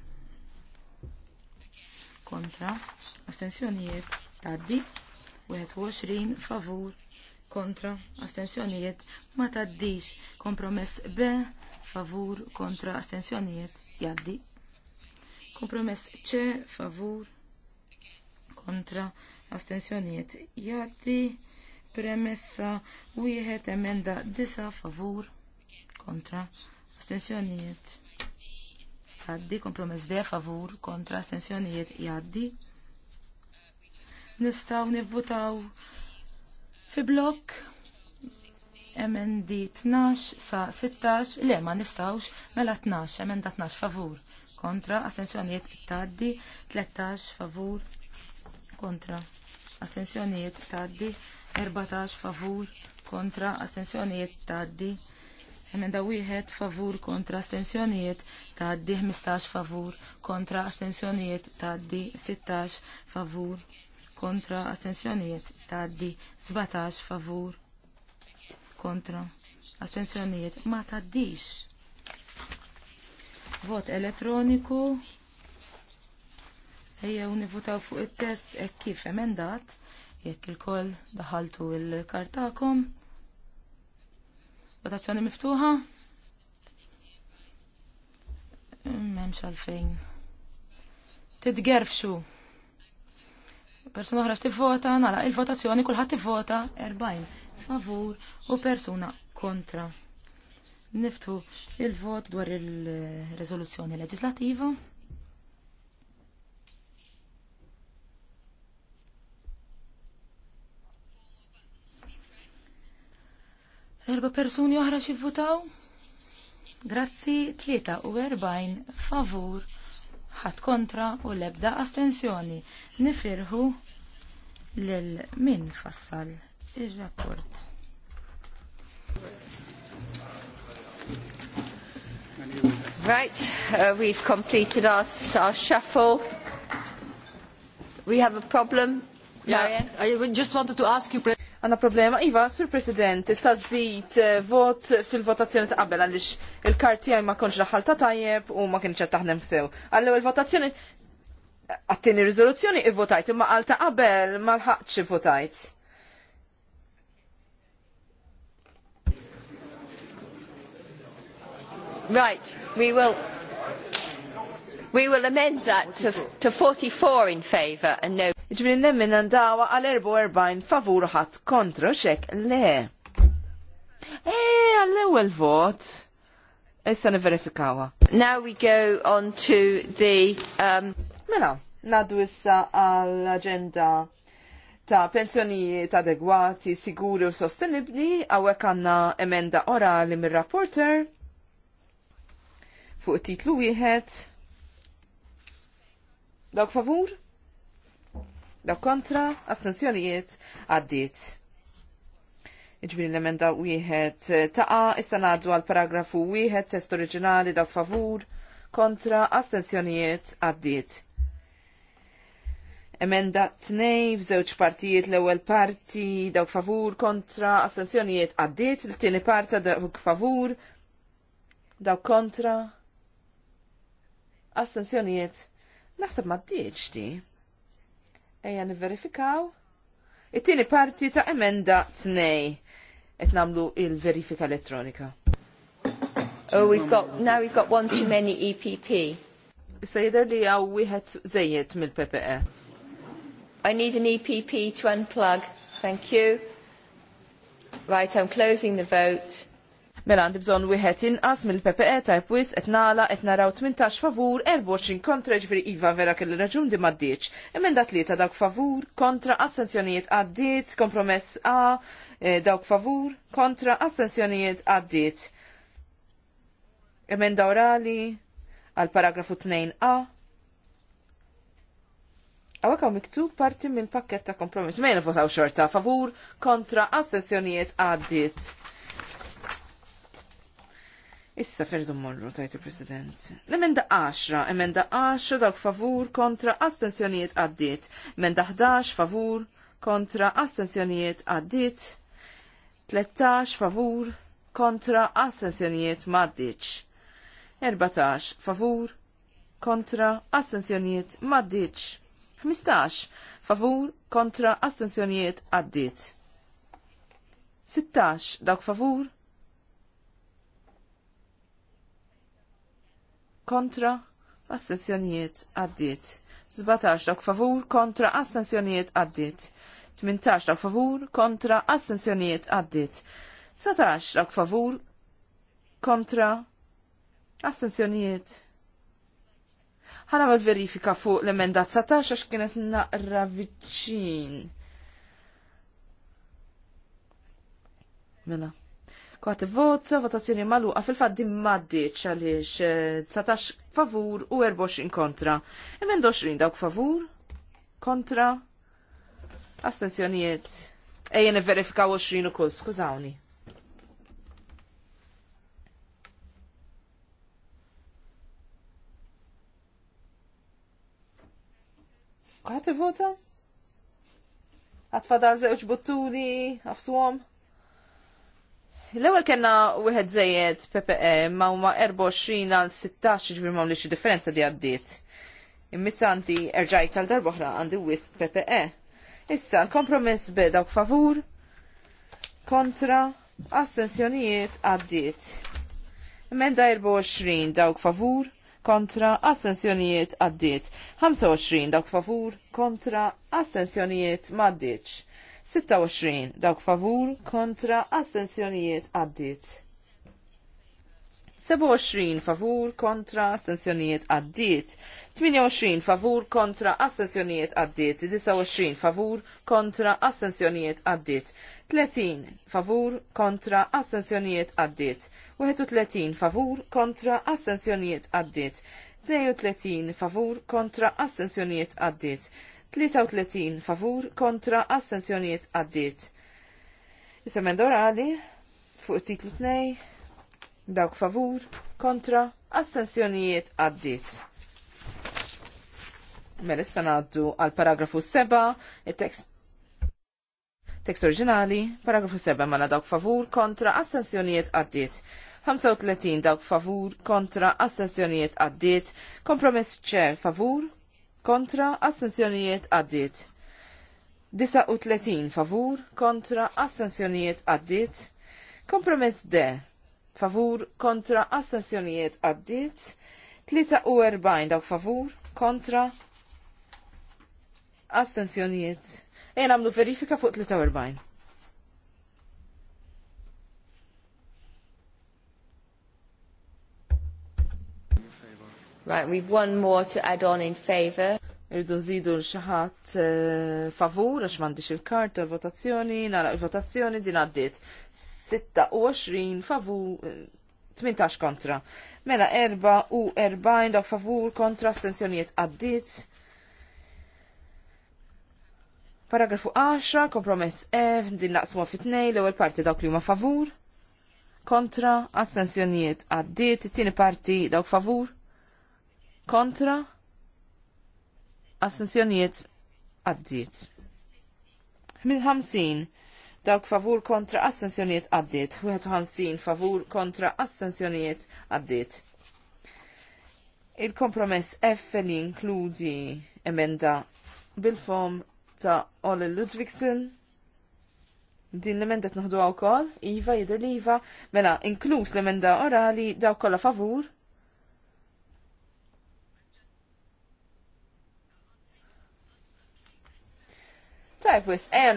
kontra jaddi taddi, 21 favur kontra astensjonijiet ma taddix kompromess B favur kontra astensjonijiet jaddi. Kompromess C favur kontra astensjonijiet jaddi. Premessa wieħed emenda disa favur kontra astensjonijiet jaddi. Kompromess D favur kontra astensjonijiet jaddi nistaw nivvutaw fi blok MND 12 sa 16 le ma nistawx mela 12 emenda 12 favur kontra astensjoniet taddi 13 favur kontra astensjoniet taddi 14 favur kontra astensjoniet taddi Emenda wieħed favur kontra astensjonijiet taddi 15 favur kontra astensjonijiet taddi 16 favur kontra ta' taddi 17 favur kontra astenzjonijiet ma taddix vot elettroniku ejjew nivutaw fuq it-test hekk kif emendat jekk ilkoll daħaltu l kartakom votazzjoni miftuħa Memx għalfejn Tidgerfxu persuna oħra tivvota, nara il-votazzjoni kulħadd tivvota erba'jn favur u persuna kontra. Niftu il-vot dwar il-rezoluzzjoni leġislativa. Erba persuni oħra xivvutaw? Grazzi, tlieta u erbajn favur ħadd kontra u lebda astensjoni. Nifirħu lil min fassal ir-rapport. Right, uh, we've completed our, our shuffle. We have a problem, Marianne? Yeah, I just wanted to ask you... Għanna problema, Iva, Sur President, ista' żid uh, vot fil-votazzjoni ta' qabel għalix il-karti għaj ma raħal ta' tajjeb u ma kienx qed taħdem sew. Għallu il-votazzjoni għattini rizoluzzjoni i-votajt, imma għalta qabel mal-ħaqċ i-votajt. Right, we will, we will amend that to, to 44 in favour and no. Ġbri nemmin għandawa għal-44 favur ħat kontra xek le. Eh, għall-ewel vot. Issa niverifikawa. Now we go on to the um, Mela, naddu issa għall-agenda ta' pensjonijiet adegwati, siguri u sostenibli, għawek għanna emenda orali mir rapporter fuq titlu wieħed. Dawk favur? Dawk kontra? Astenzjonijiet għaddit. Iġbiri l-emenda wieħed taqa, issa naddu għal paragrafu wieħed, test oriġinali, dawk favur, kontra, astenzjonijiet għaddit Emenda 2 f'żewġ partijiet l-ewwel parti dawk favur kontra astensjonijiet għaddiet, l-tieni parta dawk favur dawk kontra astensjonijiet. Naħseb ma ddiċ di. Ejja niverifikaw. It-tieni parti ta' emenda tnej qed nagħmlu il-verifika elettronika. Oh, we've got, now we've got one too many EPP. Sejder li għaw wieħed żejjed mill-PPE. I need an EPP to unplug. Thank you. Right, I'm closing the vote. Mela għandi bżon wieħed inqas mill-PPE tajb wis qed nagħla qed naraw 18 favur 24 kontra ġifieri iva vera kelli raġun di m'għaddiex. Emenda tlieta dawk favur kontra astensjonijiet għaddiet, kompromess A eh, dawk favur kontra astensjonijiet għaddiet. Emenda orali għal paragrafu 2A Għawek għaw miktub parti minn pakketta ta' kompromiss. Mejna votaw xorta, favur, kontra, astenzjonijiet għaddit. Issa ferdu morru, tajt il-President. L-emenda 10, emenda 10 dawk favur, kontra, astenzjonijiet għaddit. Emenda 11, favur, kontra, astenzjonijiet għaddit. 13, favur, kontra, astenzjonijiet maddiċ. 14, favur, kontra, astenzjonijiet maddiċ. 15. Favur kontra astensjonijiet għaddit. 16. Dawk favur. Kontra astensjonijiet għaddit. 17. Dawk favur kontra astensjonijiet għaddit. 18. Dawk favur kontra astensjonijiet għaddit. 19. Dawk favur kontra astensjonijiet għaddit għal verifika fuq l-emenda 19 għax kienet naqra viċin. Mela. Kwaħt vot, votazzjoni maluqa fil-fat din maddiċ għaliex 19 eh, favur u 24 kontra. Emen 20 dawk favur, kontra, astenzjonijiet. Ejjen verifika 20 u kull, skużawni. Għat vota? fadal zewċ buttuni, għafsuwom? L-ewel kena wieħed zejed PPE ma' ma 24 għal 16 ġvir ma' liċi differenza li għaddiet. Immissanti erġajt tal-darboħra għandi wisq PPE. Issa l-kompromess beda favur kontra astensjonijiet għaddiet. Emenda 24 dawk favur kontra astensjonijiet għaddiet. 25 dawk favur kontra astensjonijiet maddiċ. 26 dawk favur kontra astensjonijiet għaddiet. 27 favur kontra astensjonijiet għaddiet, 28 favur kontra astensjonijiet għaddiet, 29 favur kontra astensjonijiet għaddiet, 30 favur kontra astensjonijiet għaddiet, 31 favur kontra astensjonijiet għaddiet, 32 favur kontra astensjonijiet għaddiet, 33 favur kontra astensjonijiet għaddiet. Is-semend fuq titlu 2 Dawk favur, kontra, astensjonijiet għaddit. Mela issa ngħaddu għal paragrafu 7, it-tekst Tekst oriġinali, paragrafu 7 mela dawk favur, kontra, astensjonijiet għaddit. 35 dawk favur, kontra, astensjonijiet għaddit. Kompromess ċer favur, kontra, astensjonijiet għaddit. 39 favur, kontra, astensjonijiet għaddit. Kompromess de favur kontra astensjonijiet għaddit, 43 dawk favur kontra astensjonijiet. Ejn għamlu verifika fuq 43. Right, we've one more to add on in favor. Irdu nżidu l-xaħat eh, favur, għax mandi il-kart tal-votazzjoni, nara il-votazzjoni din għaddit. 26 favur 18 kontra. Mela 4 u 40 dak favur kontra astensjonijiet għaddit. Paragrafu 10, kompromess F, din naqsmu fit l-ewwel parti dawk li huma favur. Kontra, astensjonijiet għaddiet, it-tieni parti dawk favur. Kontra, astensjonijiet għaddiet. 50 dawk favur kontra astensjoniet għaddit, 51 favur kontra astensjoniet għaddit. Il-kompromess F li inkludi emenda bil-fom ta' Ole Ludwigsen, din l-emenda t-naħdu għaw kol, Iva, jidr li Iva, mela, inkluż l-emenda orali, dawk kolla favur, Tajb, wis, eja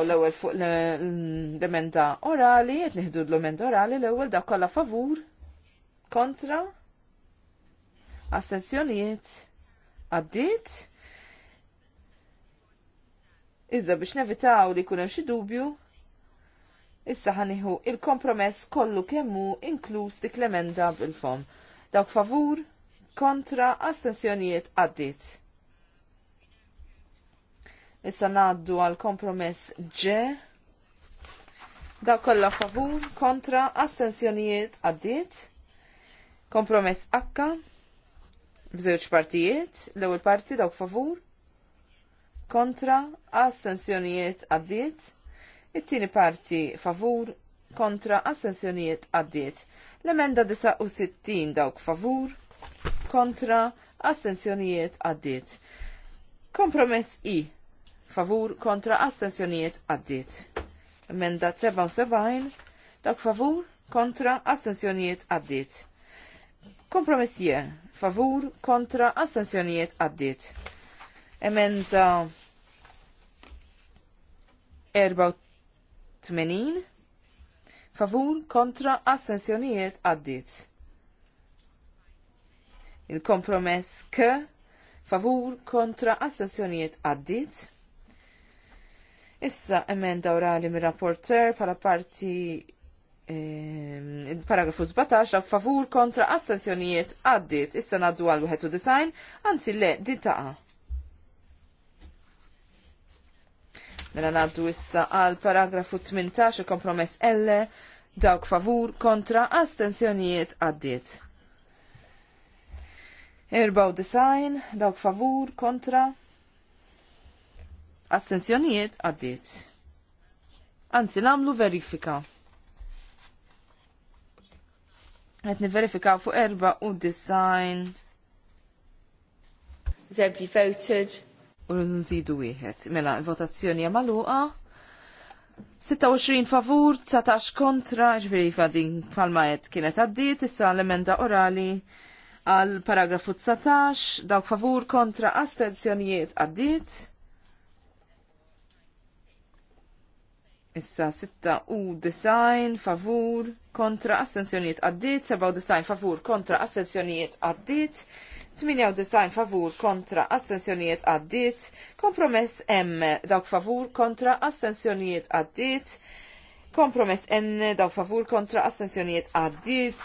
u l-ewel fuq l-emenda orali, jett nihdu l-emenda orali l-ewel da kolla favur, kontra, astensjonijiet, addit, iżda biex nevitaw li kunem xi dubju, issa ħaniħu il-kompromess kollu kemmu inkluż dik l-emenda bil-fom. Dawk favur, kontra, astensjonijiet, addit. Issa naddu għal kompromess G. Da kollha favur kontra astensjonijiet għaddiet. Kompromess H. Bżewġ partijiet, l-ewwel parti dawk favur kontra astensjonijiet għaddiet. It-tieni parti favur kontra astensjonijiet għaddiet. L-emenda 69 dawk favur kontra astensjonijiet għaddiet. Kompromess I favur kontra astensjonijiet għaddit. Emenda 77 dak favur kontra astensjonijiet għaddit. Kompromissie, favur kontra astensjonijiet għaddit. Emenda 84 favur kontra astensjonijiet għaddit. Il-kompromess k favur kontra astensjonijiet għaddit Issa emenda orali mir rapporter pala parti ehm, paragrafu 17 dak favur kontra astensjonijiet għaddit. Issa naddu għal disajn, anzi le, di taqa. Mela naddu issa għal paragrafu 18 kompromess L dawk favur kontra astensjonijiet għaddit. 94 dawk favur kontra Astenzjonijiet għaddiet. Anzi, namlu verifika. Għet verifika fuq erba u design. Zebri voted. U nżidu wieħed. Mela, votazzjoni għamaluqa. 26 favur, 19 kontra, ġveri fadin palma għed kienet għaddiet, issa l-emenda orali għal paragrafu 19, dawk favur kontra astenzjonijiet għaddiet. Issa 6 u design favur kontra assenzjonijiet għaddit, 7 design favur kontra assenzjonijiet għaddit, 8 design favur kontra assenzjoniet għaddit, kompromess M dawk favur kontra assenzjoniet għaddit, kompromess N dawk favur kontra assenzjoniet għaddit,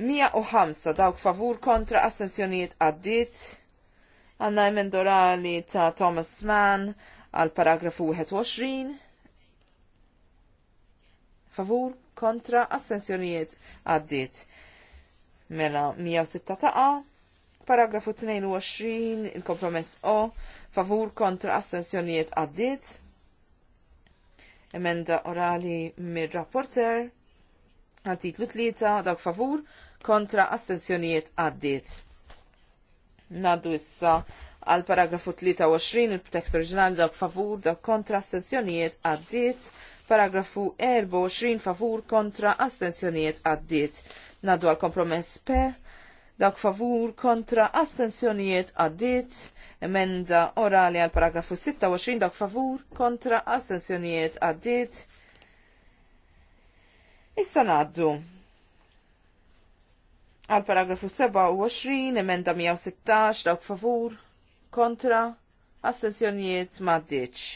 105 dawk favur kontra assenzjoniet għaddit, għanna emendorali ta' Thomas Mann għal paragrafu 21, favur kontra astensjonijiet għaddiet. Mela 106 taqa, paragrafu 22, il-kompromess O, favur kontra astensjonijiet għaddiet. Emenda orali mir-rapporter, għal titlu 3, dak favur kontra astensjonijiet għaddiet. Naddu issa għal paragrafu 23 il-tekst oriġinali dak favur dak kontra astensjonijiet għaddiet Paragrafu 24 favur kontra astensjonijiet għaddit. Naddu għal kompromess P. Dawk favur kontra astensjonijiet għaddiet. Emenda orali għal paragrafu 26 dawk favur kontra astensjonijiet għaddiet. Issa naddu għal paragrafu 27, emenda 116, dawk favur, kontra, astensjonijiet maddiċ.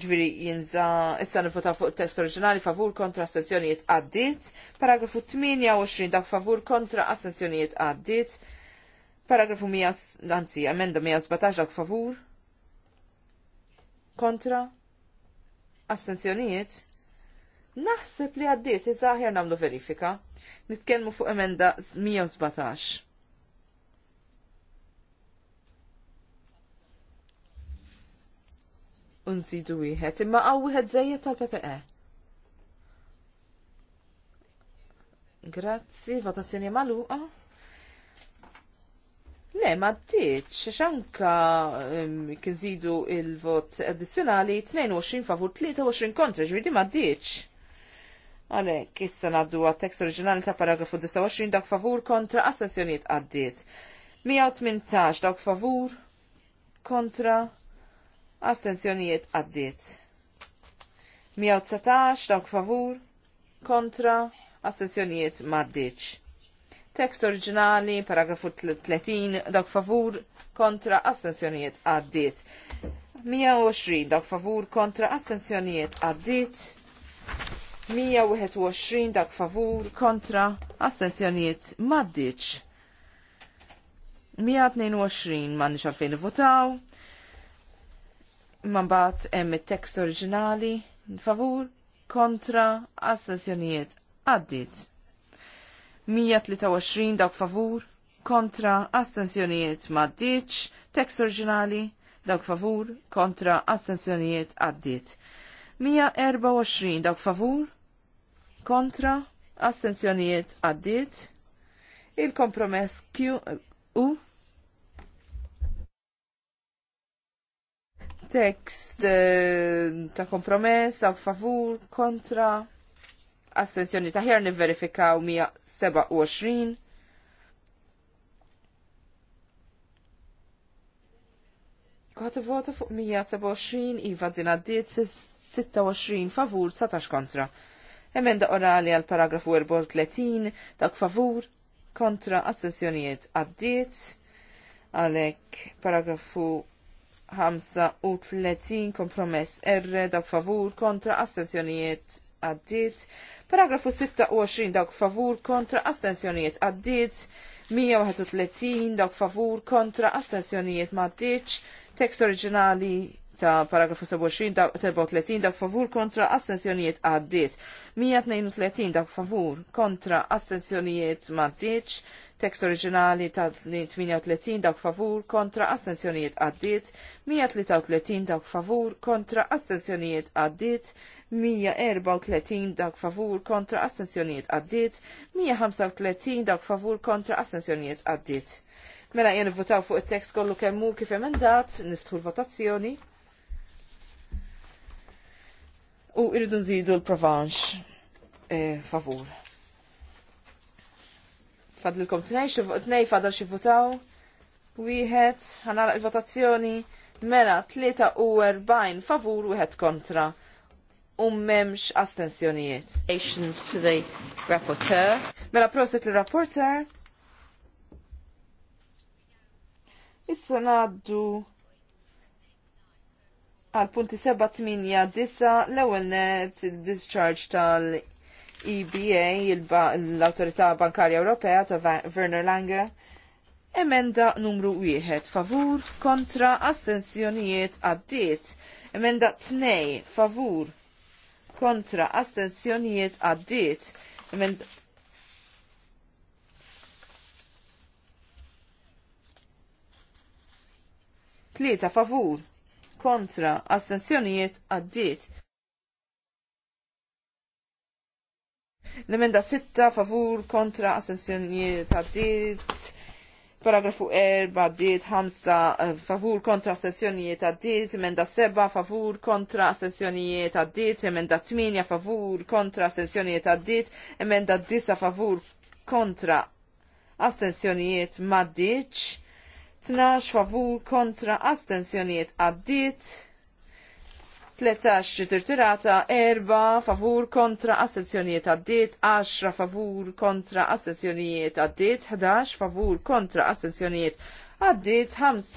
Ġviri jinza, issa nivota fuq test oriġinali favur kontra assenzjonijiet għaddit. Paragrafu 28 dak favur kontra assenzjonijiet għaddit. Paragrafu 100, anzi, emenda 117 dak favur kontra assenzjonijiet? Naħseb li għaddit, iżda aħjar namlu verifika. Nitkellmu fuq emenda 117. unżidu wieħed, imma għaw wieħed żejjed tal-PPE. Grazzi, votazzjoni maluqa. Le, ma t-tiċ, xanka kien zidu il-vot addizjonali 22 favur 23 kontra, ġviri ma t-tiċ. Għale, kissa naddu għat-tekst oriġinali ta' paragrafu 29 dak favur kontra assenzjoniet għaddit. 118 dak favur kontra astensjonijiet għaddiet. 119 dawk favur kontra astenzjonijiet maddiċ. Tekst oriġinali, paragrafu 30 dawk favur kontra astensjonijiet għaddiet. 120 dawk favur kontra astensjonijiet għaddiet. 121 dak favur kontra astensjonijiet maddiċ. 122 ma nix għalfejn votaw. Man bat hemm it-tekst oriġinali, favur, kontra, astensjonijiet, għaddit. 123 dawk favur, kontra, astensjonijiet maddiċ, tekst oriġinali, dawk favur, kontra, astensjonijiet għaddit. 124 dawk favur, kontra, astensjonijiet għaddit. Il-kompromess Q u Tekst eh, ta' kompromess, ta' favur, kontra, astensjoni ta' ħjar niverifikaw 127. Kħat vota fuq 127, Iva din għaddiet 26 favur, 17 kontra. Emenda orali għal paragrafu 34, dak favur, kontra astensjonijiet għaddiet, għalek paragrafu 35 kompromess R dawk favur kontra astensjonijiet għaddit. Paragrafu 26 dawk favur kontra astensjonijiet għaddit. 131 dawk favur kontra astensjonijiet maddiċ. Tekst oriġinali ta' paragrafu 27 dawk 34 dak favur kontra astensjonijiet għaddit. 132 dawk favur kontra astensjonijiet maddiċ. Tekst oriġinali ta' 38 dawk favur kontra astensjonijiet għaddit, 133 dawk favur kontra astensjonijiet għaddit, 134 dawk favur kontra astensjonijiet għaddit, 135 dawk favur kontra astensjonijiet għaddit. Mela jen votaw fuq il-tekst kollu kemmu kif emendat, niftħu l-votazzjoni. U irridu nżidu l-provanx eh, favur. Fadlilkom t-nej xivot, t-nej fadal xivotaw. Wieħed, ħanaraq il-votazzjoni, mela 43 favur, wieħed kontra. Ummemx astensjonijiet. Asians to the rapporteur. Mela proset il-rapporteur. Issa naddu għal punti 7-8-9 l-ewel net il-discharge tal EBA, l-Autorità Bankarja Ewropea ta' Werner Lange, emenda numru 1 favur kontra astensjonijiet għaddiet. Emenda 2 favur kontra astensjonijiet għaddiet. Emenda Tlieta favur kontra astensjonijiet għaddiet. L-emenda 6 favur kontra astensjonijiet dit. Paragrafu 4 għaddit 5 eh, favur kontra astensjonijiet dit. Emenda 7 favur kontra astensjonijiet dit. Emenda 8 favur kontra astensjonijiet dit. Emenda disa favur kontra astensjonijiet maddiċ. 12 favur kontra astensjonijiet għaddit. 13 tirtirata, 4 favur kontra astenzjonijiet għaddit, 10 favur kontra astenzjonijiet għaddit, 11 favur kontra astenzjonijiet għaddit, 5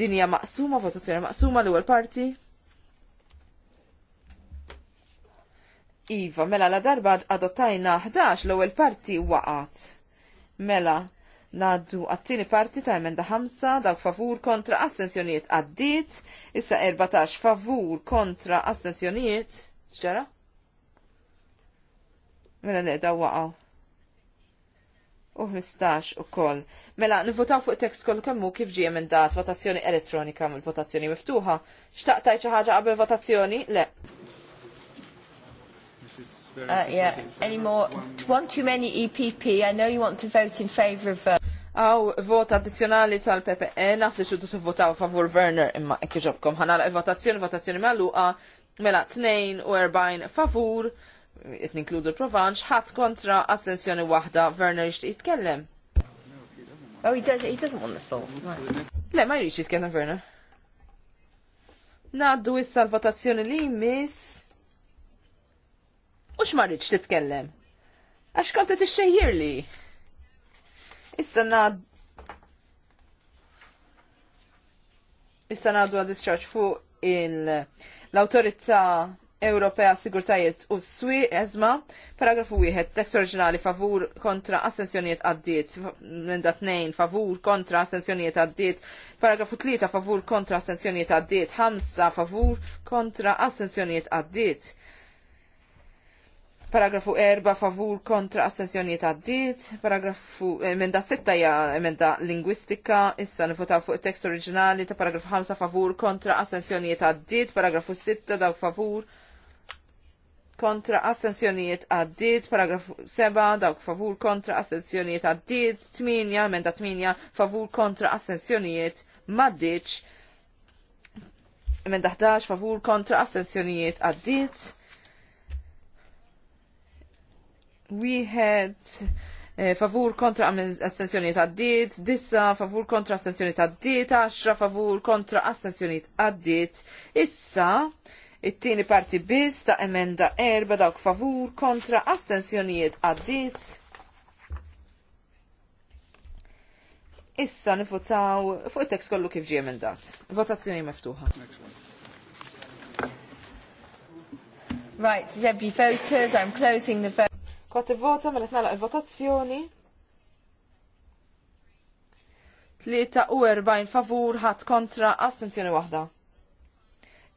dinja maqsuma, votazzjoni maqsuma l-ewwel parti. Iva, mela la darba adottajna 11 l-ewwel parti waqat. Mela, Naddu għattini parti ta' emenda 5 dawk favur kontra astensjoniet għaddit, issa 14 favur kontra astensjoniet. ċara? Mela le daw waqaw. U 15 u koll. Mela nivotaw fuq tekst koll kemmu kif ġie emendat votazzjoni elettronika mill votazzjoni miftuħa. Xtaqtaj ħaġa qabel votazzjoni? Le. Uh, yeah, any more? One too many EPP. I know you want to vote in favour of... Uh... Għaw, vot addizjonali tal-PPE, naf li xudu t-votaw favur Werner imma ekkiġobkom. Ħanala il-votazzjoni, votazzjoni maluqa, mela 42 favur, it ninkludu l provanċ ħat kontra astensjoni wahda, Werner ixti jitkellem. Oh, he, does, he doesn't want the floor. Le, ma jrix jitkellem Werner. Naddu issa l-votazzjoni li miss u x'marriċ titkellem. Għax kont qed li? Issa nad Issa ngħadu għad discharge fuq l-Awtorità Ewropea Sigurtajiet u s-swi ezma, paragrafu wieħed tekst oriġinali favur kontra astensjonijiet għaddiet, menda tnejn favur kontra astensjonijiet għaddiet, paragrafu tlieta favur kontra astensjonijiet għaddiet, ħamsa favur kontra astensjonijiet għaddiet Paragrafu 4 favur kontra astensjonijiet għaddit. Paragrafu emenda 6 hija emenda lingwistika. Issa nivotaw fuq it-tekst oriġinali ta' paragrafu 5 favur kontra astensjonijiet għaddit. Paragrafu 6 dawk favur kontra astensjonijiet għaddit. Paragrafu 7 dawk favur kontra astensjonijiet għaddit. 8 emenda 8 favur kontra astensjonijiet maddiċ. Emenda 11 favur kontra astensjonijiet għaddit wieħed eh, favur kontra astensjoni ta' dissa favur kontra astensjoni ta' għaxra favur kontra astensjoni ta' Issa, it-tieni parti biss ta' emenda erba dawk favur kontra astensjonijiet għaddit. Issa nifutaw fuq it-tekst kollu kif ġie emendat. Votazzjoni meftuħa. Right, Zebbi voted? I'm closing the vote. Kot vota mela tnalaq il-votazzjoni. Tlieta u erbajn favur ħadd kontra astenzjoni waħda.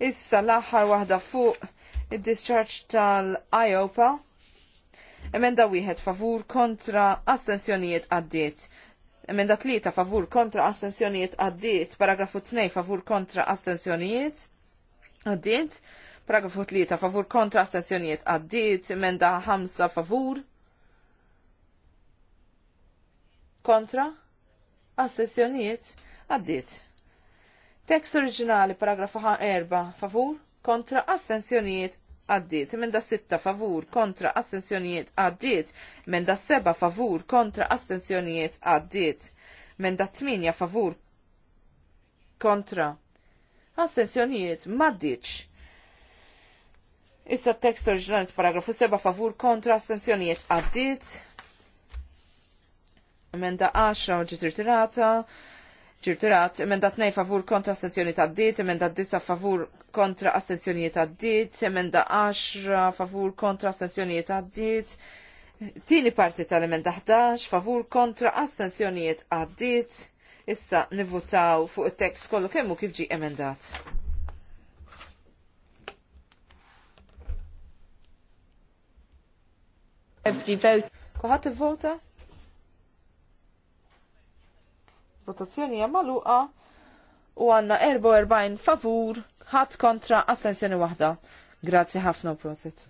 Issa l-aħħar waħda fuq id-discharge tal-IOPA. Emenda wieħed favur kontra astensjonijiet għaddiet. Emenda tlieta favur kontra astensjonijiet għaddiet. Paragrafu 2 favur kontra astensjonijiet għaddiet. Paragrafu 3 favur kontra astensjonijiet għaddiet. Emenda 5 favur kontra astensjonijiet għaddiet. Tekst oriġinali paragrafu 4 favur kontra astensjonijiet għaddiet, menda sitta favur kontra astensjonijiet għaddiet, menda seba favur kontra astensjonijiet għaddiet, menda da tminja favur kontra astensjonijiet maddiċ. Issa t-tekst oriġinali paragrafu 7 favur kontra astenzjonijiet għaddit. Emenda 10 ġiet ritirata. Ġirtirat, emenda 2 favur kontra astenzjonijiet għaddit, emenda 10 favur kontra astenzjonijiet għaddit, emenda 10 favur kontra astenzjonijiet għaddit. Tini parti tal-emenda 11 favur kontra astenzjonijiet għaddit. Issa nivutaw fuq it-tekst kollu kemmu kif ġi emendat. Every vote. Kuħat vota Votazzjoni hija magħluqa u għandna 44 favur, ħadd kontra astensjoni waħda. Grazie ħafna u prosit.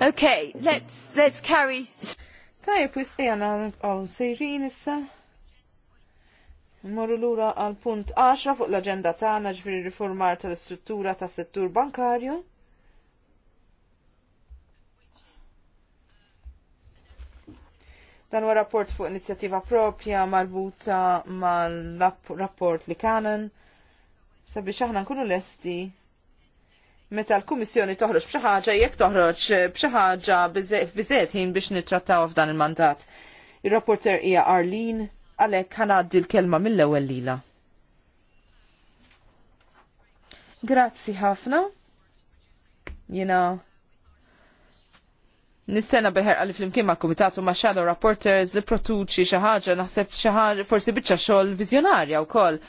Okay, let's, let's carry... Tajib, wisqijana għaw sejrin issa. Morru lura għal punt 10 fuq l-agenda tagħna ġifieri riformar tal-istruttura tas-settur bankarju. Dan huwa rapport fuq inizjattiva propja marbuta mal-rapport li kanen sabiex aħna nkunu lesti meta l-Kummissjoni toħroġ b'xi ħaġa jekk toħroġ b'xi ħaġa biżejt ħin biex nittrattaw f'dan il-mandat. Ir-rapporter hija Arlin, għalhekk ħanaddi l-kelma mill-ewwel lila. Grazzi ħafna. Jiena. Nistenna bil-ħerqa li fl-imkien ma' komitatu ma' shadow rapporters li protuċi xi ħaġa naħseb xi ħaġa forsi biċċa xogħol viżjonarja wkoll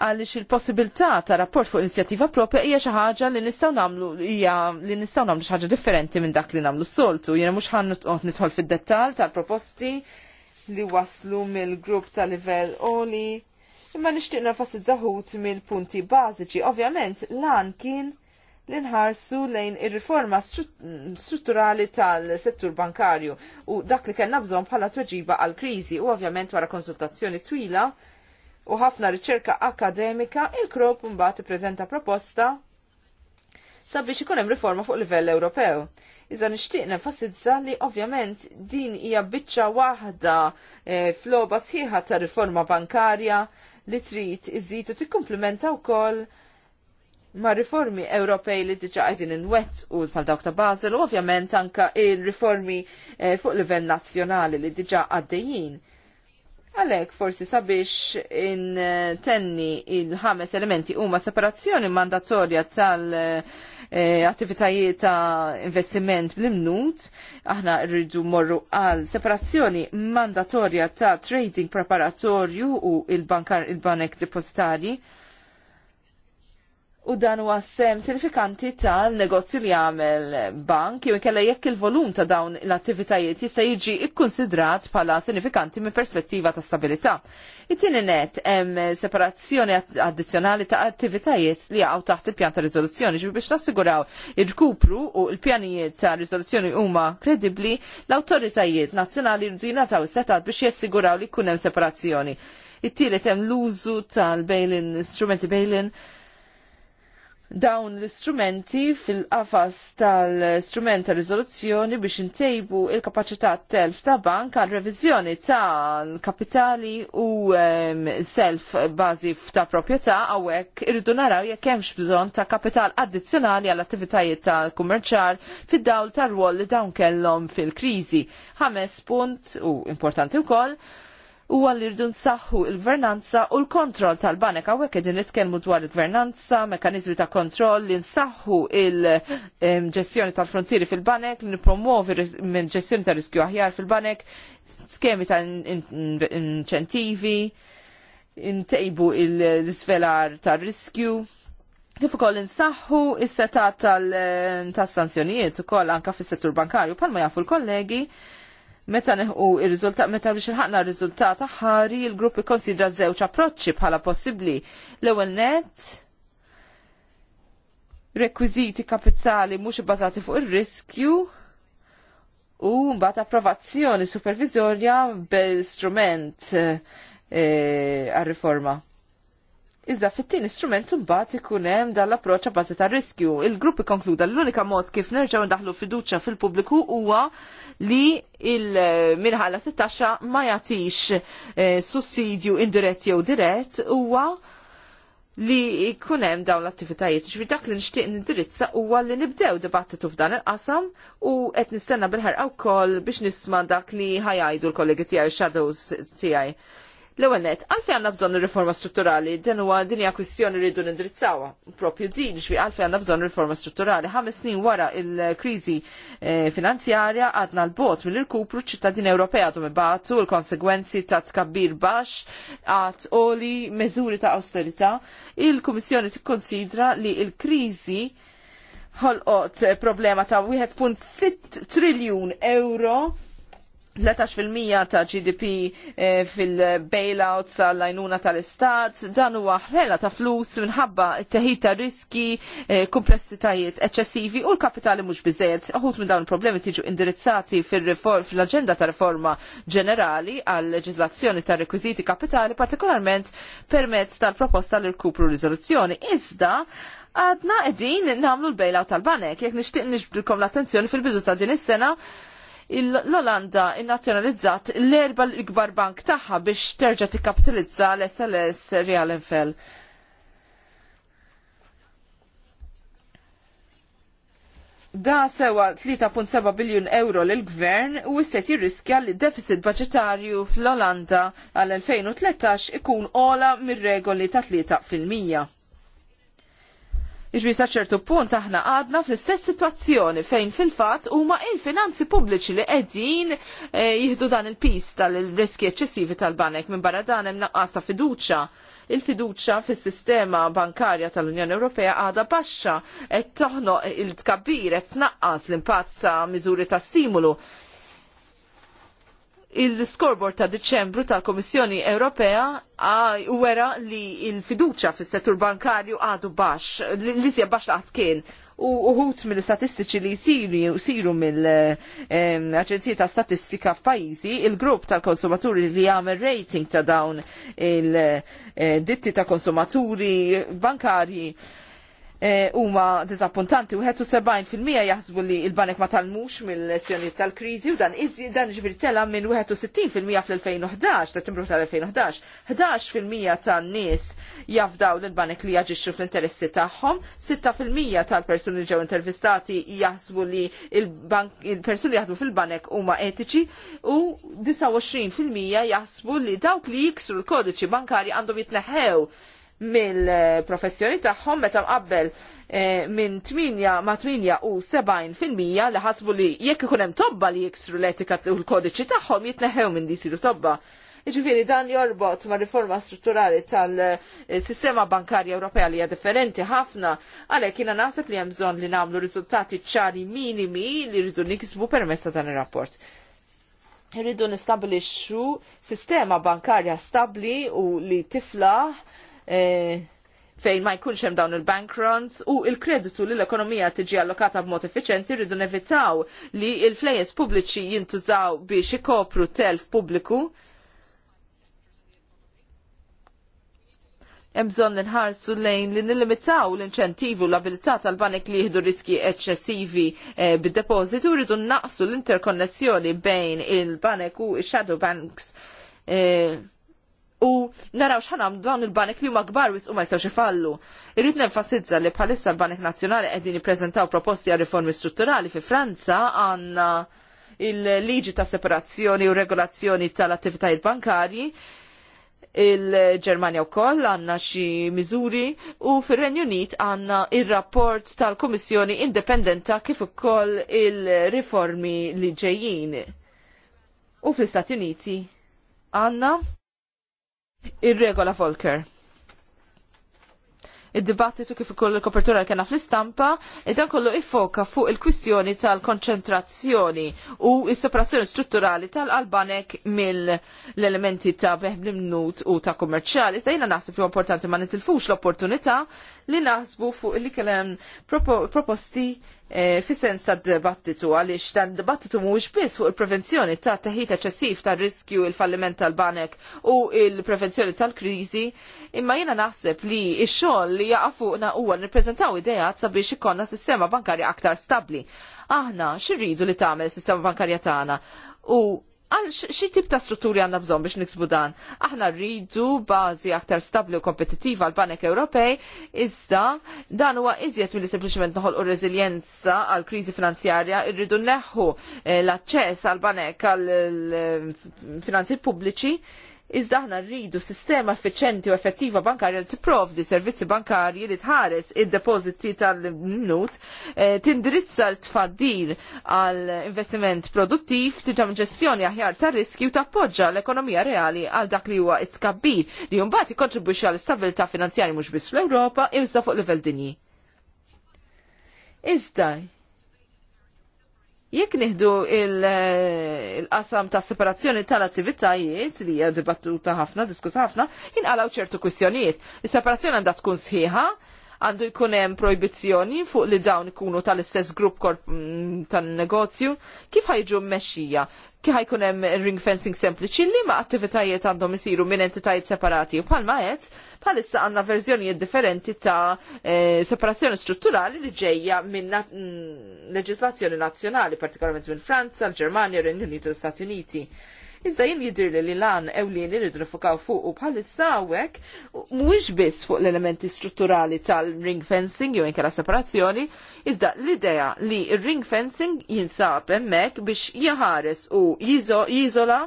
għaliex il-possibilità ta' rapport fuq inizjattiva propja hija xi ħaġa li nistgħu nagħmlu hija li nistgħu nagħmlu xi ħaġa differenti minn dak li nagħmlu s-soltu. Jiena mhux ħanqod nidħol fid-dettall tal-proposti li waslu mill-grupp ta' livell oli. Imma nixtieq nafas ħut mill-punti bażiċi. Ovvjament lan kien li nħarsu lejn ir-riforma strutturali tal-settur bankarju u dak li kellna bżonn bħala tweġiba għall kriżi u ovvjament wara konsultazzjoni twila u ħafna riċerka akademika, il-Krop mbagħad ippreżenta proposta sabiex ikun hemm riforma fuq livell Ewropew. Iżda nixtieq nenfasizza li ovvjament din hija biċċa waħda e, eh, floba sħiħa ta' riforma bankarja li trid iżid u tikkumplimenta wkoll ma' riformi Ewropej li diġa qegħdin inwett u bħal dawk ta' Basel u ovvjament anka il-riformi e, fuq livell nazzjonali li diġa għaddejjin Għalek, forsi sabiex in tenni il-ħames elementi huma separazzjoni mandatorja tal- eh, attivitajiet ta' investiment bl-imnut, aħna rridu morru għal separazzjoni mandatorja ta' trading preparatorju u il-banek il banek depositarji, u dan huwa sem sinifikanti tal-negozju li għamel bank jew inkella jekk il-volum ta' dawn l-attivitajiet jista' jiġi ikkunsidrat bħala sinifikanti minn perspettiva ta' stabilità. It-tieni net hemm separazzjoni addizzjonali ta' attivitajiet li għaw taħt il-pjan ta' riżoluzzjoni ġibi biex nassiguraw irkupru kupru u l-pjanijiet ta' riżoluzzjoni huma kredibbli l-awtoritajiet nazzjonali rridu jingħataw is-setat biex jassiguraw li jkun hemm separazzjoni. It-tielet hemm l-użu tal-bail-in, strumenti bail-in, dawn l-istrumenti fil-qafas tal-istrument ta' riżoluzzjoni biex intejbu il-kapacità telf ta' bank għal reviżjoni tal-kapitali u self bażi ta' proprjetà hawnhekk irridu naraw jekk hemmx bżonn ta' kapital addizzjonali għall attivitajiet tal kummerċar fid-dawl tar-rwol li dawn kellhom fil-kriżi. Ħames punt u importanti wkoll huwa li rridu nsaħħu l-gvernanza u l-kontroll tal-banek hawnhekk qegħdin nitkellmu dwar il-gvernanza, mekkaniżmi ta' kontroll li nsaħħu il-ġestjoni tal-frontieri fil-banek, li nippromovi minn ġestjoni ta' riskju aħjar fil-banek, skemi ta' inċentivi, intejbu l-isvelar ta' riskju. Kif ukoll insaħħu is seta tas-sanzjonijiet ukoll anke fis-settur bankarju bħalma jafu l-kollegi Meta neħu il-riżultat, meta biex il-ħakna il-riżultat ħari, il-grupp ikonsidra żewġ approċċi bħala possibbli. L-ewwel net rekwiżiti kapitali mhux bazati fuq ir-riskju u mbagħad approvazzjoni supervizorja bel strument eh, għal-riforma. Iżda fit tieni strument imbagħad ikun hemm dan l-approċċ bażi tar-riskju. Il-grupp ikkonkluda l-unika mod kif nerġgħu ndaħlu fiduċja fil-pubbliku huwa li il minħala 16 ma jagħtix eh, sussidju indirett jew dirett huwa li jkun hemm dawn l-attivitajiet. Ġifi dak li nixtieq nindirizza huwa li nibdew dibattitu f'dan il-qasam u qed nistenna bil-ħarqa wkoll biex nisma' dak li ħajajdu l-kollegi tiegħi shadows tiegħi. L-ewwel nett, għalfejn għandna bżonn riforma strutturali, din huwa din hija kwistjoni li rridu nindirizzawha. Propju din għalfi għalfejn għandna bżonn riforma strutturali. Ħames snin wara il-kriżi eh, finanzjarja għadna l-bot mill-irkupru ċittadin Ewropea tu mibatu l-konsegwenzi ta' tkabbir baxx, għat oli meżuri ta' austerita. Il-Kummissjoni tikkonsidra li il-kriżi ħolqot problema ta' 1.6 triljun euro 13% ta' GDP eh, fil-bailouts għall-għajnuna tal-istat, dan huwa ħlela ta' flus minħabba teħid ta' riski, eh, komplessitajiet eċċessivi u l-kapitali mhux biżejjed. Aħut minn dawn il-problemi tiġu indirizzati fil-aġenda ta' riforma ġenerali għal leġizlazzjoni ta' rekwiżiti kapitali, partikolarment permezz tal-proposta l-irkupru riżoluzzjoni. Iżda, għadna qegħdin nagħmlu l-bailout tal-banek, jekk nixtieq nixbdilkom l-attenzjoni fil-bidu ta' din is-sena, l-Olanda innazzjonalizzat l-erba l-ikbar bank tagħha biex terġa' tikkapitalizza l-SLS Real Enfell. Da sewa 3.7 biljun euro l gvern u jisset jirriskja li deficit budgetarju fl-Olanda għal-2013 ikun ola mir-regoli ta' 3%. Iġbi ċertu punt aħna għadna fl-istess situazzjoni fejn fil-fat huma il-finanzi pubbliċi li qegħdin eh, jihdu dan il-pis tal-riski eċċessivi tal-banek minn barra dan hemm naqqas ta' fiduċa, il-fiduċa fis sistema bankarja tal-Unjoni Ewropea għada baxxa qed toħnoq il-tkabbir qed tnaqqas l-impatt ta' miżuri ta' stimulu il-scoreboard ta' Diċembru tal-Komissjoni Ewropea wera li il-fiduċa fis settur bankarju għadu baxx, li sija baxx laqt kien. U uħut mill-statistiċi li siru mill-Aġenzija ta' Statistika f'pajjiżi, il-grupp tal-konsumaturi li jagħmel rating ta' dawn il-ditti eh, ta' konsumaturi bankarji Eh, huma diżappuntanti u 70% jaħsbu li l-banek ma talmux mill lezzjoni tal-kriżi u dan dan ġifir tela minn 61% fl-2011, Settembru tal-2011. 11% tan-nies jafdaw l banek li jaġixxu fl-interessi tagħhom, 6% tal-persuni ġew intervistati jaħsbu li l persuni jaħdmu fil-banek huma etiċi u 29% jaħsbu li dawk li jiksru l-kodiċi bankari għandhom jitneħħew mill-professjoni tagħhom meta mqabbel eh, minn 8 ma' 8 u 70 fil-mija li ħasbu li jekk ikun hemm tobba li jiksru l-etika u l-kodiċi tagħhom jitneħew minn disiru tobba. Ġifiri dan jorbot ma' riforma strutturali tal-sistema bankarja Ewropea li hija differenti ħafna, għalhekk jiena naħseb li hemm bżonn li nagħmlu riżultati ċari minimi li rridu nikisbu permezz ta' dan ir-rapport irridu nistabilixxu sistema bankarja stabbli u li tiflaħ E, fejn ma jkunx hemm dawn il-bank runs u il-kreditu li l-ekonomija tiġi allokata b'mod effiċenti rridu nevitaw li il-flejes pubbliċi jintużaw biex ikopru telf pubbliku. Hemm bżonn nħarsu lejn li nillimitaw l-inċentivu l-abilità tal-banek li jieħdu riski eċċessivi e, bid-depożitu rridu naqsu l-interkonnessjoni bejn il-banek u x-shadow banks. Eh, u naraw xħanam dawn il-banek li huma gbar wis u ma jistgħux ifallu. Irrid nenfasizza li bħalissa l-Banek Nazzjonali qegħdin jippreżentaw proposti għal riformi strutturali fi Franza għandna il-liġi ta' separazzjoni u regolazzjoni tal-attivitajiet bankarji il-Germania u koll għanna xi miżuri u fir-Renju Unit għanna il-rapport tal-Komissjoni Indipendenta kif ukoll il-riformi li ġejjin. U fl-Istati Uniti għanna Ir-regola Volker id-dibattitu kif ukoll il-kopertura kena fl-istampa, dan kollu ifoka fuq il-kwistjoni tal-konċentrazzjoni u s-separazzjoni strutturali tal-Albanek mill-elementi ta' nut u ta' kummerċjali. Iżda jiena naħseb li importanti ma nitilfux l-opportunità li naħsbu fuq li kellem proposti fi e, fis-sens ta' dibattitu għaliex dan dibattitu mhuwiex biss fuq il-prevenzjoni ta' teħid eċċessiv ta' riskju il-falliment tal-banek u il-prevenzjoni tal-kriżi, imma jiena naħseb li x-xogħol li jaqa' fuqna huwa nippreżentaw ideat sabiex ikonna sistema bankarja aktar stabbli. Aħna xirridu li tagħmel is-sistema bankarja tagħna u għal xie tip ta' strutturi għandna bżonn biex niksbu dan. Aħna rridu bażi aktar stabbli u kompetittiva għal banek Ewropej, iżda dan huwa iżjed milli sempliċement noħolqu reżiljenza għal kriżi finanzjarja, rridu neħu eh, l-aċċess għal banek għal finanzi pubbliċi Iżda aħna rridu sistema effiċenti u effettiva bankarja li tipprovdi servizzi bankarji li tħares id-depożiti tal-minut, eh, tindirizza l-tfaddil għal investiment produttiv, tiġam ġestjoni aħjar ta' riski u tappoġġa l-ekonomija reali għal dak li huwa it-tkabbir li jumbat jikontribwixxa għal stabilità finanzjarja mhux biss fl-Ewropa iżda fuq livell dinji. Iżda, Jekk nieħdu eh, il-qasam ta' separazzjoni tal-attivitajiet li hija dibattuta ħafna, diskuta ħafna, jinqalgħu ċertu kwistjonijiet. Is-separazzjoni għandha tkun sħiħa, għandu jkun hemm projbizzjoni fuq li dawn ikunu tal-istess grupp korp mm, tan-negozju, kif ħajġu mmexxija? Kif ħajkun hemm ring fencing sempliċi li ma' attivitajiet għandhom isiru minn entitajiet separati u bħalma qed bħalissa għandna verżjonijiet differenti ta' eh, separazzjoni strutturali li ġejja minn mm, leġislazzjoni nazzjonali, partikolarment minn Franza, l-Ġermanja, renju Uniti u l-Stati Uniti. Iżda jien jidirli li lan ewlien irridu nifokaw fuq u bħalissa sawek mhuwiex biss fuq l-elementi strutturali tal-ring fencing jew inkela separazzjoni, iżda l-idea li r-ring fencing jinsab hemmhekk biex jaħares u jizola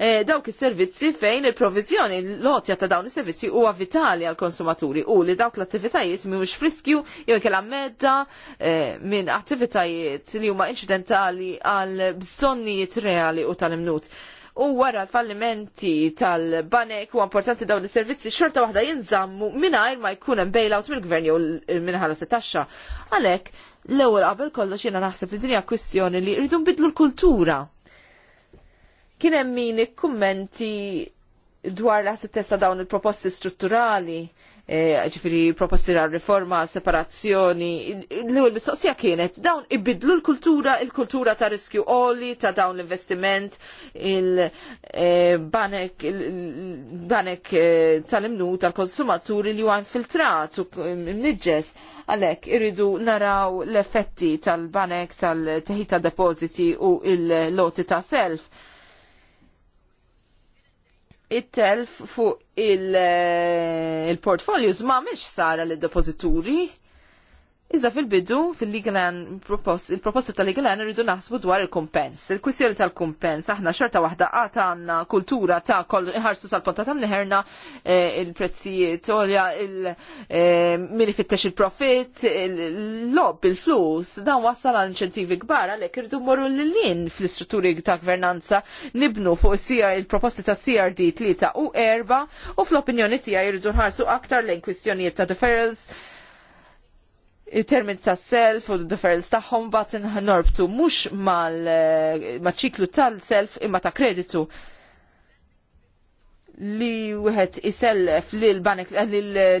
Eh, dawk is-servizzi fejn il-provizjoni l-lotja ta' dawn is-servizzi huwa vitali għal konsumaturi u li dawk l-attivitajiet mhumiex friskju jew inkella medda eh, minn attivitajiet li huma inċidentali għal bżonnijiet reali u tal-imnut. U wara l-fallimenti tal-banek u importanti dawn is-servizzi xorta waħda jinżammu mingħajr ma jkun hemm bailouts mill-gvern jew minħala se taxxa. Għalhekk l-ewwel qabel kollox jiena naħseb li din hija kwistjoni li rridu nbidlu l-kultura Kien hemm min ikkummenti dwar laħt testa dawn il-proposti strutturali, eh, ġifiri proposti għal riforma, separazzjoni, l-ewel mistoqsija kienet dawn ibidlu l-kultura, il-kultura ta' riskju oli, ta' dawn l-investiment, il-banek eh, eh, tal-imnu tal-konsumaturi li huwa infiltrat u mniġġes għalek irridu naraw l-effetti tal-banek tal-teħita depoziti u il-loti ta' self it-telf fuq eh, il-portfolios ma miex sara l-depozituri Iżda fil-bidu, fil-legal il-proposta tal-legal għan rridu naħsbu dwar il-kumpens. Il-kwissjoni tal-kumpens, aħna xorta waħda għata għanna kultura ta' kol ħarsu sal-ponta ta' mniħerna eh, il-prezzijiet, olja il-mini eh, fittex il-profit, l lob il-flus, dan wassal għal inċentivi gbar għalek rridu morru l-lin fl-istrutturi ta' gvernanza nibnu fuq il-proposti ta' CRD 3 u 4 u fl-opinjoni tija rridu nħarsu aktar lejn kwistjonijiet ta' deferrals, il-termin ta' self u d-differenz tagħhom bat norbtu mhux mal-ċiklu eh, tal-self imma ta' kreditu li wieħed isellef lil banek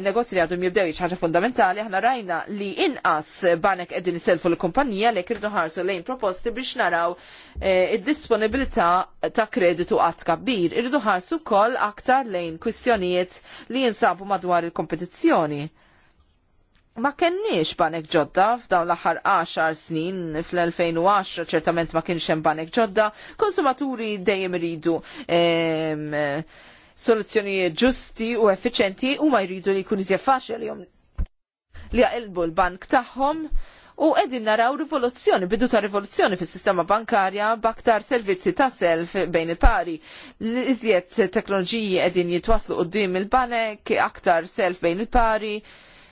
negozji li għadhom jibdew ħaġa fundamentali aħna rajna li inqas banek qegħdin iselfu l-kumpanija li kirdu ħarsu lejn proposti biex naraw eh, id-disponibilità ta' kreditu qatt kabbir. Irridu ħarsu wkoll aktar lejn kwistjonijiet li jinsabu madwar il-kompetizzjoni ma kenniex banek ġodda f'dawn l-aħħar 10 snin fl-2010 ċertament ma kienx hemm banek ġodda, konsumaturi dejjem iridu soluzzjonijiet ġusti u effiċenti u ma jridu li jkun iżjed faċli li jaqilbu l-bank tagħhom u edin naraw rivoluzzjoni, bidu ta' rivoluzzjoni fis sistema bankarja baktar servizzi ta' self bejn il-pari. Iżjed teknoloġiji qegħdin jitwaslu u il banek aktar self bejn il pari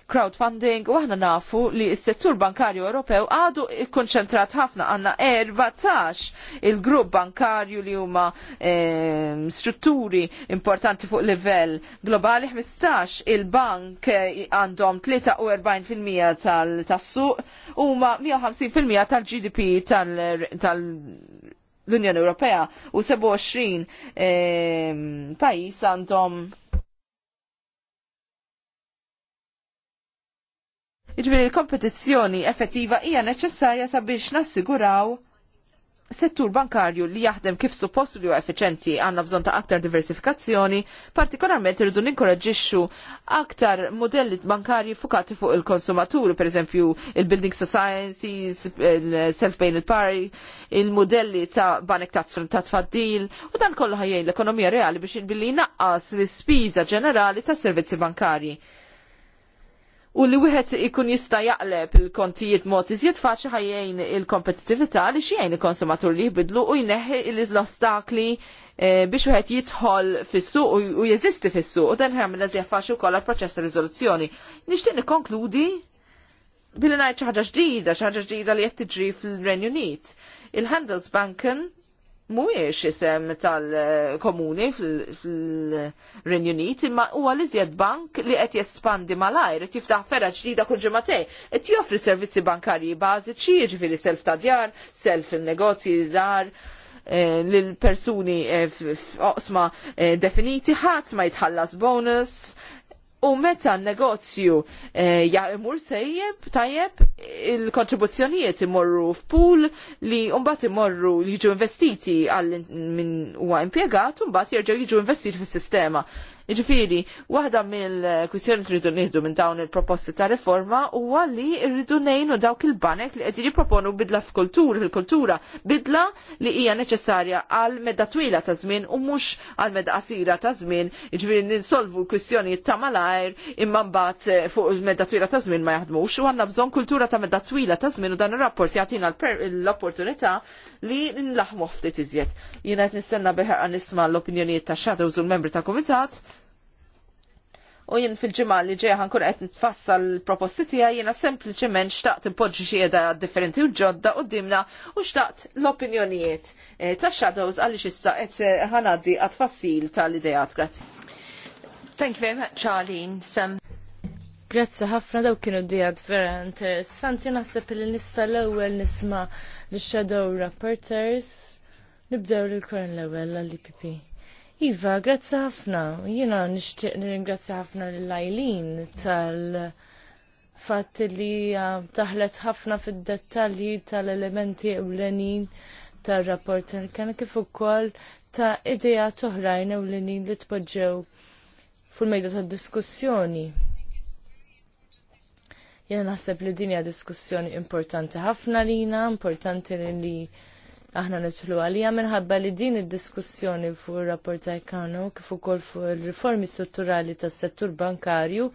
crowdfunding u aħna nafu li s-settur bankarju Ewropew għadu ikkonċentrat ħafna għanna 14 il-grupp bankarju li huma ehm, strutturi importanti fuq livell globali 15 il-bank eh, għandhom 43% tal-tassuq u ma 150% tal-GDP tal-Unjoni Ewropea u 27 e, ehm, pajis għandhom Iġveri l-kompetizzjoni effettiva hija neċessarja sabiex nassiguraw settur bankarju li jaħdem kif suppost li huwa effiċenzi għandna bżonn ta' aktar diversifikazzjoni, partikolarment irridu ninkoraġġixxu aktar modelli bankarji fukati fuq il-konsumaturi, pereżempju il-building societies, il-self-payment party, il-modelli ta' banek ta' tfaddil, u dan kollu ħajjej l-ekonomija reali biex il-billi naqqas l-ispiża ġenerali ta' servizzi bankarji u li wieħed ikun jista' jaqleb il-kontijiet mod iżjed faċli ħajjejn il-kompetittività li xejn il-konsumatur li jbidlu u jneħħi l-ostakli eh, biex wieħed jidħol fis-suq u jeżisti fis-suq u dan ħamilna żjed faċli wkoll għall-proċess ta' riżoluzzjoni. Nixtieq nikkonkludi billi ngħid xi ħaġa ġdida, xi ħaġa ġdida li qed tiġri fil-Renju Unit. Il-Handelsbanken mhuwiex isem tal-komuni fil-Renju imma huwa li żjed bank li qed jespandi malajr, qed jiftaħ ferra ġdida kull ġematej, qed joffri servizzi bankarji bażiċi, jiġifieri self tadjar, self il-negozji żgħar eh, lil persuni eh, f'oqsma eh, definiti ħadd ma jitħallas bonus, U meta n-negozju eh, imur sejjeb, tajjeb, il-kontribuzzjonijiet imorru f'pool li mbagħad imorru li jiġu investiti għal minn huwa impjegat u mbagħad jerġgħu jiġu investiti fis-sistema. Ġifiri, waħda mill-kwistjoni rridu nieħdu minn dawn il-proposti ta' riforma huwa li rridu ngħinu dawk il-banek li qed jipproponu bidla f'kultur, fil-kultura, bidla li hija neċessarja għal medda twila ta' żmien u mhux għal medda qasira ta' żmien, jiġifieri ninsolvu kwistjonijiet ta' malajr imma mbagħad eh, fuq medda twila ta' żmien ma jaħdmux u għandna bżonn kultura ta' medda twila ta' żmien u dan ir-rapport jagħtina l-opportunità li nlaħmu ftit iżjed. Jiena qed nistenna bil nisma' l-opinjonijiet ta' shadows u l-membri ta' kumitat u jien fil-ġimgħa li ġej ħankun qed nitfassal proposti tiegħi jiena sempliċement xtaqt impoġġi xi qiegħda differenti u ġodda qudiemna u xtaqt l-opinjonijiet eh, tax-shadows għaliex issa qed eh, ħanaddi għat-tfassil tal-idejat. Grazzi. Thank you very much, Charlene. Sam. Grazzi ħafna daw kienu dijad vera interessanti naħseb li nista l-ewwel nisma' l-Shadow Rapporters. Nibdew l-koren l-ewwel għall-IPP. Iva, grazzi ħafna. Jina nishtiq nirringrazzja ħafna l-lajlin tal- fatt li ah, taħlet ħafna fid-dettalji tal-elementi ewlenin tar-rapport tal kif ukoll ta' ideja toħrajn ewlenin li tpoġġew fil-mejda tad-diskussjoni. Jena naħseb li dinja diskussjoni importanti ħafna lina, importanti li aħna nidħlu għalija minħabba li din id-diskussjoni fuq ir-rapport ta' Ekano kif ukoll fuq il-riformi strutturali tas-settur bankarju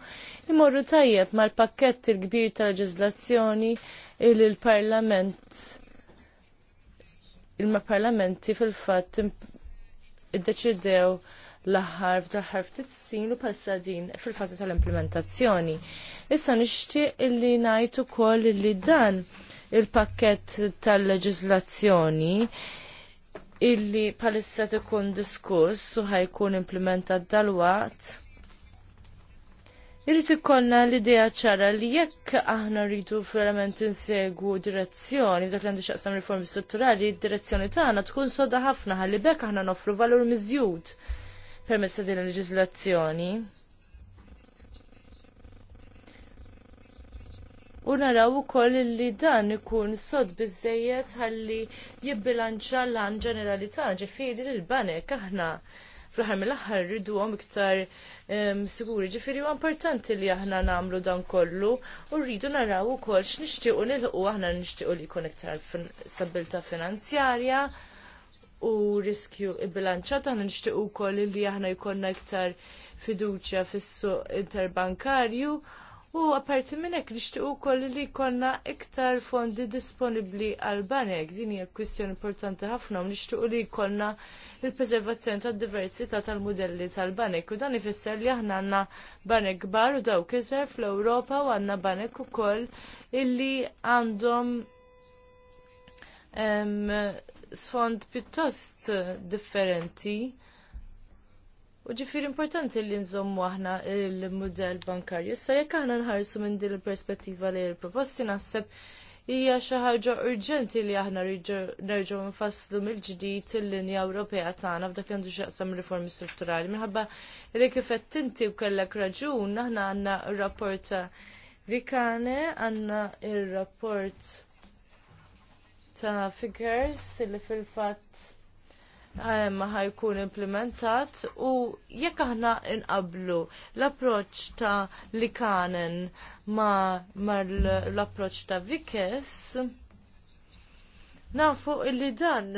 imorru tajjeb mal-pakkett il-kbir ta' leġiżlazzjoni il il-Parlament il-parlamenti fil-fatt iddeċidew l-aħħar f'daħħar ftit sin u palsa din fil-fażi tal-implementazzjoni. Issa nixtieq illi ngħid ukoll li dan il-pakket tal-leġizlazzjoni illi palissa ikun diskuss u ħajkun implementat dal Irrid Irrit ikkonna l-idea ċara li jekk aħna rridu verament insegwu direzzjoni, dak li għandu xaqsam riformi strutturali, direzzjoni tagħna tkun soda ħafna ħalli bekk aħna nofru valur miżjud permezz ta' din il-leġiżlazzjoni. u naraw ukoll li dan ikun sod biżżejjed ħalli jibbilanċa l-għan ġenerali tagħna ġifieri li l-banek aħna fl-aħħar mill-aħħar rriduhom iktar siguri ġifieri huwa importanti li aħna nagħmlu dan kollu u rridu naraw ukoll x'nixtiequ nilħu aħna nixtiequ li jkun iktar stabilta finanzjarja u riskju bilanċat aħna nixtiequ wkoll li aħna jkollna iktar fiduċja fis-suq interbankarju U apparti minn hekk nixtiequ wkoll li jkollna iktar fondi disponibbli għal banek. Din hija kwistjoni importanti ħafna u nixtiequ li jkollna il-preservazzjoni tad-diversità tal-modelli tal-banek. U dan ifisser li aħna għandna banek kbar u dawk iżgħar fl-Ewropa u għandna banek ukoll illi għandhom ehm, sfond pjuttost differenti U ġifir importanti li nżommu aħna il-modell bankarju. Issa jekk aħna nħarsu minn din il-perspettiva li l-proposti naħseb hija xi ħaġa urġenti li aħna nerġgħu nfasslu mill-ġdid il-linja Ewropea tagħna f'dak li għandu x'jaqsam riformi strutturali. Minħabba li kif tinti inti kellek raġun aħna għandna r-rapport Rikane, għandna il rapport ta' Figures li fil-fatt Eh, ma ħajkun implementat u jekk aħna inqablu l-approċ ta' li kanen ma, ma l-approċ ta' vikes, nafu illi dan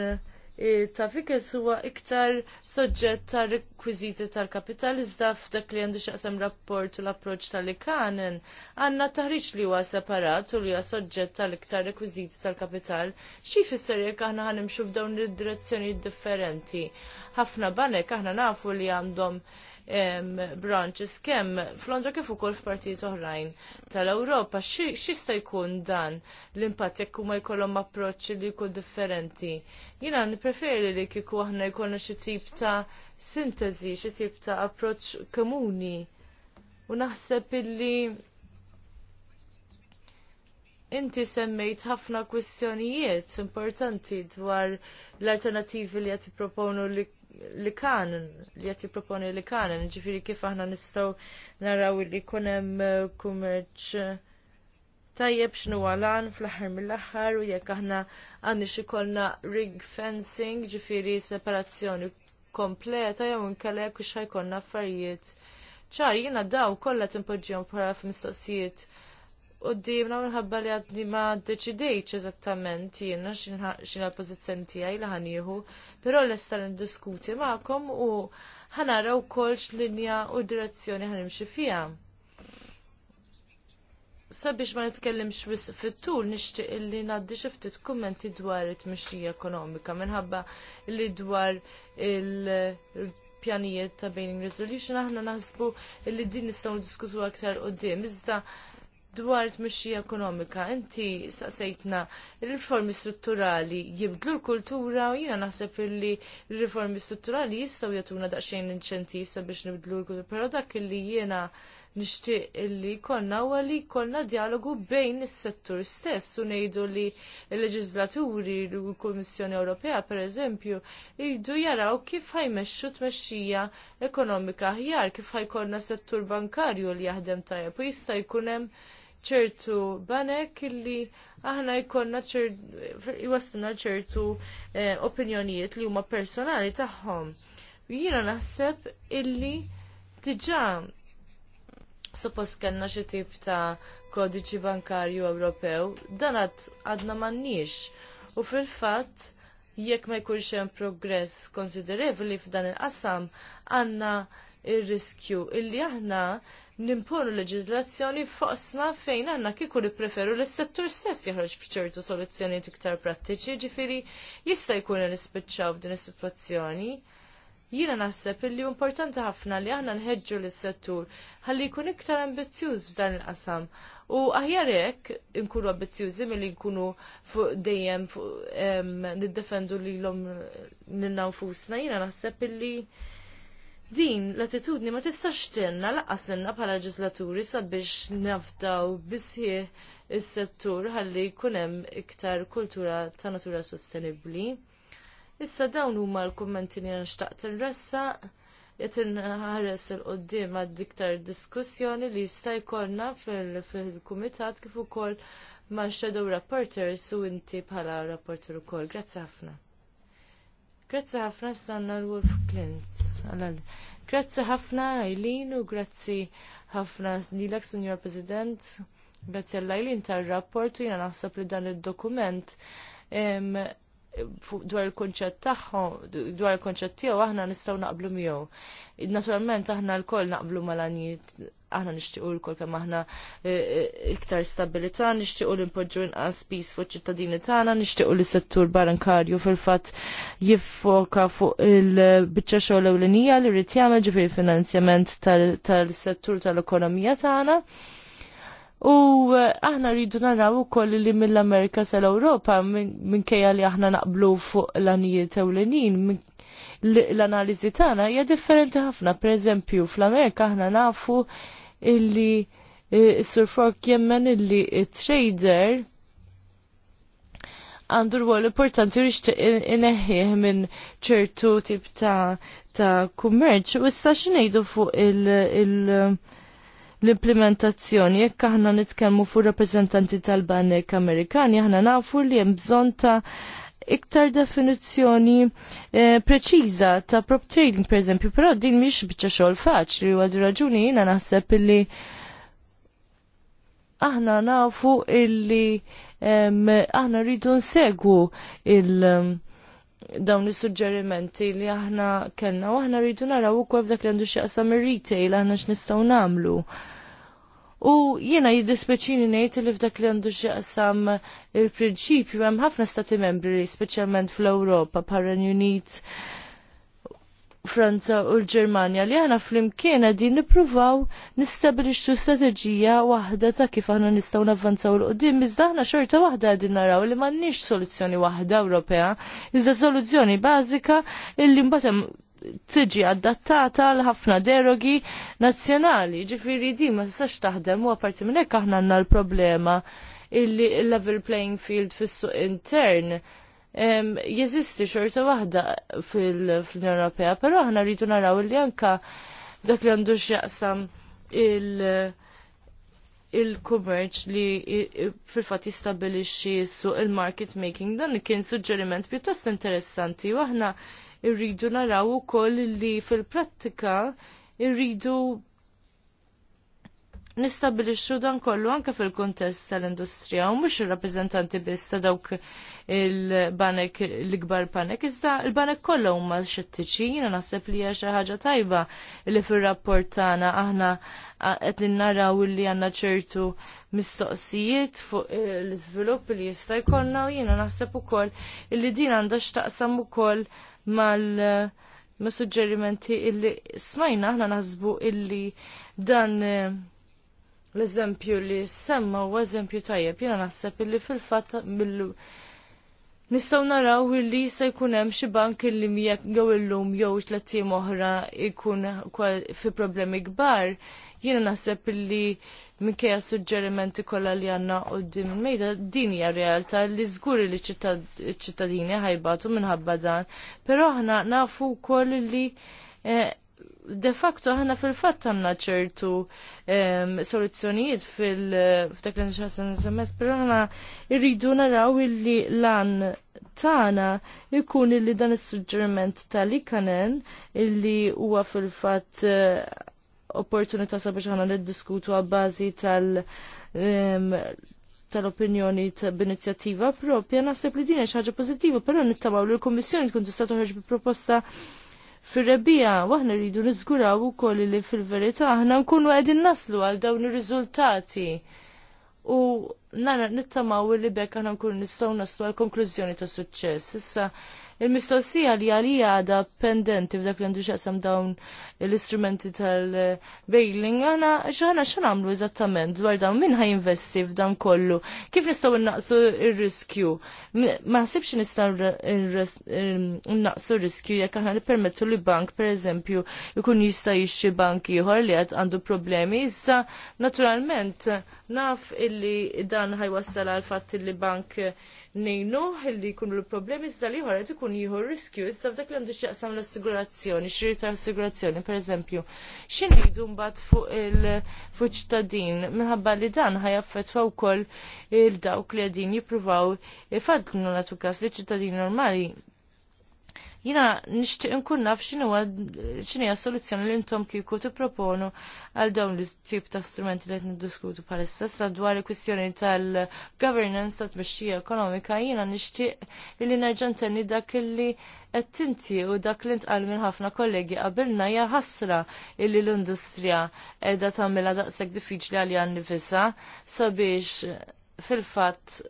Eh, ta' fikes huwa iktar soġġett ta' rekwiżiti tal-kapital iżda f'dak li għandu xaqsam rapport u l-approċ tal-ikanen. Għanna taħriġ li huwa separat u li huwa soġġett tal-iktar rekwiżiti tal-kapital. Xi jfisser jekk aħna ħanimxu f'dawn id-direzzjoni differenti. Ħafna banek aħna nafu li għandhom branches kemm f'Londra kif ukoll f'partijiet oħrajn tal-Ewropa. x'ista' jkun dan l-impatt jekk huma jkollhom approċċi li jkun differenti. Jiena nippreferi li kieku aħna jkollna xi tip ta' sintesi, xi tip ta' approċċ komuni. U naħseb illi inti semmejt ħafna kwistjonijiet importanti dwar l-alternativi li qed proponu li li kan, li għati proponi li kan, ġifiri kif aħna nistaw naraw li kunem eh, kummerċ tajjeb xnu għalan fl-ħar mill-ħar u jekk aħna għanni xikolna rig fencing, ġifiri separazzjoni kompleta, jew nkella jekk xajkonna affarijiet. ċar, jina daw kollha timpoġġjom para f'mistoqsijiet qoddimna minħabba li għadni ma deċidejċ eżattament jiena xina l-pozizjoni tiegħi li ħanieħu, però n-diskuti maqom u ħanara kolx x'linja u direzzjoni ħanimxi fija. Sabiex ma nitkellimx wisq fit-tul nixtieq illi ngħaddi xi ftit kummenti dwar it-tmixxija ekonomika minħabba li dwar il- pjanijiet ta' bejn resolution aħna naħsbu li din nistgħu diskutu aktar qudiem. Iżda dwar tmixxija ekonomika. Inti saqsejtna riformi strutturali jibdlu l-kultura u jiena naħseb illi riformi strutturali jistgħu jagħtuna daqsxejn inċentiv sabiex nibdlu l-kultura, però dak illi jiena nixtieq illi jkollna huwa li jkollna dialogu bejn is-settur stess u ngħidu li l-leġislaturi u l-Kummissjoni Ewropea pereżempju jridu jaraw kif ħajmexxu tmexxija ekonomika aħjar, kif ħajkollna settur bankarju li jaħdem tajjeb u jista' jkun hemm ċertu banek illi aħna jkollna jwasluna ċertu eh, opinjonijiet li huma personali tagħhom. Jiena naħseb illi diġà suppost kellna xi tip ta' kodiċi bankarju Ewropew, dan għadna m'għandniex. U fil-fatt jekk ma jkunx hemm progress konsiderevoli f'dan il-qasam, għandna ir-riskju illi aħna nimponu leġizlazzjoni f'oqsma fejn għanna kiku li preferu li s-settur stess jħarġ bċertu soluzzjoni iktar prattiċi, ġifiri jista' jkun l spiċċaw f'din is-sitwazzjoni. Jiena naħseb li importanti ħafna li aħna nħeġġu lis settur ħalli jkun iktar ambizzjuż f'dan il-qasam. U aħjar hekk inkunu ambizzjużi milli nkunu fuq dejjem fuq niddefendu lilhom lilna nfusna, jiena naħseb illi Din l-attitudni ma tistax tinna laqqas l-enna bħala leġislaturi sabiex nafdaw bisħieħ is-settur ħalli jkun hemm iktar kultura ta' natura sostenibbli. Issa dawn huma l-kummenti li nixtaqt il-ressaq qed inħares il qoddim għad iktar diskussjoni li jista' jkollna fil-kumitat kif ukoll ma' shadow rapporters u inti bħala rapporter ukoll. Grazzi ħafna. Grazzi ħafna s-sanna l-Wolf Klintz. Grazzi ħafna Eileen u grazzi ħafna Nilek, Sunjor President. Grazzi għall-Eileen tal-rapport u jina naħseb li dan il-dokument dwar il-konċett tagħhom, dwar il-konċett tiegħu aħna nistgħu naqblu miegħu. Naturalment aħna lkoll naqblu mal-għanijiet aħna nixtiequ l-kol kemm aħna e, e, iktar stabilità, nixtiequ l npoġġu inqas spis fuq ċittadini tagħna, nixtiequ li settur barankarju fil-fatt jiffoka fuq il-biċċa xogħol ewlenija li rrid jagħmel ġifieri finanzjament tal-settur tal-ekonomija tagħna. U e, aħna rridu naraw ukoll li mill-Amerika sal-Ewropa minkejja li aħna naqblu fuq l-anijiet ewlenin, l analiżi tagħna hija differenti ħafna. Per fl-Amerika aħna nafu illi s eh, surfok jemmen illi trader għandu rwol importanti t ineħħieħ minn ċertu tip ta' ta' kummerċ u issa xinejdu fuq il- l-implementazzjoni jekk aħna nitkellmu fuq rappreżentanti tal-Banek Amerikani aħna nafu li hemm bżonn ta' iktar definizzjoni eh, preċiża ta' prop trading per eżempju, però din mhix biċċa xogħol faċli u għadu raġuni jiena naħseb illi aħna nafu illi em, aħna rridu nsegwu il- dawn is-suġġerimenti li aħna kellna u aħna rridu naraw ukoll f'dak li għandu xi qasam ir-retail aħna x'nistgħu nagħmlu. U jiena jiddispeċini ngħid li f'dak li għandu x'jaqsam il-prinċipju hemm ħafna stati membri, speċjalment fl-Ewropa bħal Unit, Franza u l-Ġermanja li għana fl-imkien għadin nipruvaw nistabilixtu strategija wahda ta' kif għana nistaw navvanzaw l-qoddim, bizda għana xorta wahda għadin naraw li nix soluzzjoni wahda Ewropea, iżda soluzzjoni bazika illi mbatem tiġi adattata għal ħafna derogi nazzjonali. Ġifiri di ma tistax taħdem u għaparti minnek hekk aħna għandna l-problema illi level playing field fis-suq intern jeżisti xorta waħda fil-Unjoni Ewropea, però aħna rridu naraw li anka dak li għandu x'jaqsam il- il-kummerċ li fil-fat jistabilixxi suq il-market making dan kien suġġeriment pjuttost interessanti u aħna irridu naraw ukoll li fil-prattika irridu nistabilixxu dan kollu anke fil-kuntest tal-industrija u mhux ir-rappreżentanti biss ta' dawk il-banek l-ikbar banek iżda il-banek kollha huma xettiċi, jiena naħseb li hija xi ħaġa tajba li fir-rapport tagħna aħna qed naraw li għandna ċertu mistoqsijiet fuq l-iżvilupp li jista' jkollna u jiena naħseb ukoll li din għandha x'taqsam ukoll mal- ma' suġġerimenti illi smajna aħna naħsbu illi dan eh, l-eżempju li semma u eżempju tajjeb jena naħseb illi fil-fatt nistgħu Nistaw naraw li se jkun hemm xi bank li jew illum jew tliet oħra jkun fi problemi kbar Jiena naħseb illi minkejja suġġerimenti kollha li għandna u il-mejda din hija realtà li żguri li ċ-ċittadini ħajbatu minħabba dan, però aħna nafu wkoll li eh, de facto ħana fil-fatt għanna ċertu ehm, soluzzjonijiet fil-dak l-inċasan SMS, pero ħana irridu naraw illi lan tana ikun illi dan is suġġeriment tal-ikanen illi huwa fil-fatt eh, opportunità sabiex ħana niddiskutu għabbażi tal- tal-opinjoni b'inizjattiva propja, naħseb li din hija xi ħaġa però nittamaw li l kommissjoni tkun tista' toħroġ bi proposta fil-rebija, waħna rridu nizguraw u koll li fil-verita aħna nkunu għedin naslu għal dawn ir-riżultati. U nara nittamaw li bekk aħna nkunu nistgħu naslu għal konklużjoni ta' suċċess. Issa Il-mistoqsija li għalija għada pendenti f'dak li għandu xaqsam dawn l-istrumenti tal-bailing, għana xaħna xaħna għamlu eżattament dwar dawn minn ħaj investi f'dan kollu, kif nistaw naqsu il-riskju. Ma ħsibx nistaw naqsu il-riskju jek għana li permettu li bank, per eżempju, jkun jista jisċi bank jħor li għad għandu problemi, issa naturalment naf illi dan ħajwassal għal fat li bank nejnu li jkunu l-problemi iżda li ħoret ikun jieħu riskju iżda f'dak li għandu x'jaqsam l-assigurazzjoni, xiri ta' assigurazzjoni, pereżempju. xin jidu mbagħad fuq il-fuq ċittadin minħabba li dan ħajaffettwa wkoll il-dawk li għadin jippruvaw fadnu nagħtu każ li ċittadini normali Jina nishtiq nkun naf x'inhu għad soluzzjoni li intom kieku tipproponu għal dawn l tip ta' strumenti li qed niddiskutu bħalissa sa dwar il-kwistjoni tal-governance ta' tmexxija ekonomika jiena nixtieq li nerġa' ntenni dak li qed tinti u dak li ntqal minn ħafna kollegi qabilna hija illi l-industrija qiegħda tagħmilha daqshekk diffiċli għalija nifisha sabiex fil-fatt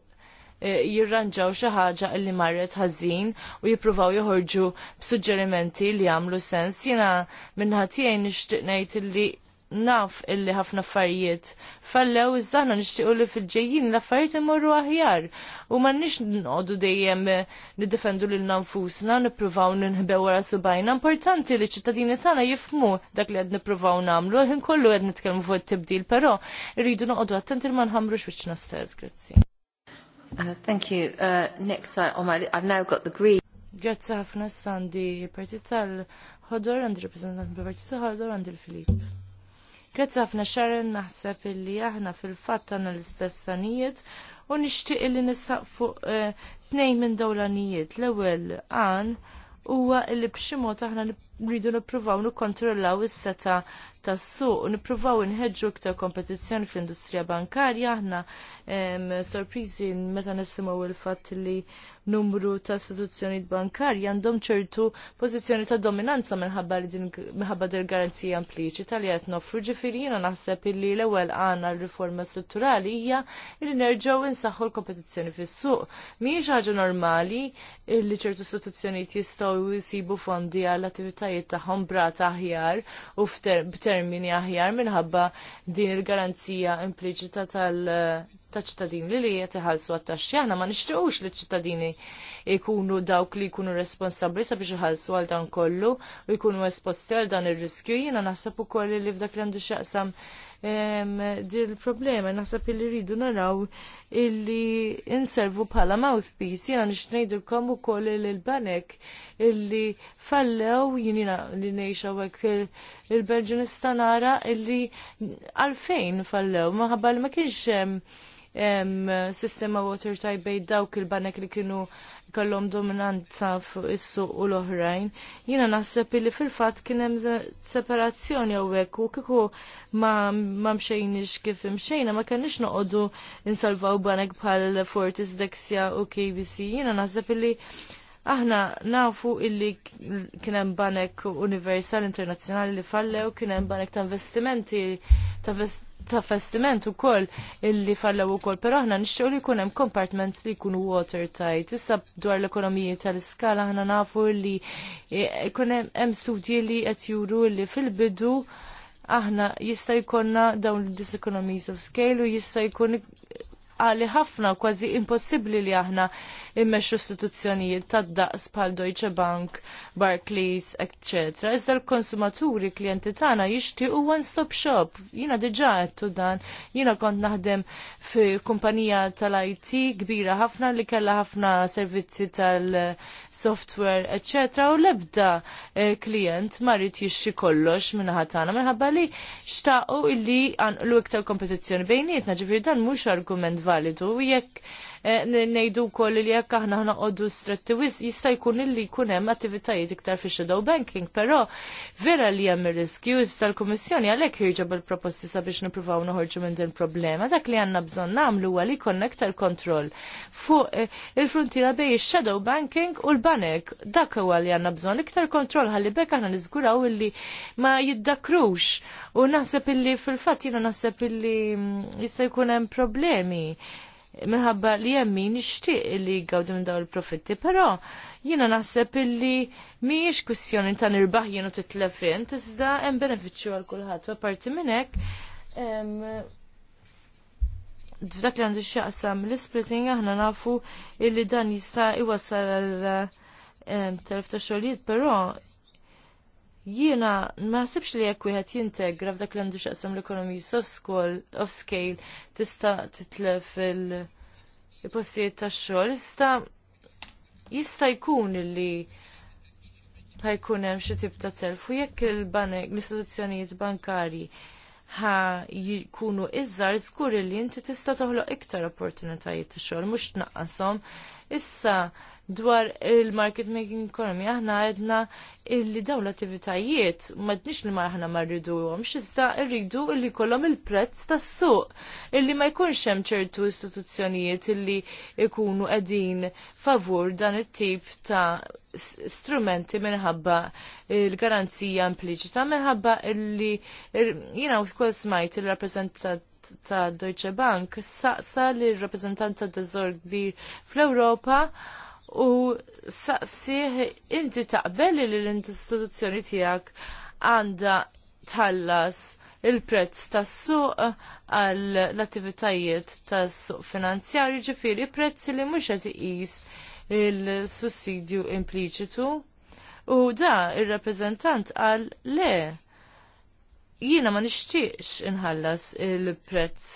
Eh, jirranġaw xi ħaġa li marret ħażin u jippruvaw joħorġu b'suġġerimenti li jagħmlu sens. Jiena minnaħa tiegħi nixtieq ngħid li naf illi ħafna affarijiet fallew iżda aħna nixtiequ li fil-ġejjin l-affarijiet imorru aħjar u ma nix nqogħdu dejjem eh, niddefendu lil nfusna nippruvaw ninħbew wara subajna importanti li ċittadini tagħna jifmu dak li qed nippruvaw nagħmlu ħin kollu qed nitkellmu fuq it-tibdil però rridu noqogħdu attenti li ma nħamrux biex stess grazzi. Uh, thank you. Uh, next I, on oh, my, I've now got the green. Grazzi ħafna s-sandi partit tal-ħodor għand reprezentant bil-partit tal-ħodor għand il-Filip. Grazzi ħafna Sharon naħseb illi aħna fil-fatt għanna l-istess sanijiet u nixtieq illi nisaq fuq eh, tnejn minn dawlanijiet. L-ewwel għan huwa illi b'xi mod aħna rridu nippruvaw nikkontrollaw is-seta tas-suq u nippruvaw inħeġġu iktar kompetizzjoni fl-industrija bankarja aħna sorpriżi meta nisimgħu il-fatt li numru ta' istituzzjonijiet bankarji għandhom ċertu pożizzjoni ta' dominanza minħabba din garanzija impliċita li qed nofru ġifieri jiena naħseb illi l-ewwel għandna l-riforma strutturali hija li nerġgħu insaħħu l-kompetizzjoni fis-suq. Mhijiex ħaġa normali li ċertu istituzzjonijiet jistgħu jsibu fondi għall attività l-attivitajiet tagħhom brat aħjar u b'termini aħjar minħabba din il-garanzija impliċita tal ċittadini li li għat għattaxxi. Aħna ma nixtiequx li ċittadini jkunu dawk li jkunu responsabbli sabiex iħallsu għal dan kollu u jkunu esposti għal dan ir-riskju. Jiena naħseb ukoll li f'dak li għandu x'jaqsam dil problema naħseb illi ridu naraw illi inservu bħala mouthpiece jena nixnejdilkom u koll il-banek illi fallew jinina li nejxa għek il belgian nara illi għalfejn fallew maħabal ma kienx sistema water tajbej dawk il-banek li kienu kollom dominanza fuq is-suq u l-oħrajn. Jiena nasib li fil-fatt kien hemm separazzjoni hawnhekk u kieku ma, ma mxejniex kif imxejna ma kenniex noqogħdu insalvaw banek bħal Fortis Dexia u KBC. Jiena nasib li aħna nafu illi kien hemm banek universal internazzjonali li fallew, kien hemm banek ta' investimenti ta' vest ta' festiment ukoll illi fallaw ukoll, però aħna nixtiequ li jkun hemm compartments li jkunu watertight. Issa dwar l-ekonomiji tal-iskala aħna nafu li eh, kunem hemm studji li qed juru li fil-bidu aħna jista' jkollna dawn diseconomies of scale u jista' jkun għali ħafna kważi impossibbli li aħna immex istituzzjonijiet tad-daqs bħal Deutsche Bank, Barclays, etc. Iżda l-konsumaturi klijenti tagħna jixtiequ one stop shop. Jiena diġà għedtu dan, jiena kont naħdem fi kumpanija tal-IT kbira ħafna li kellha ħafna servizzi tal-software, etc. u lebda eh, klient marit jixxi kollox minna tagħna minħabba li xtaqu illi għanqlu iktar kompetizzjoni bejnietna ġifieri dan mhux argument validu jekk Eh, ngħidu wkoll li jekk aħna ħnaqogħdu stretti wis jista' jkun illi jkun hemm attivitajiet iktar fi shadow banking, però vera li hemm ir-riskju iżda l-Kummissjoni għalhekk ħirġa bil-proposti sabiex nippruvaw noħorġu minn din problema. Dak li għandna bżonn nagħmlu huwa li jkollna iktar kontroll fuq eh, il fruntiera bej shadow banking u l-banek. Dak huwa li għandna bżonn iktar kontroll ħalli bekk aħna niżguraw illi ma jiddakrux u naħseb illi fil-fatt jiena naħseb illi mm, jista' jkun hemm problemi minħabba li jemmin nixtieq li jgawdu minn dawn il-profitti, però jiena naħseb illi mhijiex kwistjoni ta' nirbaħ jienu titlefin, tisda hemm benefiċċju għal kulħadd. U apparti minn hekk li għandu xaqsam l-splitting aħna nafu illi dan jista' iwassal għal telf ta' però Jiena ma ħsibx li jekk wieħed jintegra f'dak li għandu x'aqsam l ekonomi soft school of scale tista' titlef il-postijiet tax-xogħol. Issa jista' jkun li ħajkun hemm xi tip ta' telf u jekk il-banek l-istituzzjonijiet bankarji ħa jkunu iżżar żgur li inti tista' toħloq iktar opportunitajiet ta' xogħol mhux tnaqqashom. Issa dwar il-market making economy aħna għedna illi daw l-attivitajiet madnix li maħna marridu għom xista irridu illi kollom il-prezz tas suq illi ma jkunx hemm ċertu istituzzjonijiet illi ikunu qegħdin favur dan it-tip ta' strumenti minħabba il-garanzija impliċita minħabba illi jina kol smajt il-rappresentant ta' Deutsche Bank saqsa li rappresentant ta' Deżor fl-Ewropa u saqsih inti taqbeli li l-istituzzjoni tiegħek għandha tħallas il-prezz tas-suq għal l-attivitajiet tas-suq finanzjarju ġifiri prezzi li mhux qed iqis il-sussidju impliċitu. U da ir-rappreżentant għal le jiena ma nishtiqx inħallas il-prezz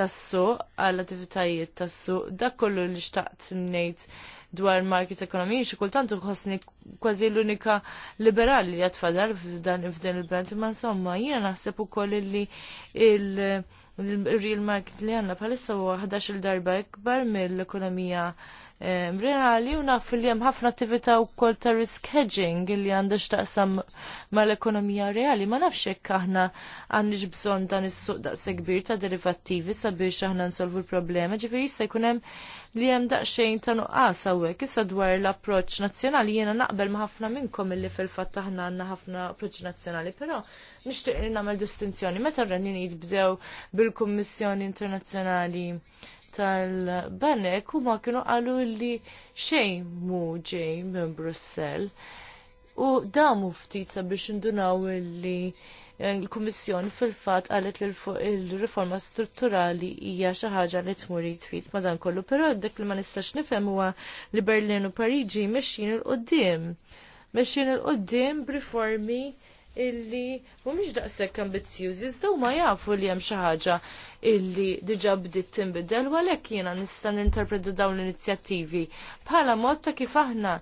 tas-suq għall attivitajiet tas-suq dak kollu li xtaqt ngħid dwar market ekonomiji xi kultant uħosni kważi l-unika liberali li għatfadal f'dan f'dan il-belt, ma insomma, jiena naħseb ukoll li il- il-real market li għanna palissa u 11 il-darba ikbar mill-ekonomija Rinali li naf li hemm ħafna attività wkoll ta' risk hedging li għandha x'taqsam mal-ekonomija reali. Ma nafx hekk aħna għandix bżonn dan is-suq daqs kbir ta' derivattivi sabiex aħna nsolvu l-problema. Ġifieri jista' jkun hemm li hemm daqsxejn ta' nuqqas hawnhekk. Issa dwar l-approċċ nazzjonali jiena naqbel ma' ħafna minnkom illi fil-fatt aħna għandna ħafna approċċ nazzjonali, però nixtieq li nagħmel distinzjoni meta r-Renjunijiet bdew bil-Kummissjoni Internazzjonali tal-banek huma kienu qalu li xejn mu ġej minn Brussell. U damu ftit sabiex indunaw li eh, l-Kummissjoni fil-fatt qalet li l-riforma strutturali hija xi ħaġa li tmur jitfit madan kollu, però dak li ma nistax nifhem huwa li Berlin u Pariġi mexxin il-qudiem. Mexxin il-qudiem b'riformi illi mhumiex daqshekk ambizzjużi, iżda huma jafu li hemm xi ħaġa illi diġà bdiet tinbidel u għalhekk jiena nista' ninterpreta dawn l-inizjattivi bħala mod ta' kif aħna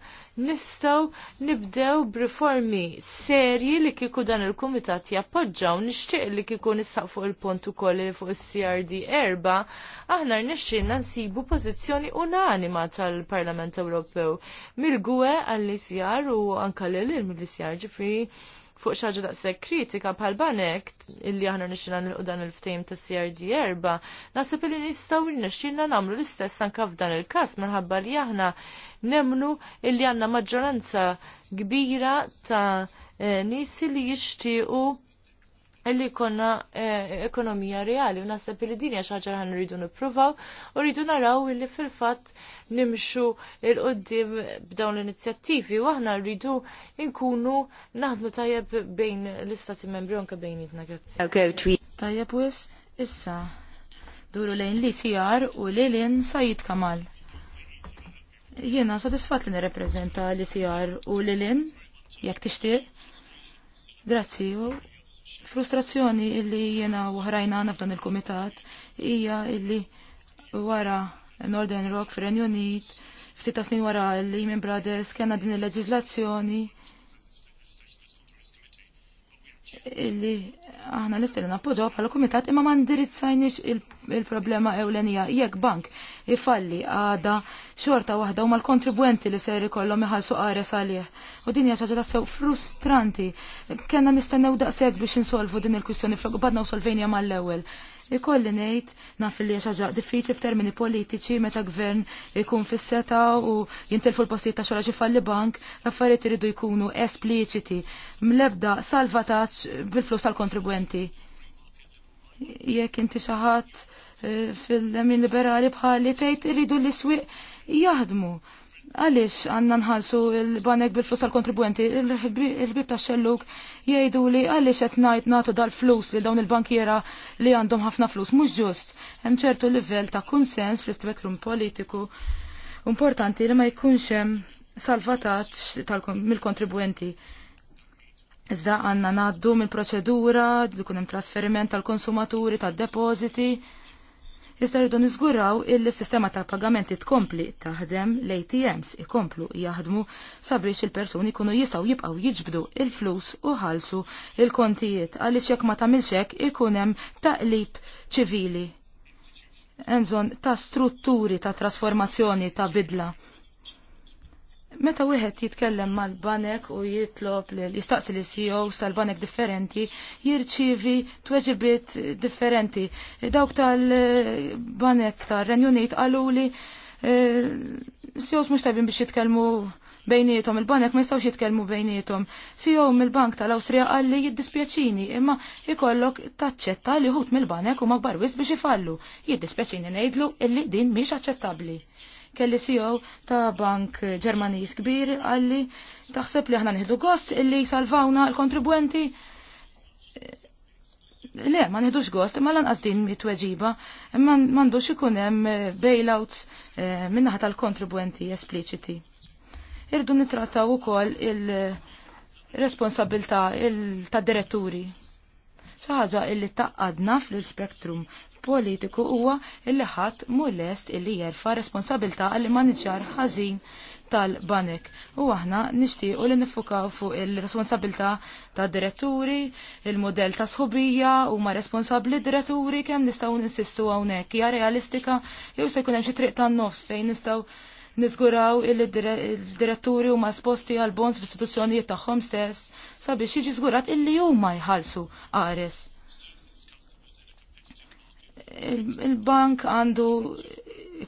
nistgħu nibdew b'riformi serji li kieku dan il-kumitat jappoġġaw nixtieq li kieku nisaq fuq il-punt ukoll li fuq is-CRD erba aħna rnexxielna nsibu pożizzjoni unanima tal-Parlament Ewropew mill-gwe għall isjar u anke lil il isr ġifieri fuq xaġa daqshekk kritika bħal banek illi aħna nixxina nilqu dan il-ftehim ta' CRD erba, naħseb illi nistgħu nixxilna nagħmlu l-istess anka f'dan il-każ minħabba li aħna nemnu illi għandna maġġoranza kbira ta' eh, Nisi li jixtiequ illi konna eh, ekonomija reali u nasab li dinja xaġa ħan rridu nipruvaw u rridu naraw illi fil-fat nimxu il-qoddim b'dawn l-inizjattivi u aħna rridu nkunu naħdmu tajjeb bejn l-istati membri u anke bejn jitna grazzi. Tajjeb wis, issa duru lejn li sijar u li lin sajid kamal. Jiena sodisfat li nirrepreżenta li sijar u li lin, jekk tixtieq. Grazzi, Frustrazzjoni illi jena uħrajna għana f'dan il-komitat hija illi wara Northern Rock fir-Renju Unit ftit ta' snin wara l-Lehman Brothers kena din il-leġizlazzjoni illi aħna nistgħu nappoġġaw bħala kumitat imma ma ndirizzajniex il-problema ewlenija jekk bank ifalli għada xorta waħda u mal kontribwenti li ser ikollhom iħallsu qares għalih. U din hija xi ħaġa sew frustranti. Kenna nistennew daqshekk biex insolvu din il-kwistjoni badna u solvenja mal-ewwel. Ikolli ngħid naf li hija diffiċi f'termini politiċi meta gvern ikun fis-seta u jintilfu l-postijiet ta' xorta xi falli bank, l-affarijiet iridu jkunu espliċiti mlebda salvataġġ bil-flus tal-kontribwenti kontribwenti. Jekk inti xi ħadd eh, fil-lemin liberali bħalli fejt iridu li swieq jaħdmu. Għaliex għandna nħallsu l-banek bil-flus tal-kontribwenti, il-ħbib ta' xelluk jgħidu li għaliex qed ngħid nagħtu dal-flus li dawn il-bankiera li għandhom ħafna flus mhux ġust. Hemm ċertu livell ta' kunsens fl-ispektrum politiku importanti li ma jkunx hemm salvataġġ mill-kontribwenti. Iżda għanna naddu mill proċedura li kunem trasferiment tal-konsumaturi, tal-depositi. Iżda rridu niżguraw il-sistema ta' pagamenti tkompli taħdem l-ATMs ikomplu jaħdmu sabiex il-persuni kunu jistaw jibqaw jiġbdu il-flus u ħalsu il-kontijiet għaliex jekk ma tamil hekk ikun hemm taqlib ċivili. Hemm ta' strutturi ta' trasformazzjoni ta' bidla Meta wieħed jitkellem mal-banek u jitlob li jistaqsi li CEO sal-banek differenti, jirċivi tweġibiet differenti. Dawk tal-banek tar-Renju Unit qalu li eh, CEOs mhux tabin biex jitkellmu bejnietom, il-banek ma jistawx jitkellmu bejnietom. CEO mill-bank tal-Awstrija qal li jiddispjaċini, imma jikollok taċċetta li hut mill-banek u ma wis biex ifallu. Jiddispjaċini ngħidlu illi din mhix aċċettabbli kelli CEO ta' bank Ġermaniż kbir għalli taħseb li aħna nħidu gost illi salvawna l-kontribwenti. Le, ma nħidux gost, imma lanqas din mitweġiba, imma m'għandux ikun hemm bailouts eh, minnaħa tal-kontribwenti espliċiti. Irdu u ukoll il-responsabilità il responsabilta il tad diretturi ċaħġa illi taqqadna fl-spektrum politiku huwa illi ħadd mhu lest illi jerfa' responsabilità għal maniġġar ħażin tal-banek. U aħna nixtiequ li nifukaw fuq il-responsabilità ta' diretturi, il-modell ta' sħubija u ma' responsabli diretturi kemm nistgħu ninsistu hawnhekk hija realistika jew se jkun hemm xi triq tan-nofs fejn nistgħu niżguraw il-diretturi huma sposti għal bonds fl-istituzzjonijiet tagħhom stess sabiex jiġi żgurat illi huma jħallsu qares il-bank għandu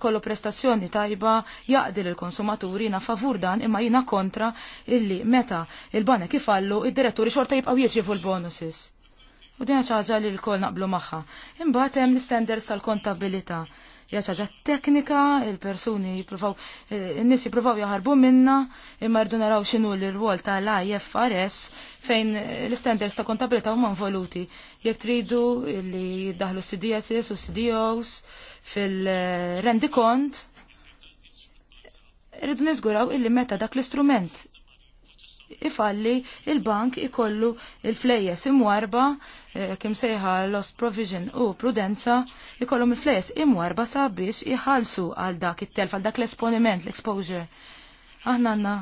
kollu prestazzjoni tajba jaqdil il-konsumaturi na favur dan imma jina kontra illi meta il-banek ifallu id-diretturi xorta jibqaw jirċivu l-bonuses. U dina ċaġa li l-kol naqblu maħħa. Imbat hemm l-standards tal-kontabilita jaċaġa teknika, il-persuni jiprofaw, n-nies jiprofaw jaħarbu minna, imma rdu naraw x'inhu l-rwol tal-IFRS fejn l-standards ta' kontabilità huma involuti. Jekk tridu li jiddaħlu CDSS u CDOs fil rendikont kont, rridu niżguraw illi meta dak l-istrument ifalli il-bank ikollu il-flejjes imwarba eh, kim sejħa lost provision u prudenza ikollhom il-flejjes imwarba sabiex iħalsu għal dak it-telf għal dak l-esponiment l-exposure. Aħna għandna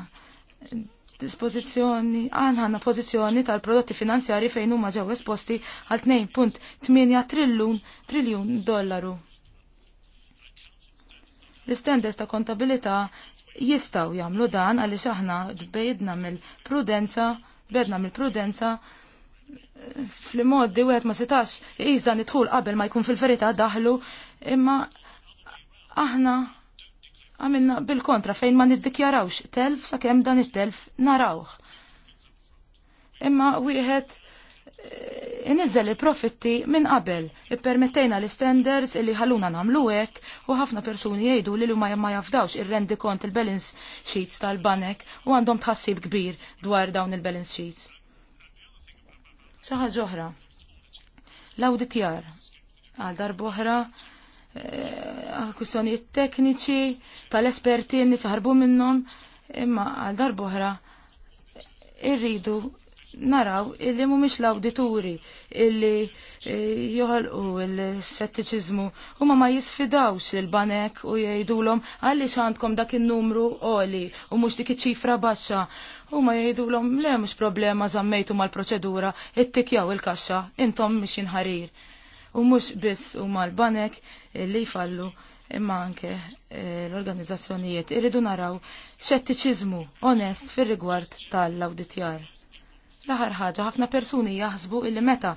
dispozizjoni, aħna għanna pożizzjoni tal-prodotti finanzjari fejn huma ġew esposti għal 2.8 triljun triljun dollaru. L-istendes ta' kontabilità jistaw jagħmlu dan għaliex aħna bejdna mill-prudenza, bejdna mill-prudenza fl-modi wieħed ma setax iqis dan idħul qabel ma jkun fil-verità daħlu, imma aħna għamilna bil-kontra fejn ma niddikjarawx telf sakemm dan it-telf narawh. Imma wieħed inizzel il-profitti minn qabel. Ippermettejna l-standards illi ħalluna namluwek hekk u ħafna persuni jgħidu li huma ma jafdawx ir-rendi kont il-balance sheets tal-banek u għandhom tħassib kbir dwar dawn il-balance sheets. Xi oħra. L-awditjar għal darboħra eh, kwistjonijiet tekniċi tal-esperti nisaħarbu minnhom imma għal darboħra irridu naraw illi mhumiex l-awdituri illi eh, joħolqu l-xettiċiżmu huma ma jisfidawx il-banek u jgħidulhom għaliex għandkom dak in-numru qoli u mhux dik iċ-ċifra baxxa. Huma jgħidulhom le mux problema żammejtu mal-proċedura ittikjaw il-kaxxa intom mhix inħarir. U mhux biss huma l-banek illi jfallu imma anke eh, l-organizzazzjonijiet irridu naraw xettiċiżmu onest fir-rigward tal-awditjar L-aħar ħaġa ħafna persuni jaħsbu illi meta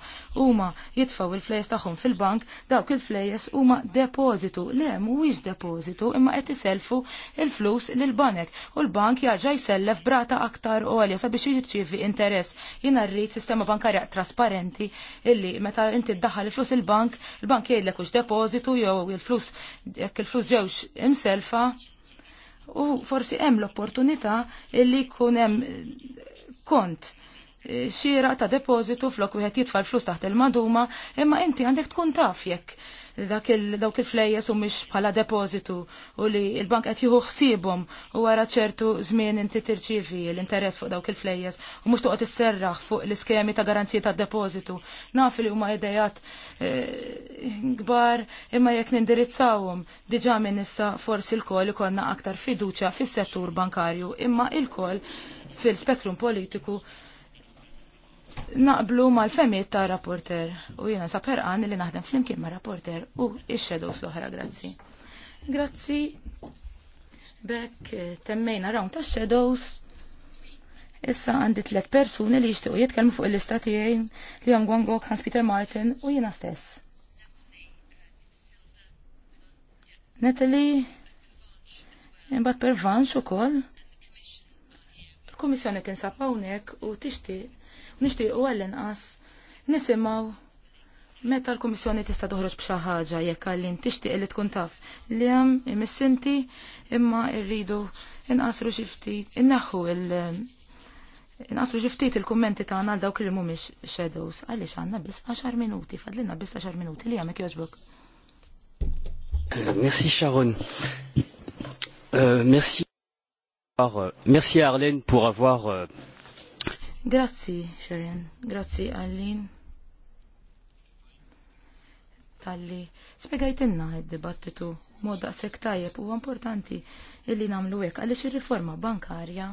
huma jitfaw il-flejes tagħhom fil-bank, dawk il-flejes huma depożitu. Le mhuwiex depożitu imma qed iselfu il-flus lil banek u l-bank jarġa' jsellef brata aktar għolja sabiex jirċievi interess. Jiena rrid sistema bankarja trasparenti illi meta inti ddaħħal il-flus il-bank, il-bank jgħidlek hux depożitu jew il-flus jekk il-flus ġewx imselfa u forsi hemm l-opportunità illi jkun hemm kont xira ta' depozitu flok wieħed jitfa' l-flus taħt il-maduma, imma inti għandek tkun taf jekk dak dawk il-flejjes u mhix bħala depozitu u li l-bank qed jieħu ħsiebhom u wara ċertu żmien inti tirċivi l-interess fuq dawk il-flejjes u mhux toqgħod isserraħ fuq l-iskemi ta' garanzija ta' depozitu. Naf li huma idejat eh, kbar imma jekk nindirizzawhom diġà minn issa forsi l-kol ikollna aktar fiduċja fis-settur bankarju imma il-kol fil-spektrum politiku naqblu mal-femiet ta' rapporter u jena saper għan li naħdem flimkien ma' rapporter u ix-xedow soħra, grazzi. Grazzi, bekk eh, temmejna rawn ta' shadows. Issa għandi tlet persuni li jishtiqu jitkellmu fuq il-lista tiegħi li għan Gwangok, Hans Peter Martin u jiena stess. Natalie, imbagħad u ukoll. Il-Kummissjoni tinsab hawnhekk u tixtieq u għallin inqas nisimaw, meta l-Kummissjoni tista' toħroġ b'xa ħaġa jekk għallin tixtieq li tkun taf li hemm imissinti imma rridu inqasru xi ftit inneħħu il- Inqasru xi ftit il-kummenti tagħna għal dawk li mhumiex shadows għaliex għandna biss 10 minuti, fadlina biss 10 minuti li jagħmek jogħġbok. Euh, merci Sharon. Euh, merci, euh, merci à Arlène pour avoir euh, Grazzi, Sharon. Grazzi, Arlin. Talli, spiegajtenna id-dibattitu mod daqshekk tajjeb huwa importanti illi nagħmlu hekk għaliex ir-riforma bankarja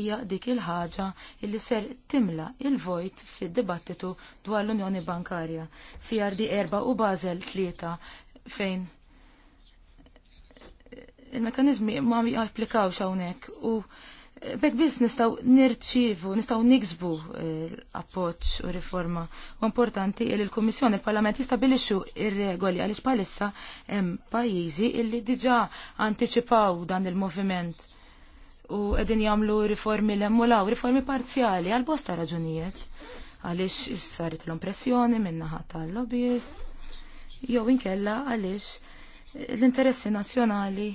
hija dik il-ħaġa illi ser timla il-vojt fid-dibattitu dwar l-Unjoni Bankarja. CRD 4 u Basel 3 fejn il-mekanizmi ma applikawx hawnhekk u Bek biss nistaw nirċivu, nistaw niksbu eh, appoċ u riforma. U importanti li l komissjoni il-Parlament jistabilixu ir-regoli għaliex palissa hemm pajjiżi illi diġa' anticipaw dan il-moviment u qegħdin jagħmlu riformi l-emmulaw, riformi parzjali għal bosta raġunijiet għaliex saret l-impressjoni ħata tal-lobbyist jew inkella għaliex l-interessi nazzjonali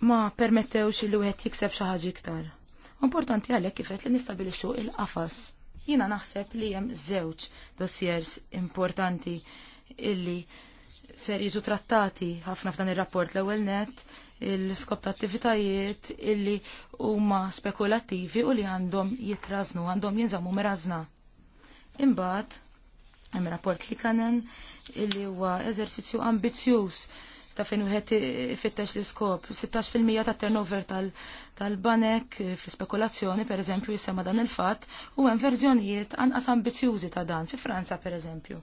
ma permettewx li wieħed jikseb xi ħaġa iktar. Importanti għalhekk kifet li nistabilixxu il-qafas. Jiena naħseb li hemm żewġ dossiers importanti illi ser jiġu trattati ħafna f'dan ir-rapport l-ewwel net il-skop ta' attivitajiet illi huma spekulattivi u li għandhom jitraznu, għandhom jinżammu mirażna. Imbagħad hemm rapport li kanen illi huwa eżerċizzju ambizzjuż ta' fejn wieħed fittex l-iskop. 16% ta' turnover tal-banek eh, fl-spekulazzjoni, per eżempju, jissema dan il-fatt, u hemm verżjonijiet anqas ambizjużi ta' dan fi Franza, per eżempju.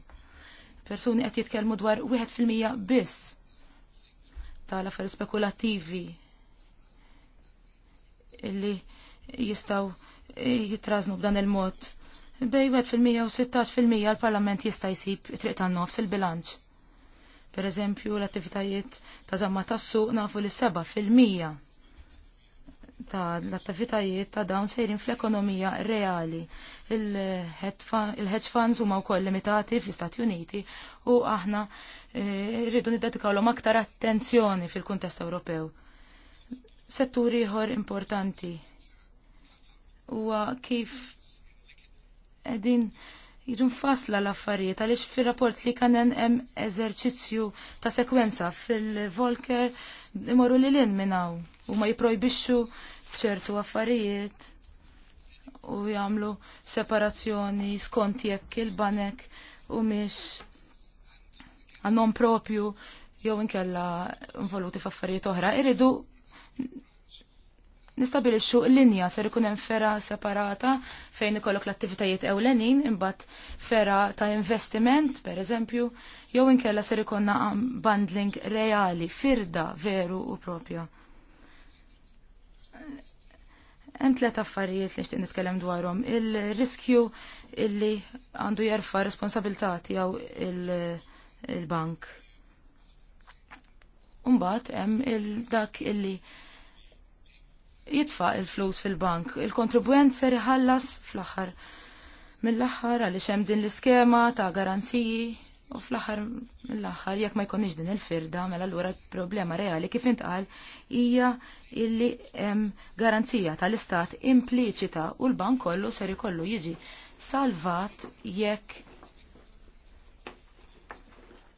Persuni qed jitkellmu dwar 1% biss tal-affarijiet spekulattivi illi jistaw eh, jitraznu b'dan il-mod. Bej 1% u 16% l-Parlament jista' jsib triq tan-nofs il-bilanċ Per eżempju, l-attivitajiet ta' zamma tas-suq nafu li seba' fil-mija ta' l-attivitajiet ta' dawn sejrin fl-ekonomija reali. Il-hedge funds huma wkoll limitati fl-Istati Uniti u aħna eh, rridu l aktar attenzjoni fil-kuntest Ewropew. Settur ieħor importanti huwa kif qegħdin jidun fasla l-affarijiet għaliex fir-rapport li kanen hemm eżerċizzju ta' sekwenza fil-Volker imorru li l-in minnaw, u ma jipprojbixxu ċertu affarijiet u jagħmlu separazzjoni skont jekk il-banek u miex għannon propju jew inkella involuti f'affarijiet oħra. Iridu nistabilixxu l linja ser ikun hemm fera separata fejn ikollok l-attivitajiet ewlenin imbagħad fera ta' investiment pereżempju jew inkella ser ikonna bundling reali firda veru u propja. Hemm tliet affarijiet li nixtieq nitkellem dwarhom. Il-riskju illi għandu jerfa' responsabilità tiegħu il-bank. Umbagħad hemm il dak illi jitfa' il-flus fil-bank. Il-kontribwent ser iħallas fl-aħħar. Mill-aħħar għaliex hemm din l-iskema ta' garanziji u fl-aħħar mill-aħħar jekk ma jkunniex din il-firda mela allura problema reali kif intqal hija illi hemm garanzija tal-istat impliċita u l-bank kollu ser ikollu jiġi salvat jekk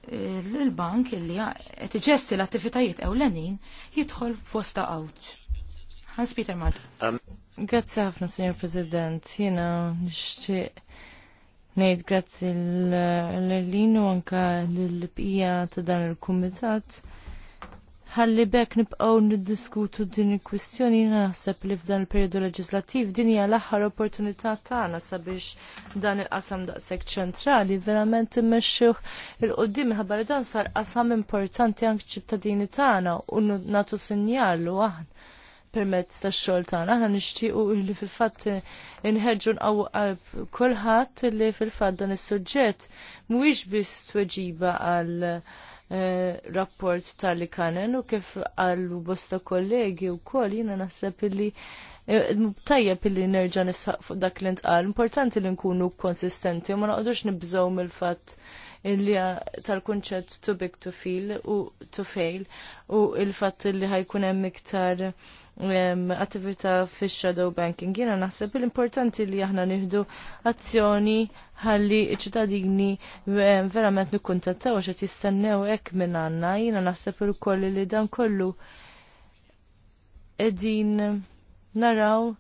l-bank illi qed iġesti l-attivitajiet ewlenin jidħol f'wasta għawċ. Hans Peter Mart. Um, grazzi ħafna, Signor President. Jena nixtieq ngħid grazzi l-Erlin anka l-bqija ta' dan il-kumitat. Ħalli bekk nibqgħu niddiskutu din il-kwistjoni jiena naħseb li f'dan il-perjodu leġislattiv din hija l-aħħar opportunità tagħna sabiex dan il-qasam daqshekk ċentrali verament immexxih il-qudiem li dan sar qasam importanti anke ċittadini tagħna u nagħtu sinjal aħna permezz tax xogħol tagħna. Aħna nixtiequ li fil-fatt inħeġġu nqawwu qalb kulħadd li fil-fatt dan is-suġġett mhuwiex biss tweġiba għal eh, rapport tal-li kanen u kif għal bosta kollegi u koll jina naħseb li eh, Tajjeb illi nerġa' nisħaq fuq dak li ntqal, importanti li nkunu konsistenti u ma naqdux nibżgħu mill-fatt illi eh, tal-kunċett to big to feel u to fail u il-fatt li ħajkun hemm iktar attività fix shadow banking. Jiena naħseb l-importanti li aħna nieħdu azzjoni ħalli ċittadini verament nikkuntattaw għax qed jistennew hekk minn għandna. Jiena naħseb ukoll li dan kollu qegħdin naraw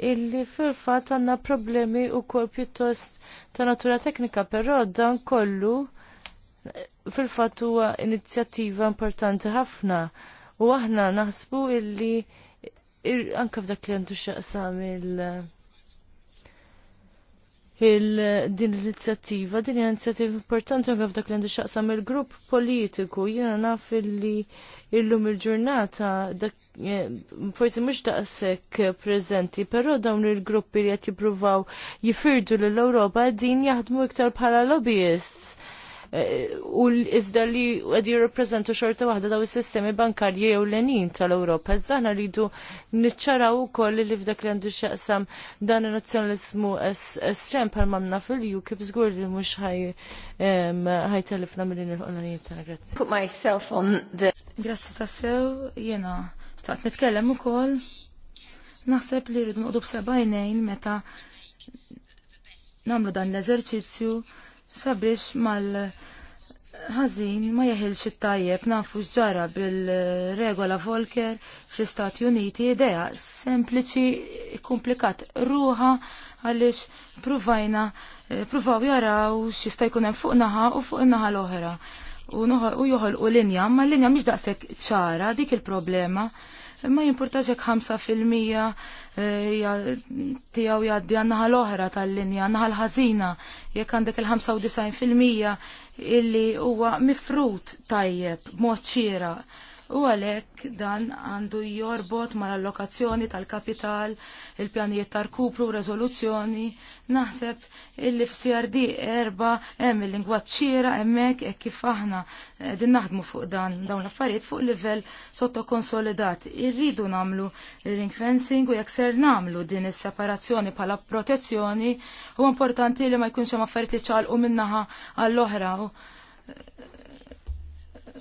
illi fil-fatt għandna problemi wkoll pjuttost ta' natura teknika, però dan kollu fil-fatt huwa inizjattiva importanti ħafna u aħna naħsbu illi anka f'dak li għandu xaqsam il- il-din l-inizjattiva, din l-inizjattiva importanti anka għafdak li għandu xaqsam il-grupp politiku, jena naf li illum il-ġurnata eh, forsi mhux daqshekk preżenti, però dawn il-gruppi li qed jippruvaw jifirdu lill ewropa din jaħdmu iktar bħala lobbyists u l-izda li għed jirreprezentu xorta wahda daw il sistemi bankarji u l lenin tal europa Iżda ħna rridu u koll li f'dak li għandu xaqsam dan il-nazjonalizmu estrem pal mamna fil-ju kif żgur li mhux ħajtelifna mill-in il-ħolanijiet tal Grazzi. Put myself on the Grazzi tassew, jena xtaqt nitkellem u koll. Naħseb li rridu nqodu b'seba' meta namlu dan l-eżerċizzju sabiex mal ħażin ma jeħilx it-tajjeb nafu x'ġara bil-regola Volker fl-Istati Uniti idea sempliċi komplikat ruha għaliex pruvajna eh, pruvaw jaraw x'jista' jkun hemm fuq naħa u fuq in-naħa l-oħra u joħolqu linja, ma linja mhix daqshekk ċara dik il-problema Ma jimportax jek 5% eh, tiegħu jgħaddi għan-naħa l-oħra tal-linja, naħa l oħra tal linja għannaħa l ħażina jekk għandek il-95% illi huwa mifrut tajjeb, mod xieraq u għalhekk dan għandu jorbot mal-allokazzjoni tal-kapital, il-pjanijiet tal-kupru, rezoluzzjoni, naħseb il f'CRD erba hemm il-lingwaġġ ċira hemmhekk hekk kif aħna din naħdmu fuq dan dawn l-affarijiet fuq livell sottokonsolidat. Irridu nagħmlu ring fencing u jekk ser nagħmlu din is-separazzjoni bħala protezzjoni u importanti li ma jkunx hemm affarijiet li ċalqu minnaħa għall-oħra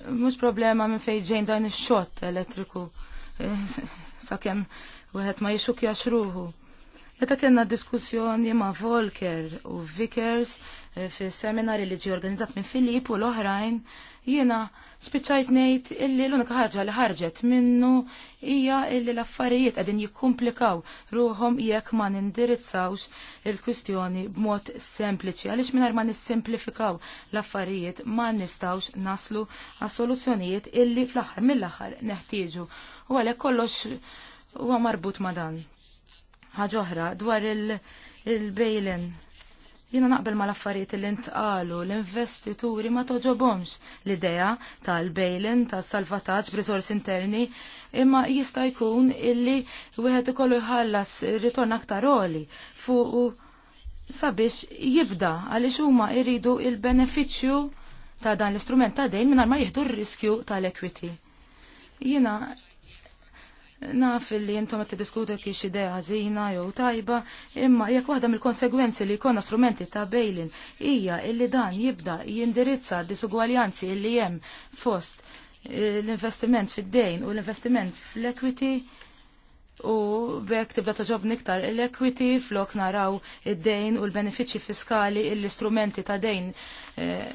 mhux problema minn fejn ġejn dan ix xot elettriku (laughs) sakemm wieħed ma jixukjax ruħu. Meta kena diskussjoni ma' Volker u Vickers eh, fis seminari li ġie organizzat minn Filip u l-oħrajn, jiena spiċajt ngħid illi l-unika ħaġa li ħarġet minnu hija illi l-affarijiet qegħdin jikkumplikaw ruhom jekk ma nindirizzawx il-kwistjoni b'mod sempliċi għaliex mingħajr ma nissimplifikaw l-affarijiet ma nistgħux naslu għas soluzzjonijiet illi fl-aħħar mill-aħħar neħtieġu. U għalhekk kollox huwa marbut ma' dan. Ħaġa oħra dwar il-bejlen. il, Jiena naqbel ma l-affarijiet li ntqalu l-investituri ma toġobomx l-idea tal-bejlin, tas-salvataġġ b'risors interni, imma jista' jkun illi wieħed ikollu jħallas ritorn aktar oli fuq sabiex jibda għaliex huma jridu il-benefiċċju ta' dan l-istrument ta' dejn mingħajr ma jieħdu r-riskju tal-equity. Jina Naf li jintom għed diskutu kiex idea ħażina jew tajba, imma jekk waħda mill-konsegwenzi li jkollna strumenti ta' bejlin hija illi dan jibda jindirizza disugwaljanzi li hemm fost eh, l-investiment fid-dejn u l-investiment fl-equity u bekk tibda taġob niktar l-equity flok naraw id-dejn u l-benefiċċji fiskali l-istrumenti ta' dejn eh,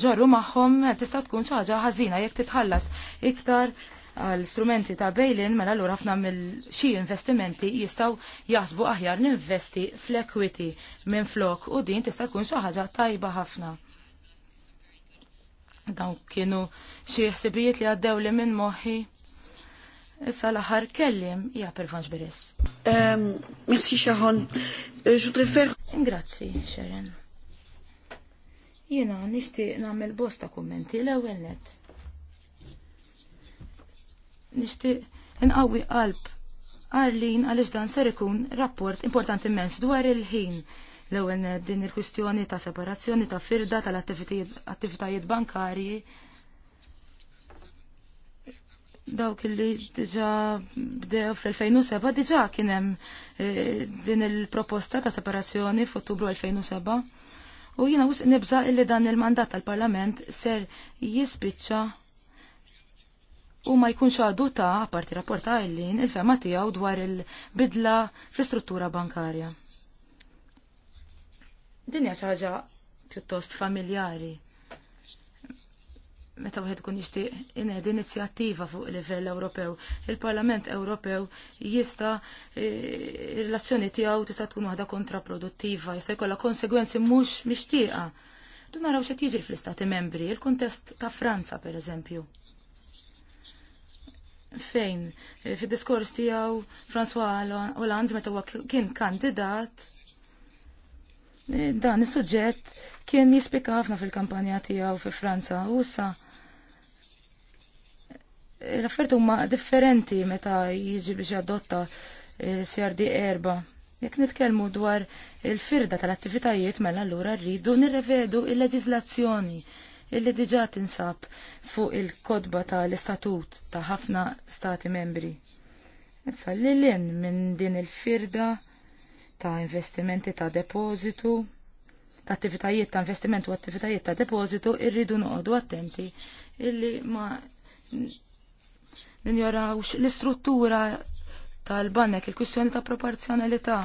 iġorru magħhom tista' tkun ċaġa ħażina jekk titħallas iktar għal strumenti ta' bail-in mela l ħafna mill-xi investimenti jistaw jasbu aħjar ninvesti fl-equity minn flok u din tista' tkun xi ħaġa tajba ħafna. Dawn kienu xi ħsibijiet li għaddew li minn moħħi. Issa l-aħħar kellim hija Pervanx Beres. Ehm, merci Sharon. Euh, Grazzi Sharon. Jiena nixtieq nagħmel bosta kummenti l-ewwel net nixtieq inqawwi qalb Arlin għaliex dan ser ikun rapport importanti mens dwar il-ħin l-ewwel din il-kwistjoni ta' separazzjoni ta' firda tal-attivitajiet bankarji dawk illi diġa bdew fl-2007 diġa kien hemm eh, din il-proposta ta' separazzjoni f'Ottubru 2007 u jiena wisq nibża illi dan il-mandat tal-Parlament ser jispiċċa u ma jkunx għadu ta' parti rapport għajlin il-fema tijaw dwar il-bidla fl-istruttura bankarja. Dinja xaġa pjuttost familjari. Meta wieħed kun jixtieq ined inizjattiva fuq livell Ewropew, il-Parlament Ewropew jista' l e, relazzjoni tiegħu tista' tkun waħda kontraproduttiva, jista' jkollha konsegwenzi mhux mixtieqa. Tu naraw x'qed jiġri fl-Istati Membri, il-kuntest ta' Franza pereżempju. eżempju fejn fid-diskors tiegħu François Hollande meta huwa kien kandidat e, dan is-suġġett kien jispika ħafna fil-kampanja tiegħu fi Franza u sa l affertu huma differenti meta jiġi biex jadotta e, CRD erba. Jekk nitkellmu dwar il-firda tal-attivitajiet mela allura rridu nirrevedu il-leġiżlazzjoni illi diġa tinsab fuq il-kodba tal-istatut ta' ħafna stati membri. Issa li l-in minn din il-firda ta' investimenti ta' depozitu, ta' attivitajiet ta' investiment u attivitajiet ta' depozitu irridu noqogħdu attenti illi ma ninjorawx l-istruttura tal-banek, il-kwistjoni ta' proporzjonalità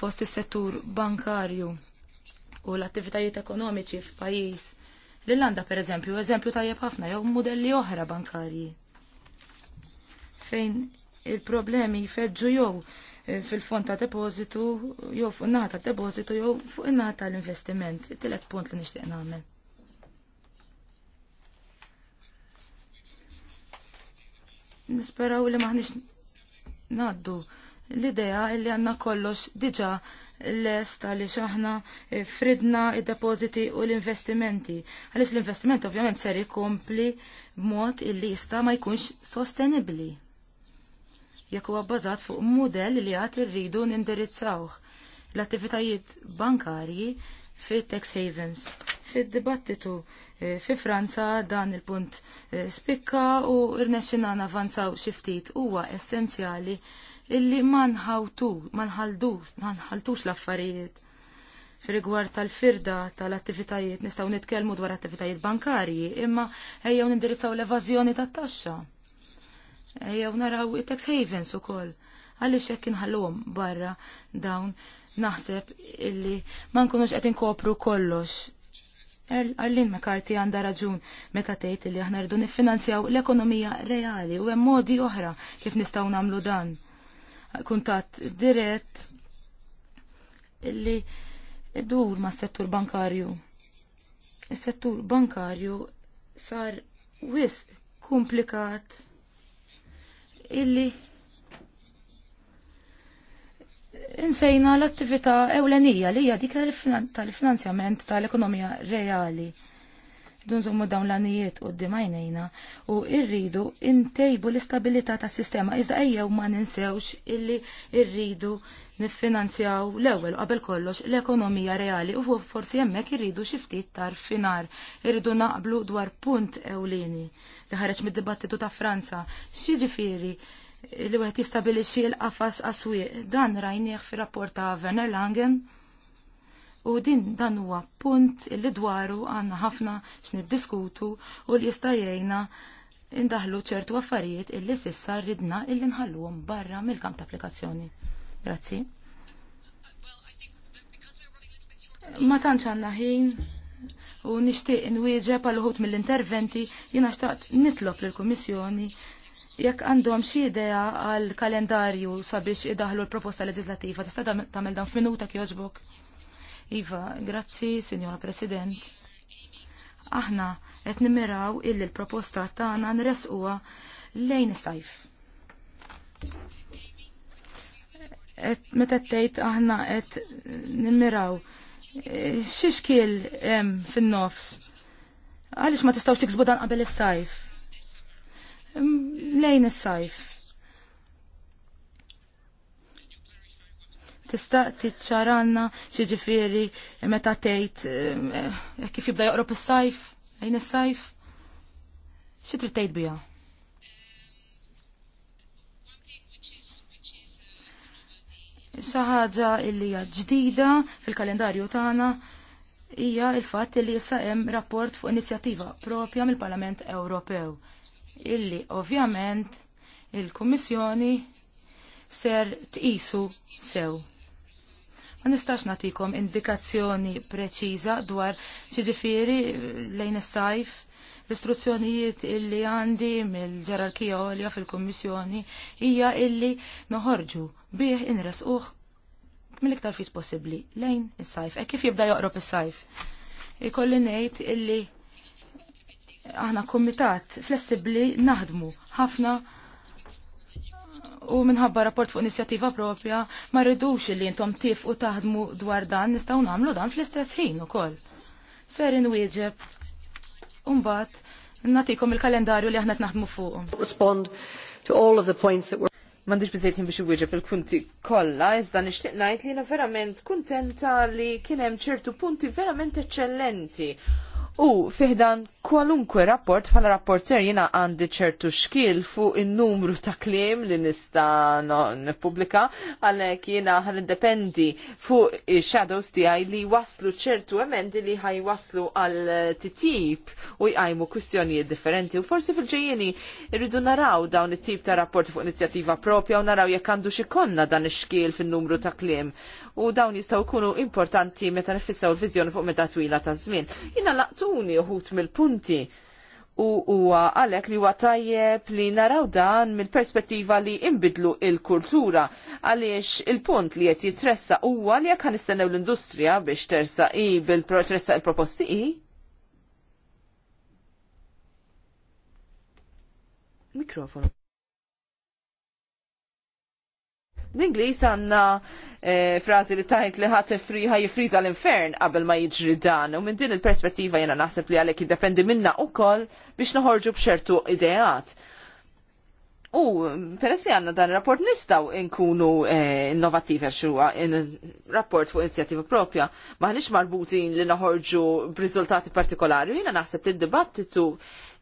fost is-settur bankarju u l-attivitajiet ekonomiċi f'pajjiż L-Irlanda per eżempju, eżempju tajjeb ħafna jew modelli oħra bankarji. Fejn il-problemi jfedġu jew eh, fil-fond ta' depożitu jew fuq in ta' depożitu jew fuq in ta' tal-investiment. Tilet punt li nixtieq nagħmel. Nisperaw li maħniex ngħaddu l-idea li għandna kollox diġà lest għaliex aħna eh, fridna id depositi u l-investimenti. Għaliex l-investiment ovvjament ser ikompli b'mod illi jista' ma jkunx sostenibbli. Jekk huwa bbażat fuq model li għad irridu nindirizzawh l-attivitajiet bankarji fi tax havens. Fid-dibattitu eh, fi Franza dan il-punt eh, spikka u rnexxina navanzaw xi ftit huwa essenzjali illi ma nħawtu, ma nħaltux l-affarijiet. Fir-rigward tal-firda tal-attivitajiet nistgħu nitkellmu dwar attivitajiet bankarji, imma ejjew nindirizzaw l-evażjoni tat-taxxa. Ejjew naraw it-tax havens ukoll. Għaliex hekk inħalluhom barra dawn naħseb illi ma nkunux qed inkopru kollox. Er- Arlin McCarthy għanda raġun meta tgħid li aħna rridu niffinanzjaw l-ekonomija reali u hemm modi oħra kif nistgħu nagħmlu dan kuntatt dirett illi dur ma' settur bankarju. Is-settur bankarju sar wis komplikat illi insejna l-attività ewlenija li hija dik tal-finanzjament tal-ekonomija reali dunżommu dawn l-anijiet u d-dimajnejna u irridu intejbu l-istabilità ta' sistema iżda ejjew ma ninsewx illi irridu niffinanzjaw l-ewwel qabel kollox l-ekonomija reali u forsi hemmhekk irridu xi ftit finar irridu naqblu dwar punt ewlieni li ħareġ mid-dibattitu ta' Franza. X'jiġifieri li wieħed jistabilixxi l-qafas aswi Dan rajnieh fir-rapport ta' Werner Langen u din dan huwa punt li dwaru għanna ħafna x'niddiskutu u li jista' jgħinna indaħlu ċertu affarijiet illi sissa ridna illi nħalluhom barra mill-kamp ta' applikazzjoni. Grazzi. Ma tantx għandna ħin u nixtieq inwieġeb għal uħud mill-interventi jiena xtaqt nitlob lill-Kummissjoni jekk għandhom xi idea għal kalendarju sabiex idaħlu l-proposta leġislattiva tista' tagħmel dan f'minuta kjoġbok. Iva, grazzi, signora President. Aħna qed nimmiraw illi l-proposta tagħna nresquha lejn is-sajf. Meta tgħid aħna qed nimmiraw x'ixkiel hemm fin-nofs. Għaliex ma tistgħux tiksbu dan qabel is-sajf? Lejn is-sajf tista' tiċċaranna xieġifiri meta tgħid eh, kif jibda joqrob is-sajf, għajn is-sajf. Xi trid tgħid biha? Xi ħaġa li hija ġdida fil-kalendarju tagħna hija l-fatt li issa hemm rapport fuq inizjattiva propja mill-Parlament Ewropew illi ovvjament il-Kummissjoni ser tqisu sew. Ma nistax natikom indikazzjoni preċiża dwar xiġifieri lejn is-sajf l-istruzzjonijiet illi għandi mill-ġerarkija għolja fil-Kommissjoni hija illi noħorġu bih inresquh mill-iktar fis possibbli lejn is-sajf. E kif jibda joqrob is-sajf? Ikolli ngħid illi aħna kumitat flessibbli naħdmu ħafna u minħabba rapport fuq inizjattiva propja ma rridux li intom tif u taħdmu dwar dan nistgħu nagħmlu dan fl-istess ħin ukoll. Ser inwieġeb mbagħad natikom il-kalendarju li aħna naħdmu fuq. Respond to all of the points that were Mandiġ bizzejt biex iwieġeb il-punti kollha, iżda nixtieq ngħid li jiena verament kuntenta li kien hemm ċertu punti verament eċċellenti U fiħdan kwalunkwe rapport, bħala rapporter jina għandi ċertu xkil fuq il-numru ta' klim li nista n-publika, għalek jina għal-dependi fuq il-shadows tijaj li waslu ċertu emendi li ħaj waslu għal-titip u jgħajmu kwistjonijiet differenti. U forsi fil-ġejjeni rridu naraw dawn it-tip ta' rapport fuq inizjattiva propja u naraw jekk għandu xikonna dan il xkil fil-numru ta' klim. U dawn jistaw kunu importanti meta nifissaw il-vizjoni fuq meta twila ta' żmien. Jina laqtu persuni uħut mill-punti u huwa għalek li huwa tajjeb li naraw dan mill-perspettiva li imbidlu il-kultura għaliex il-punt li qed jitressa huwa li jekk nistennew l-industrija biex tersa i bil-proċessa il-proposti i. Mikrofonu. Bl-Inglis għanna eh, frazi li tajt li ħat jifriza l-infern qabel ma jiġri dan u minn din il-perspettiva jena naħseb li għalek jiddependi minna u koll biex naħorġu bċertu ideat. U peressi għanna dan rapport nistaw inkunu eh, innovativi għaxuwa, il rapport fuq inizjativa propja, maħnix marbutin li naħorġu b'riżultati partikolari, Jena naħseb li d-dibattitu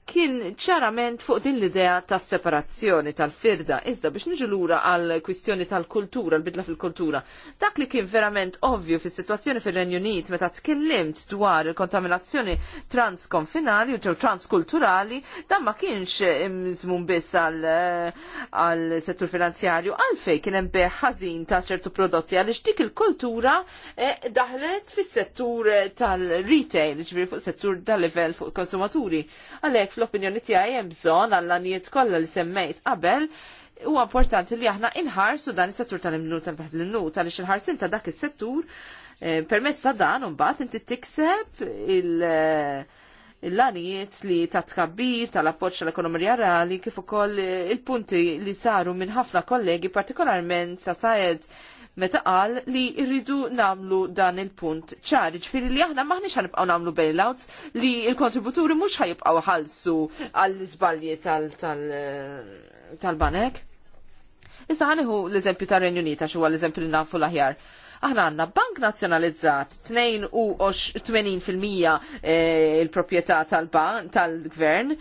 kien ċarament fuq din l-idea tas separazzjoni tal-firda, iżda biex niġu lura għal kwistjoni tal-kultura, l-bidla fil-kultura. Dak li kien verament ovvju fis situazzjoni fil-Renju Unit meta tkellimt dwar il-kontaminazzjoni transkonfinali u transkulturali, dan ma kienx mżmun biss għal settur finanzjarju, fej kien hemm beħ ħażin ta' ċertu prodotti għaliex dik il-kultura eh, daħlet fis-settur tal-retail, ġifieri fuq settur tal-livell fuq konsumaturi. Għalhekk fl-opinjoni tiegħi hemm bżonn għall-anijiet kollha li semmejt qabel u importanti li aħna inħarsu dan is-settur tal-imnu tal-imnu tal-ix il-ħarsin ta' dak is-settur eh, permezz ta' dan mbagħad inti tikseb il- eh, lanijiet li ta' tkabbir tal-appoċ tal-ekonomija reali kif ukoll eh, il-punti li saru minn ħafna kollegi partikolarment sa' Saed meta qal li rridu namlu dan il-punt ċar, ġifiri li aħna maħniex ħanibqaw namlu bailouts li il-kontributuri mhux ħajibqaw ħalsu għall-iżbalji tal-banek. Issa ħaniħu l-eżempju tar Renju Unita xuwa l-eżempju li nafu l-aħjar. Aħna għandna bank nazzjonalizzat 82% eh, il-proprjetà tal-gvern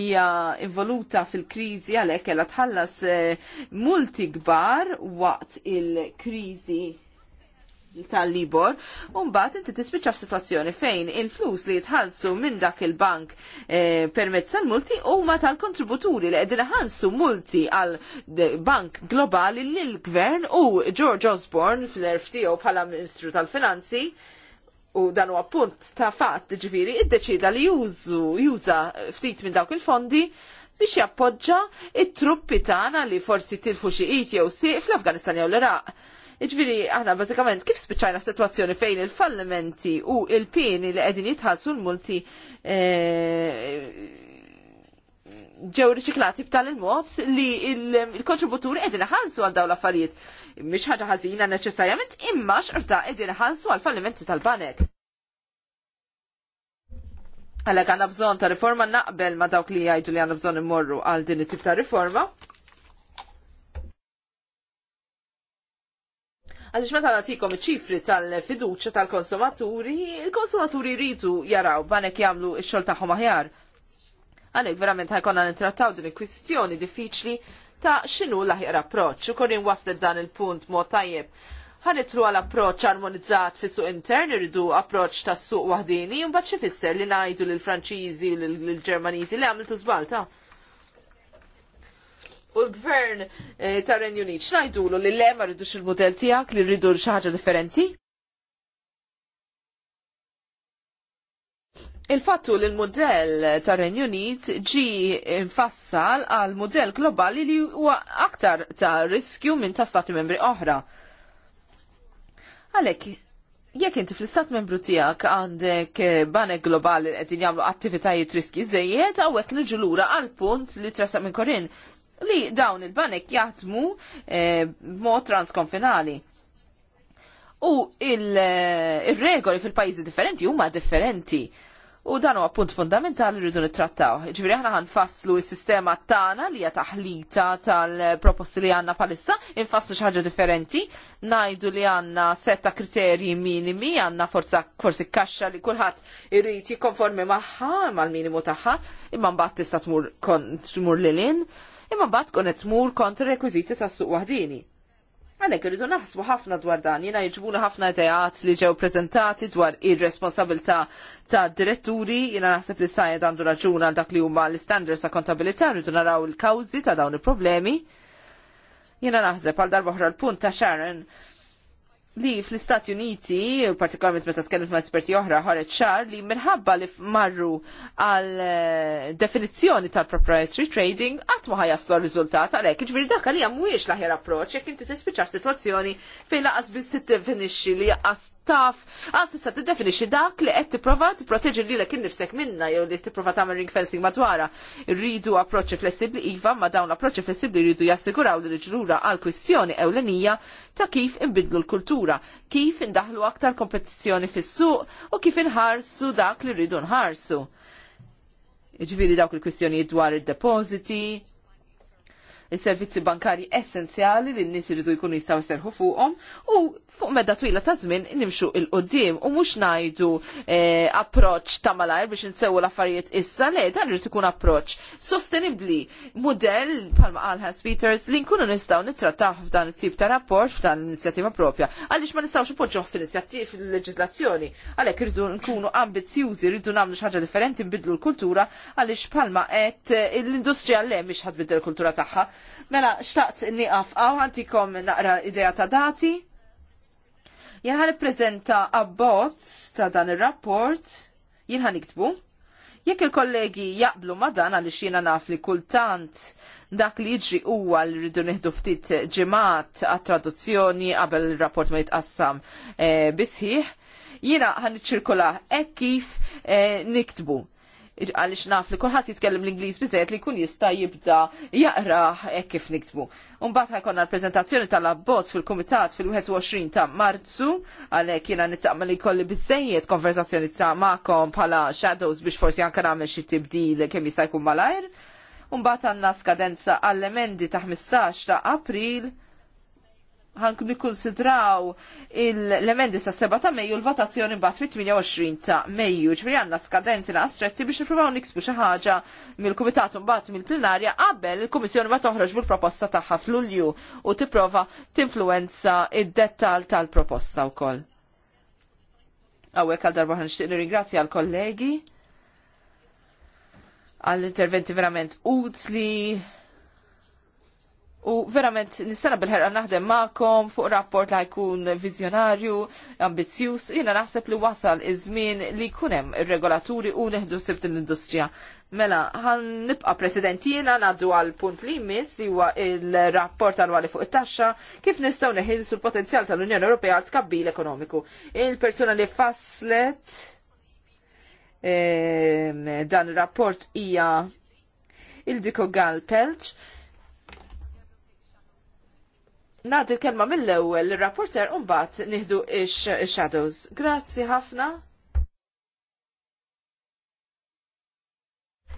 hija involuta fil-kriżi għalek kellha tħallas eh, multi kbar waqt il-kriżi tal-libor, mbagħad inti tispiċa situazzjoni fejn il-flus li jitħallsu minn dak il-bank eh, permezz tal-multi u ma tal-kontributuri li għedin ħansu multi għal bank globali l-gvern u George Osborne fl-erf tiegħu bħala Ministru tal-Finanzi u dan huwa punt ta' fatt ġifiri iddeċida li jużu juża ftit minn dawk il-fondi biex jappoġġa it-truppi tagħna li forsi tilfu xi jew sieq fl-Afganistan jew l-Iraq Iġviri, aħna bazzikament kif spiċajna situazzjoni fejn il-fallimenti u il-pieni li għedin jitħalsu l-multi eh, ġew riċiklati b'tal il-mod li il-kontributuri qegħdin iħallsu għal dawn l-affarijiet. Mhix ħaġa ħażina neċessarjament imma xorta qegħdin iħallsu għal fallimenti tal-banek. Għalhekk għandna bżonn ta' riforma naqbel ma' dawk li jgħidu li għanna bżonn immorru għal din it-tip ta' riforma Għaliex meta nagħtikom iċ-ċifri tal-fiduċja tal-konsumaturi, il-konsumaturi jridu jaraw banek jagħmlu x-xogħol tagħhom aħjar. Għalhekk verament ħajkonna nittrattaw din il-kwistjoni diffiċli ta' x'inhu l-aħjar approċċ. Ukoll waslet dan il-punt mod tajjeb ħanitlu għal approċ armonizzat fis suq intern, iridu approċ tas suq wahdini, un bat fisser li najdu l-Franċiżi u l-Ġermaniżi li għamiltu zbalta u l-gvern eh, ta' Renju Unit l li l ma rridux il model tiegħek li rridu xi ħaġa differenti? Il-fattu li l model ta' Renju Unit ġi infassal għal model globali li huwa aktar ta' riskju minn ta' stati membri oħra. Għalek, jekk inti fl-istat membru tiegħek għandek eh, banek globali qed jagħmlu attivitajiet riski zejjed, hawnhekk niġu lura għal punt li trasaq minn Korin li dawn il-banek jaħdmu eh, b'mod transkonfinali. U il-regoli eh, fil-pajjiżi differenti huma differenti. U dan huwa punt fundamentali rridu nittrattaw. Ġifieri aħna ħanfasslu s-sistema tagħna li hija taħlita tal-proposti li għandna palissa, infasslu xi ħaġa differenti, ngħidu li għandna setta kriterji minimi, għandna forsa forsi kaxxa li kulħadd irid jikkonformi magħha mal-minimu tagħha, imma mbagħad tista' tmur lilin imma bat tkun qed tmur kontra rekwiżiti tas-suq wahdini. Għalhekk irridu naħsbu ħafna dwar dan, jiena jġbuna ħafna ideat li ġew prezentati dwar ir-responsabilità ta' diretturi, jiena naħseb li sajed għandu raġuna għal dak li huma l-standards ta' kontabilità, rridu naraw il-kawżi ta' dawn il-problemi. Jiena naħseb għal darba oħra l-punt ta' Sharon li fl-Istati Uniti, partikolarment meta tkellem ma' esperti oħra, ħareġ xar li minħabba li marru għal eh, definizzjoni tal-proprietary trading qatt ma ħajaslu għal-riżultat għalhekk. Ġifieri dak għalija mhuwiex l-aħjar approċċ jekk inti tispiċċa sitwazzjoni fejn laqas biss tiddefinixxi li jaqas taf, għas tista' tiddefinixxi dak li qed tipprova l lilek innifsek minna jew li tipprova tagħmel ring fencing madwarha. Rridu approċċi flessibbli iva, ma dawn l-approċċi flessibbli jridu jassiguraw li l-ġrura għal kwistjoni ewlenija ta' kif inbidlu l-kultura, kif indaħlu aktar kompetizzjoni fis-suq u kif inħarsu dak li rridu nħarsu. Iġviri dawk il-kwistjoni dwar id-depositi, il-servizzi bankari essenzjali li n-nis iridu jkunu jistaw serħu fuqhom u fuq medda twila ta' żmien nimxu il qoddim u mhux ngħidu eh, approċċ ta' malajr biex insewwu l-affarijiet issa le dan irid ikun approċċ sostenibbli, mudell bħalma qal Hans Peters li nkunu nistgħu nittrattaħ f'dan it-tip ta' rapport f'dan l-inizjattiva propja. Għaliex ma nistgħux ipoġġoh f'inizjattiv fil leġislazzjoni Għalhekk irridu nkunu ambizzjużi, rridu nagħmlu xi ħaġa differenti nbidlu l-kultura għaliex bħalma qed eh, l-industrija le mhix ħadbidel l-kultura tagħha Mela, xtaqt niqaf għaw għantikom naqra idea ta' dati. Jena ħan prezenta abbozz ta' dan il-rapport, jena għan iktbu. Jekk il-kollegi jaqblu ma' dan għal xiena naf li kultant dak li jiġri huwa li rridu nieħdu ftit ġimgħat għat-traduzzjoni qabel il-rapport ma jitqassam eh, bisħiħ, jiena ħan iċċirkola hekk kif eh, niktbu għalix naf li kulħadd jitkellem l inglis biżejjed li jkun jista' jibda jaqra hekk kif niktbu. Mbagħad ħajkonna l-preżentazzjoni tal-abbozz fil-Kumitat fil-21 ta' Marzu għalhekk jiena nittaqma li jkolli biżejjed konverzazzjoni ta' makom bħala shadows biex forsi anke nagħmel xi tibdil kemm jista' jkun malajr. Mbagħad għandna skadenza għall-emendi ta' 15 ta' April ħank nikkonsidraw l-emendi sa' 7 ta' Mejju l-votazzjoni bat fit-28 ta' Mejju. Ġviri għanna skadenzi na' stretti biex nipruvaw niksbu xi ħaġa mill-Kumitat mbagħad mill-Plenarja qabel il-Kummissjoni ma toħroġ bil-proposta tagħha f'Lulju u tipprova tinfluenza id-dettal tal-proposta wkoll. Għawek għal darba ħanxtiq nirringrazzja għal-kollegi għall-interventi verament utli U verament nistana bil-ħerqa naħdem maqom fuq rapport li jkun vizjonarju, ambizjus, jiena naħseb li wasal iż-żmien li jkun hemm regolaturi u neħdu sibt l-industrija. Mela, għan nibqa presidentina naddu għal punt li jmiss li huwa il-rapport annwali fuq it-taxxa kif nistgħu neħilsu l-potenzjal tal-Unjoni Ewropea għal tkabbil ekonomiku. Il-persuna li faslet ehm, dan ir-rapport hija il-Diko Gal Pelċ Nad il-kelma mill-ewel il-rapporter unbat nihdu ix-shadows. Grazzi ħafna.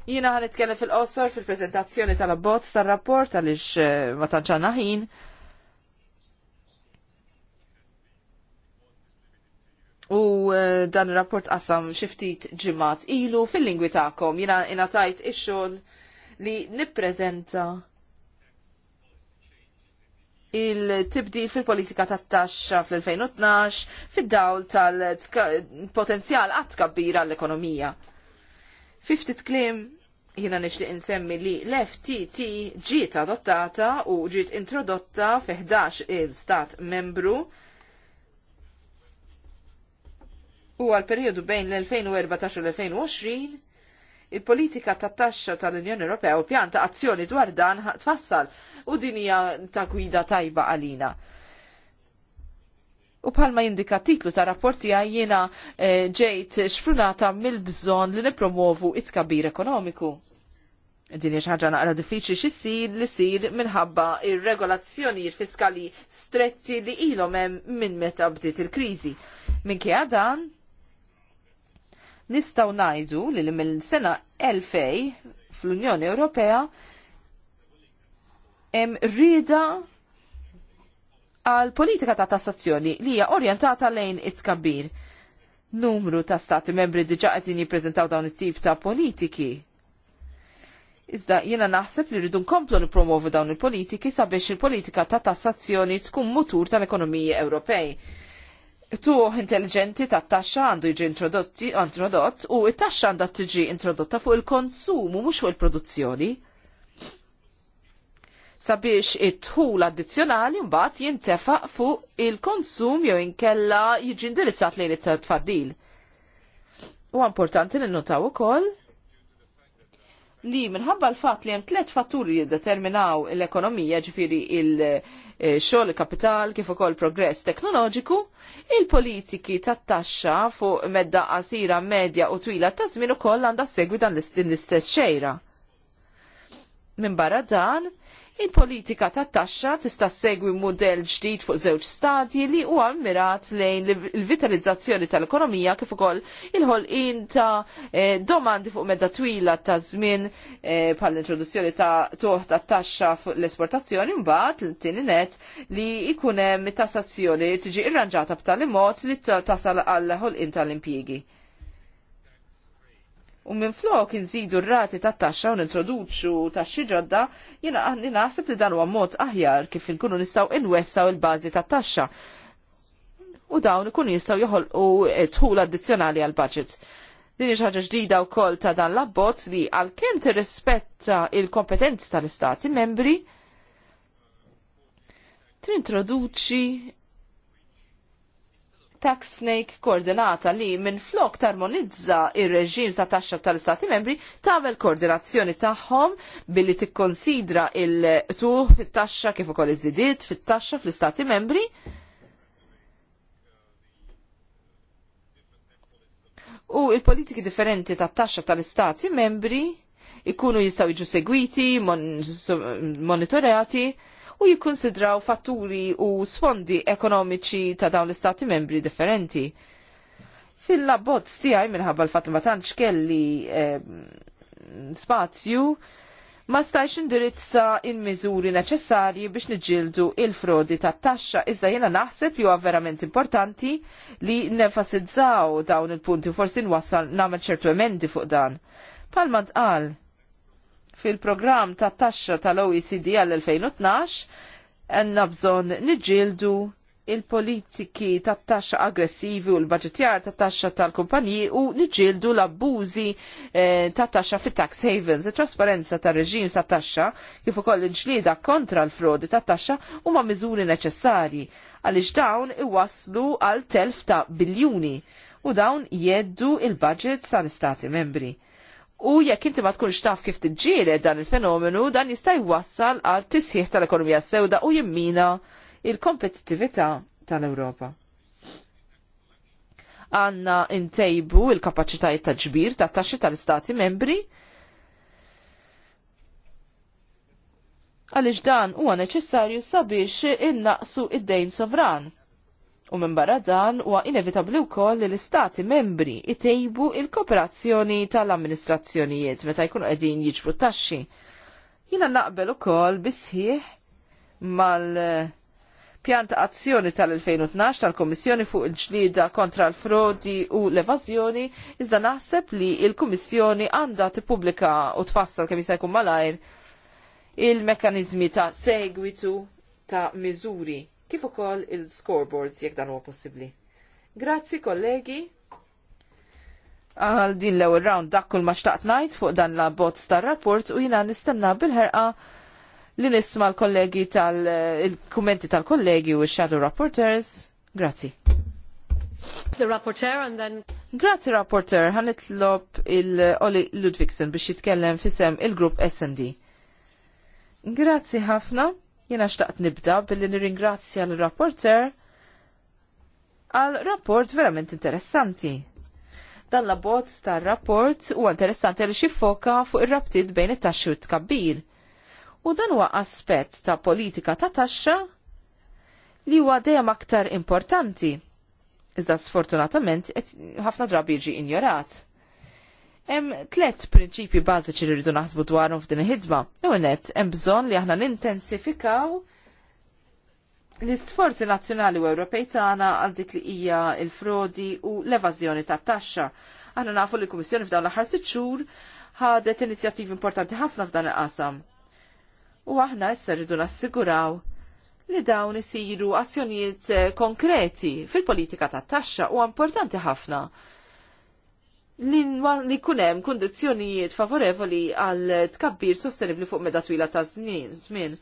Jina għan itkellem fil-qosor fil-prezentazzjoni tal-abbozz tal-rapport għaliex eh, ma tanċanna ħin. U eh, dan il-rapport qasam xiftit ġimat ilu fil-lingwi ta'kom. Jina inatajt ix-xogħol li nippreżenta il-tibdil fil-politika tat taxxa fl-2012 fid-dawl tal-potenzjal għat kabbira l-ekonomija. Fiftit klim jina nixtieq insemmi li l-FTT ġiet adottata u ġiet introdotta fi 11 il-stat membru u għal periodu bejn l-2014 u l-2020 il-politika ta' taxxa tal-Unjoni Ewropea u pjan ta' azzjoni dwar dan tfassal u din hija ta' gwida tajba għalina. U palma jindika titlu ta' rapporti jiena eh, ġejt xprunata mill-bżon li nipromovu it-kabir ekonomiku. Din ħaġa naqra diffiċli x'issir li sir minħabba ir-regolazzjonijiet fiskali stretti li ilhom hemm minn meta bdiet il-kriżi. Minkejja dan, nistaw najdu li mill-sena 2000 fl-Unjoni Ewropea hemm rida għal politika ta' tassazzjoni li hija orjentata lejn it-tkabbir. Numru ta' stati membri diġa qed jippreżentaw dawn it-tip ta' politiki. Iżda jiena naħseb li rridu nkomplu nippromovu dawn il-politiki sabiex il-politika ta' tassazzjoni tkun mutur tal-ekonomiji Ewropej tuħ intelligenti ta' taxxa għandu jiġi introdotti introdott u it-taxxa għandha tiġi introdotta fuq il-konsum u mhux fuq il-produzzjoni. Sabiex it-tħul addizzjonali mbagħad jintefaq fuq il-konsum jew inkella jiġi indirizzat lejn it-tfaddil. U importanti ninnotaw ukoll li minħabba l-fat li hemm tliet fatturi jiddeterminaw l-ekonomija ġifiri il-xogħol kapital kif ukoll progress teknoloġiku, il-politiki tat-taxxa fuq medda qasira medja u twila ta' żmien ukoll għandha segwi dan l-istess xejra. Minn barra dan, Il-politika tat taxxa tista' segwi mudell ġdid fuq żewġ stadji li huwa mirat lejn il-vitalizzazzjoni tal-ekonomija kif ukoll il-ħolqien ta' eh, domandi fuq medda twila ta' żmien eh, bħal introduzzjoni ta' toħ tat taxxa fuq l-esportazzjoni mbagħad l-tieni net li jkun hemm tassazzjoni tiġi irranġata b'tali mod li tasal għall ħolqien tal-impjiegi. U minn flok nżidu r-rati ta' taxxa u nintroduċu taxxi ġodda, jina naħseb li dan huwa mod aħjar kif inkunu nistgħu inwessaw il-bażi ta' taxxa. U dawn ikunu jistgħu joħolqu eh, tħul addizzjonali għal budget. Din hija ħaġa ġdida wkoll ta' dan l-abbozz li għalkemm tirrispetta il-kompetenzi tal-istati membri, trintroduċi tax snake koordinata li minn flok tarmonizza ir-reġim ta' taxxa tal-Istati membri tagħmel koordinazzjoni tagħhom billi tikkonsidra il-tuħ fit-taxxa kif ukoll iż-żidiet fit-taxxa fl-Istati membri. U il-politiki differenti ta' taxxa tal-Istati membri ikunu jistgħu jiġu segwiti, mon u jikkonsidraw fatturi u sfondi ekonomiċi ta' dawn l-istati membri differenti. Fil-labbozz tiegħi minħabba l-fatt ma tantx kelli ehm, spazju ma stajx indirizza il-miżuri neċessarji biex niġildu il-frodi tat taxxa iżda jiena naħseb li huwa verament importanti li nefasizzaw dawn il-punti u forsi nwassal nagħmel ċertu emendi fuq dan. Palma tqal, fil-programm ta' taxxa tal-OECD għall-2012 għanna bżon niġildu il-politiki tat taxxa aggressivi u l-budgetjar tat taxxa tal-kumpaniji u niġildu l-abbużi eh, taxxa fit tax havens. Il-trasparenza tar reġim ta' taxxa kif ukoll il-ġlieda kontra l-frodi tat taxxa huma miżuri neċessarji għaliex dawn iwaslu għal telf ta' biljuni u dawn jeddu il-budget tal-istati membri U jekk inti ma tkunx taf kif tiġġieled dan il-fenomenu, dan jista' jwassal għal tisħiħ tal-ekonomija sewda u jimmina il-kompetittività tal-Ewropa. Għanna intejbu il-kapacitajiet ta' ġbir ta' taxxi tal-istati membri għaliex dan huwa neċessarju sabiex innaqsu id-dejn sovran. U minn barra dan huwa inevitabbli wkoll li l-istati membri itejbu il-kooperazzjoni tal-amministrazzjonijiet meta jkunu qegħdin jiġbru taxxi. Jiena naqbel ukoll bisħieħ mal- pjanta azzjoni tal-2012 tal kommissjoni fuq il-ġlida kontra l-frodi u l-evazjoni, iżda naħseb li il-Komissjoni għandha tippubblika u tfassal kemm jista' jkun malajr il-mekkaniżmi ta' segwitu ta' miżuri kif ukoll il-scoreboards jekk dan huwa possibbli. Grazzi kollegi għal din l ewwel round dak kull ma xtaqt ngħid fuq dan la bozz tar-rapport u jiena nistenna bil-ħerqa li nisma l-kollegi tal-kummenti tal-kollegi u x-shadow rapporters. Grazzi. The rapporteur and then Grazzi rapporteur, ħanitlob il-Oli Ludwigsen biex jitkellem fisem il-grupp SD. Grazzi ħafna. Jena xtaqt nibda billi nirringrazzja l-rapporter għal rapport verament interessanti. Dan la bozz tar rapport u interessanti li xifoka fuq ir rabtid bejn it-taxxi u t-kabbir. U dan huwa aspett ta' politika ta' taxxa li huwa dejjem aktar importanti. Iżda sfortunatament ħafna drabi jiġi injorat. Hemm tliet prinċipji bażiċi li rridu naħsbu dwarhom f'din il-ħidma. L-ewwel nett hemm bżonn li aħna nintensifikaw l-isforzi nazzjonali u Ewropej tagħna għal dik li hija l-frodi u l-evażjoni tat-taxxa. Aħna nafu li l-Kummissjoni f'dawn l-aħħar sitt xhur ħadet inizjattivi importanti ħafna f'dan il-qasam. U aħna issa rridu nassiguraw li dawn isiru azzjonijiet eh, konkreti fil-politika tat-taxxa huwa importanti ħafna li kunem kondizjonijiet favorevoli għal tkabbir sostenibli fuq meda twila ta' żmien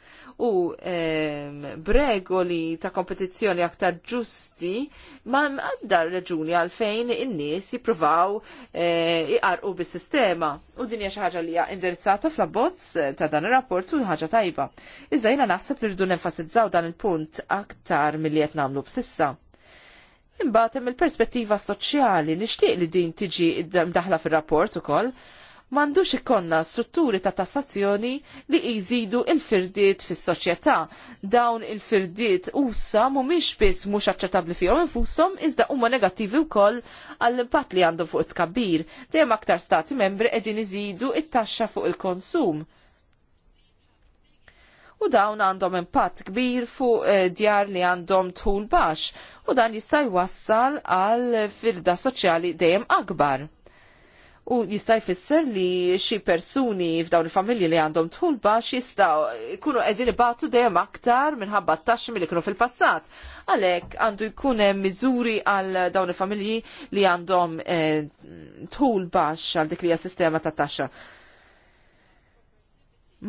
u ehm, bregoli ta' kompetizzjoni aktar ġusti ma għadda raġuni għalfejn in-nies jippruvaw eh, iqarqu bis-sistema u din hija xi ħaġa li hija indirizzata fl-abbozz ta' dan ir-rapport u ħaġa tajba. Iżda jiena naħseb li rridu nenfasizzaw dan il-punt aktar milli qed nagħmlu b'sissa Imbagħad hemm il-perspettiva soċjali nixtieq li din tiġi daħla fir-rapport ukoll M'għandux ikkonna strutturi ta' tassazzjoni li jżidu il-firdiet fis soċjetà Dawn il-firdiet ussa mhumiex biss mhux aċċettabbli fihom infushom iżda huma negattivi wkoll għall-impatt li għandhom fuq it-tkabbir. Dejjem aktar stati membri qegħdin iżidu it-taxxa fuq il-konsum u dawn għandhom impatt kbir fuq eh, djar li għandhom tħul baxx u dan jista' jwassal għal firda soċjali dejjem akbar u jista' jfisser li xi persuni f'dawn il-familji li għandhom tħul baxx jistgħu jkunu eh, qegħdin ibatu dejjem aktar minħabba t-taxxi milli fil-passat. Għalhekk għandu jkun hemm miżuri għal dawn il-familji li għandhom eh, tħul baxx għal dik li hija sistema ta' taxxa.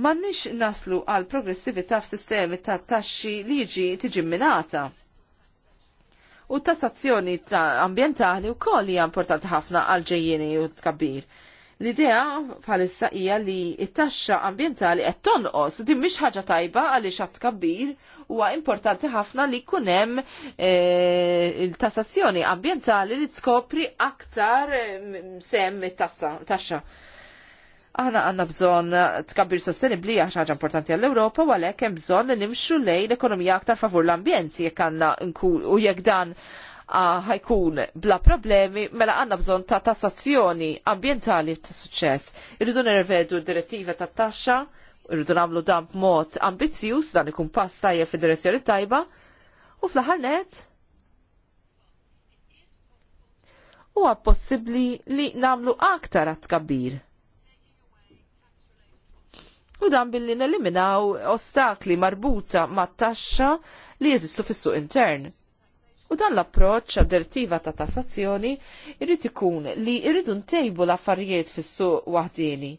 Mannix naslu għal progressivita f'sistemi ta' taxxi li jiġi tiġi minata. U tassazzjoni ta' ambientali u koll hija importanti ħafna għal ġejjini u tkabbir. L-idea bħalissa hija li it-taxxa ambjentali qed tonqos u din mhix ħaġa tajba għaliex għad tkabbir huwa importanti ħafna li jkun hemm eh, il-tassazzjoni ambjentali li tkopri aktar mm, sem it-taxxa. Aħna għanna bżon tkabbir sostenibli għax ħaġa importanti għall-Ewropa u għalhekk hemm bżonn nimxu lejn ekonomija aktar favur l-ambjent jekk għandna u jekk dan ħajkun bla problemi mela għanna bżon ta' tassazzjoni ambientali ta' suċċess. Irridu nervedu d-direttiva ta' taxxa, irridu namlu dan b'mod ambizzjuż dan ikun pass tajjeb fid-direzzjoni tajba u fl-aħħar net huwa possibbli li namlu aktar għat kabir u dan billi neliminaw ostakli marbuta ma' taxxa li jeżistu fis-suq intern. U dan l-approċċ għad direttiva ta' tassazzjoni irrid ikun li irridu ntejbu l-affarijiet fis-suq waħdini.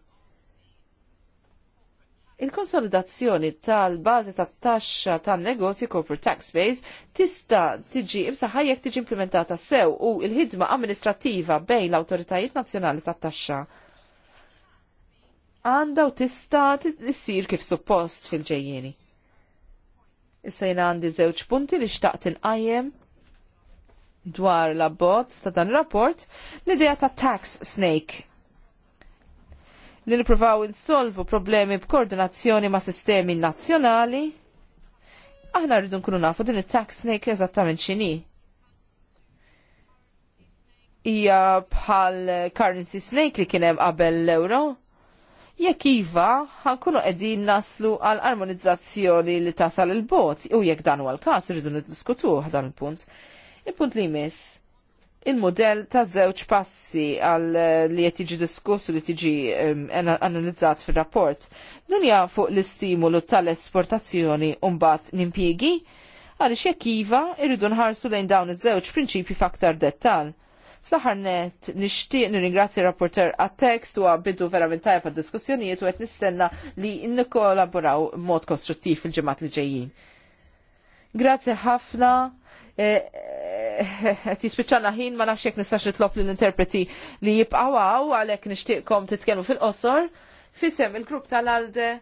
Il-konsolidazzjoni tal-bażi tat-taxxa tan-negozju corporate tax base tista' tiġi imsaħħa jekk tiġi implementata sew u l-ħidma amministrattiva bejn l-awtoritajiet nazzjonali tat-taxxa għanda u tista t-sir kif suppost fil-ġejjeni. Issa jena għandi żewġ punti li xtaqt inqajjem dwar la bot ta' dan rapport l-idea ta' tax snake li nipruvaw insolvu problemi b'koordinazzjoni ma' sistemi nazzjonali, aħna rridu nkunu nafu din it-tax snake eżattament x'inhi. Hija bħal currency snake li kien hemm qabel l-euro, Jekk iva, ħankunu qegħdin naslu għal armonizzazzjoni li tasal il-bot, u jekk dan huwa l-każ irridu niddiskutuh dan il-punt. Il-punt li jmiss il-modell ta' żewġ passi għal eh, li qed jiġi diskuss u li tiġi ehm, analizzat fir-rapport. Din hija fuq l-istimulu tal-esportazzjoni u mbagħad nimpjiegi għaliex jekk iva irridu nħarsu lejn dawn iż-żewġ prinċipji f'aktar dettall. Fl-aħħar net nixtieq nirringrazzja rapporter għat-tekst u għabidu verament tajab għad diskussjonijiet u qed nistenna li nikkolaboraw mod konstruttiv fil-ġimgħat li ġejjin. Grazzi ħafna. Eh, eh, Tispiċċana ħin ma nafx jekk nitlop li lill-interpreti li għaw għalhekk nishtiqkom titkellmu fil-qosor. Fisem il-grupp tal-Alde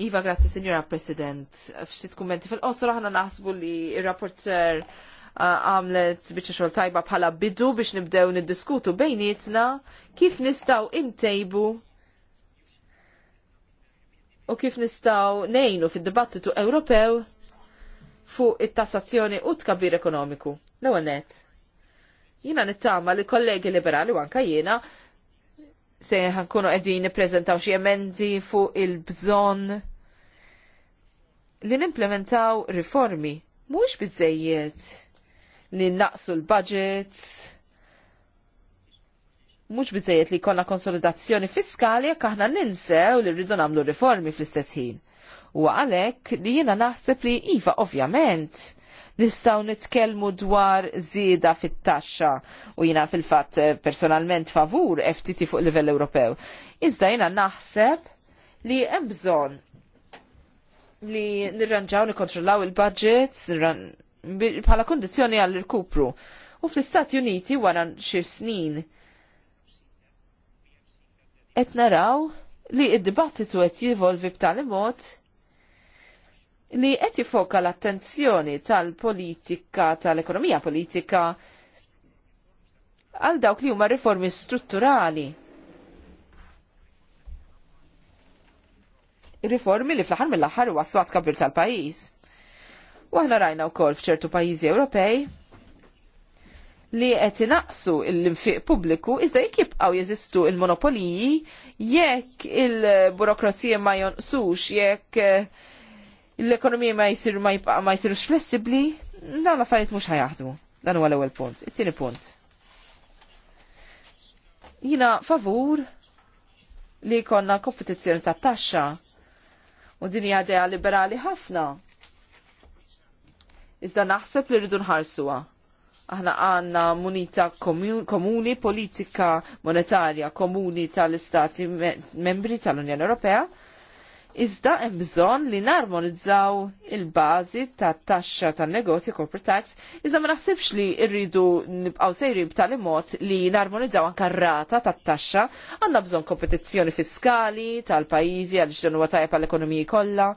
Iva, grazie, Signora President. Fxit kummenti fil-qosra ħana naħsbu li il-rapporter uh, għamlet biex xol tajba bħala bidu biex nibdew niddiskutu bejnietna kif nistaw intejbu u kif nistaw nejnu fil-dibattitu Ewropew fuq it-tassazzjoni u tkabbir ekonomiku. L-ewwel jina Jiena nittama li kollegi liberali u anka jiena se ħankunu qegħdin nippreżentaw xi emendi fuq il-bżonn li nimplementaw riformi. Mhux biżejjed li naqsu l-budgets, mhux biżejjed li jkollna konsolidazzjoni fiskali jekk aħna ninsew li rridu nagħmlu riformi fl-istess ħin. U għalhekk li jiena naħseb li iva ovvjament nistaw nitkellmu dwar żieda fit-taxxa u jina fil-fatt eh, personalment favur FTT fuq livell Ewropew. Iżda jina naħseb li hemm bżonn li nirranġaw, nikontrollaw il-budgets bħala kondizjoni għall-irkupru. U fl-Istati Uniti wara xi snin qed naraw li id-dibattitu qed jivolvi b'tali mod li qed jifoka l-attenzjoni tal-politika tal-ekonomija politika għal dawk li huma riformi strutturali riformi li fl-ħar mill-ħar u għat kabir tal-pajis. U aħna rajna u kol fċertu pajizi Ewropej li qed inaqsu l-infiq pubbliku iżda jekk jibqgħu jeżistu il-monopoliji jekk il-burokrazija ma jonqsux, jekk eh, l-ekonomija ma jisir ma jsirux flessibbli, dan l-affarijiet mhux ħajaħdmu. Dan huwa l-ewwel punt. It-tieni punt. Jina favur li konna kompetizzjoni ta' taxxa u din hija idea liberali ħafna. Iżda naħseb li rridu nħarsuha. Aħna għandna munita komuni, politika monetarja komuni tal-Istati membri tal-Unjoni Ewropea, iżda hemm bżonn li narmonizzaw il-bażi tat-taxxa tan-negozju corporate tax, iżda ma naħsibx li rridu nibqgħu sejrin b'tali mod li narmonizzaw anke rata tat-taxxa, għandna bżonn kompetizzjoni fiskali tal-pajjiżi għal x'dan huwa tajjeb għall-ekonomiji kollha.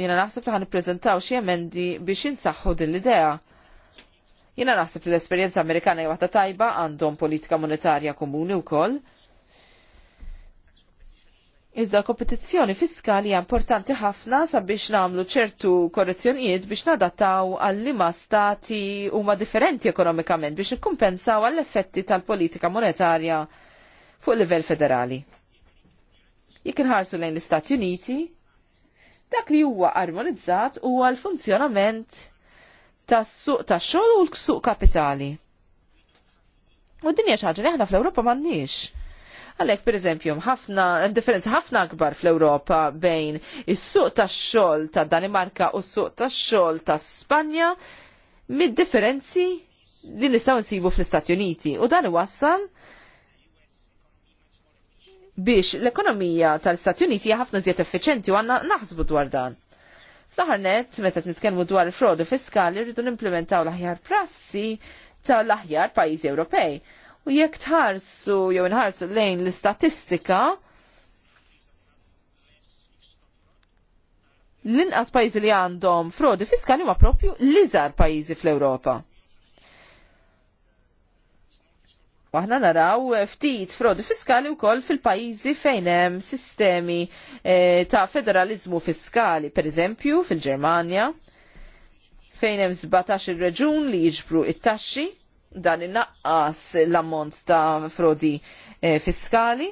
Jiena naħseb li ħanippreżentaw xi emendi biex insaħħu din l-idea. Jiena naħseb li l-esperjenza Amerikana hija waħda tajba għandhom politika monetarja komuni wkoll Iżda kompetizzjoni fiskali hija importanti ħafna sabiex nagħmlu ċertu korrezzjonijiet biex nadattaw għall-lima stati huma differenti ekonomikament biex nikkumpensaw għall-effetti tal-politika monetarja fuq livell federali. Jekk inħarsu lejn l-Istati Uniti, dak li huwa armonizzat huwa l-funzjonament tas-suq tax-xogħol u l-suq kapitali. U d-dinja xaġa li aħna fl-Ewropa m'għandniex. Għalhekk pereżempju ħafna hemm differenza ħafna akbar fl-Ewropa bejn is-suq tax-xogħol ta' Danimarka u s-suq tax-xogħol ta' Spanja mid-differenzi li nistgħu nsibu fl-Istati Uniti u dan iwassal biex l-ekonomija tal-Stati Uniti hija ħafna żjed effiċenti u għandna naħsbu dwar dan. Fl-aħħar nett, meta nitkellmu dwar il-frodi fiskali, rridu nimplementaw l-aħjar prassi tal-aħjar pajjiżi Ewropej U jekk tħarsu jew inħarsu lejn l-istatistika l-inqas pajjiżi li għandhom frodi fiskali huma propju l-iżgħar pajjiżi fl-Ewropa. Aħna naraw ftit frodi fiskali wkoll fil-pajjiżi fejn hemm sistemi e, ta' federalizmu fiskali, pereżempju fil-Ġermanja, fejn hemm 17 reġun li jiġbru it-taxxi dan innaqqas l-ammont ta' frodi eh, fiskali.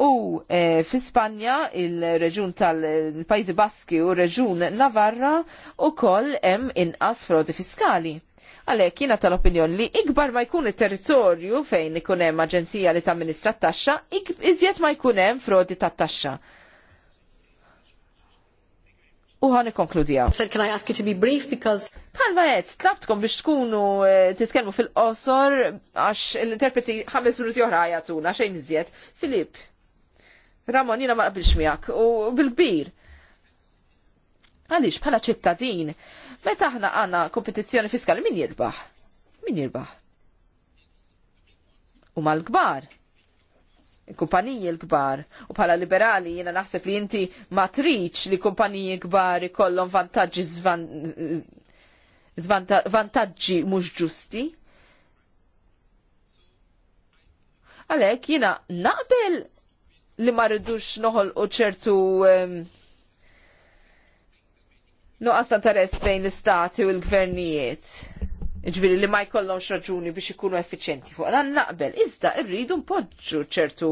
U eh, fl fi Spanja il-reġun tal-Pajzi Baski u reġun Navarra u koll hemm inqas frodi fiskali. Għalek jina tal-opinjon li ikbar ma jkun il-territorju fejn ikun hemm aġenzija li ministra t-taxxa, iżjed ma jkun hemm frodi tat-taxxa u ħan Sir, can I ask you to be brief because... Palma jett, tlabtkom biex tkunu eh, titkellmu fil-qosor għax l-interpreti ħames minuti oħra jagħtuna xejn iżjed. Filip, Ramon, jina ma xmijak miegħek u bil-kbir. Għaliex bħala ċittadin, meta aħna għandna kompetizzjoni fiskali min jirbaħ? Min jirbaħ? U mal-kbar kumpaniji l-kbar. U bħala liberali jiena naħseb li inti matriċ li kumpaniji kbar ikollhom vantaġġi vantaġġi mhux ġusti. Għalhekk jiena naqbel li ma rridux noħol u ċertu um, nuqqas ta' interess bejn l-istati u l-gvernijiet. Ġviri li ma jkollhomx raġuni biex ikunu effiċenti fuq dan naqbel. Iżda rridu npoġġu ċertu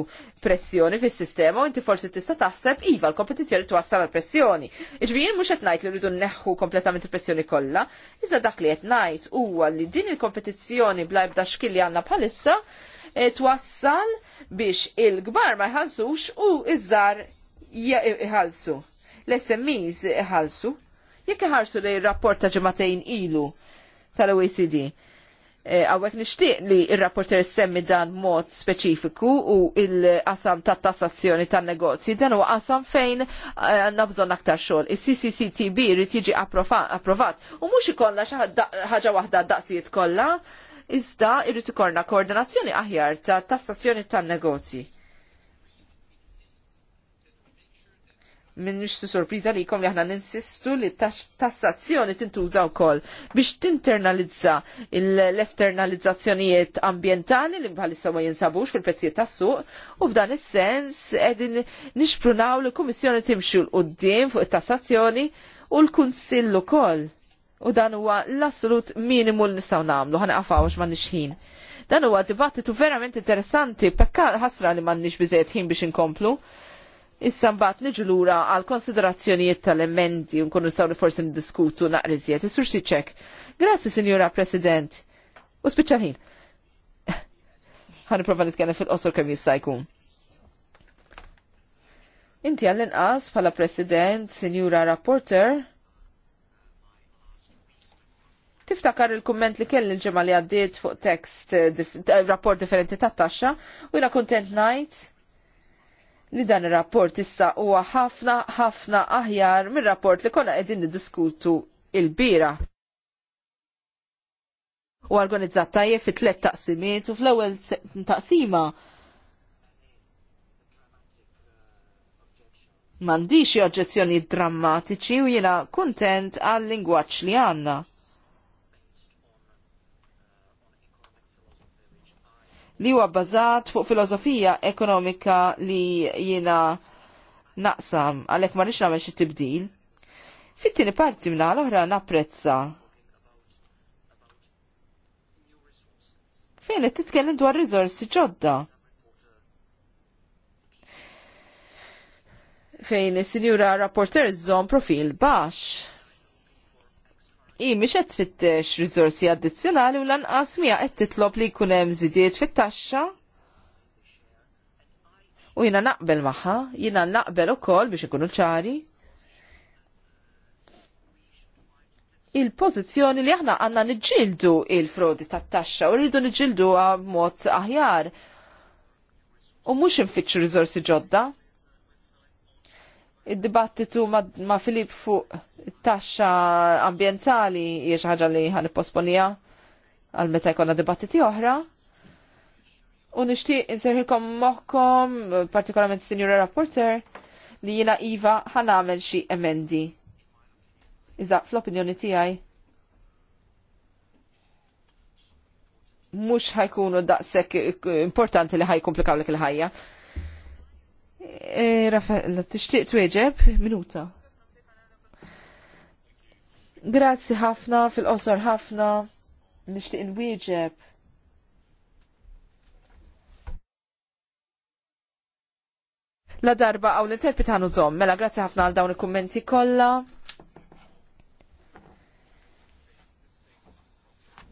pressjoni fis-sistema u inti forsi tista' taħseb iva l-kompetizzjoni twassal għal pressjoni. Ġviri mhux qed ngħid li rridu neħħu kompletament il-pressjoni kollha, iżda dak li qed ngħid huwa li din il-kompetizzjoni bla jibda xkilli għandna bħalissa e, twassal biex il-gbar ma jħallsux u iż jħallsu. L-SMEs jħallsu. Jekk iħarsu li rapport ta' ġematejn ilu tal-OECD. Eh, għawek e, nishtiq li il-rapporter semmi dan mod speċifiku u il-qasam ta' tassazzjoni tan negozji dan u qasam fejn eh, għanna bżon aktar xogħol. Is-CCCTB rrit jiġi approvat u mhux ikolla xi ħaġa waħda daqsijiet kollha, iżda irrid ikorna koordinazzjoni aħjar ta' tassazzjoni tan negozji minnix sorpriża li jkom li aħna ninsistu li tassazzjoni tintuża wkoll biex tinternalizza l-esternalizzazzjonijiet ambjentali li bħalissa ma jinsabux fil-prezzijiet tas-suq u f'dan is-sens qegħdin nixprunaw li kummissjoni timxu l qoddim fuq it-tassazzjoni u l-kunsill ukoll. U dan huwa l-assolut minimu li nistgħu nagħmlu ħanqafawx ma nixħin. Dan huwa dibattitu verament interessanti, pekka ħasra li m'għandniex biżejjed ħin biex inkomplu Issa mbagħad niġu lura għal konsiderazzjonijiet tal-emendi u nkunu nistgħu forsi niddiskutu naqriżiet. Isur xi Grazzi, Sinjura President. U spiċċa ħin. (laughs) Ħanipprova nitkellem fil-qosor kemm jista' jkun. Inti għall-inqas bħala President, Sinjura Rapporter, Tiftakar il-komment li kelli il ġemma li għaddiet fuq tekst, eh, rapport differenti ta' taxxa, u jina kontent najt li dan ir-rapport issa huwa ħafna ħafna aħjar mir-rapport li konna qegħdin niddiskutu il-bira. U organizzat tajjeb fi tliet taqsimiet u fl-ewwel taqsima m'għandix oġġezzjoni drammatiċi u jiena kuntent għal lingwaġġ li għandna. li huwa bbażat fuq filosofija ekonomika li jiena naqsam għalhekk ma rridx nagħmel xi tibdil. Fit-tieni parti minnha l-oħra napprezza fejn qed titkellem dwar riżorsi ġodda. Fejn is-sinjura rapporter żomm profil baxx i mhix qed tfittex rizorsi addizzjonali u lanqas mija qed titlob li jkun hemm żidiet fit-taxxa U jina naqbel maħħa, jina naqbel u kol biex ikunu ċari. Il-pozizjoni li aħna għanna nġildu il-frodi tat taxxa u rridu nġildu għamot aħjar. U mux nfittxu rizorsi ġodda id-dibattitu ma' Filip fuq it-taxxa ambientali hija xi ħaġa li ħan posponija għal meta jkollna dibattiti oħra. U nixtieq inserħilkom moħħkom, partikolarment Sinjura Rapporter, li jiena Iva ħan għamel xi emendi. Iżda fl-opinjoni tiegħi mhux ħajkunu daqshekk importanti li ħajkomplikaw lek il-ħajja t-ixtiq eh, tixtieq weġeb Minuta. Grazzi ħafna, fil-qosor ħafna, nixtieq weġeb La darba għaw l-interpretanu zom, mela grazzi ħafna għal dawn il-kommenti kolla.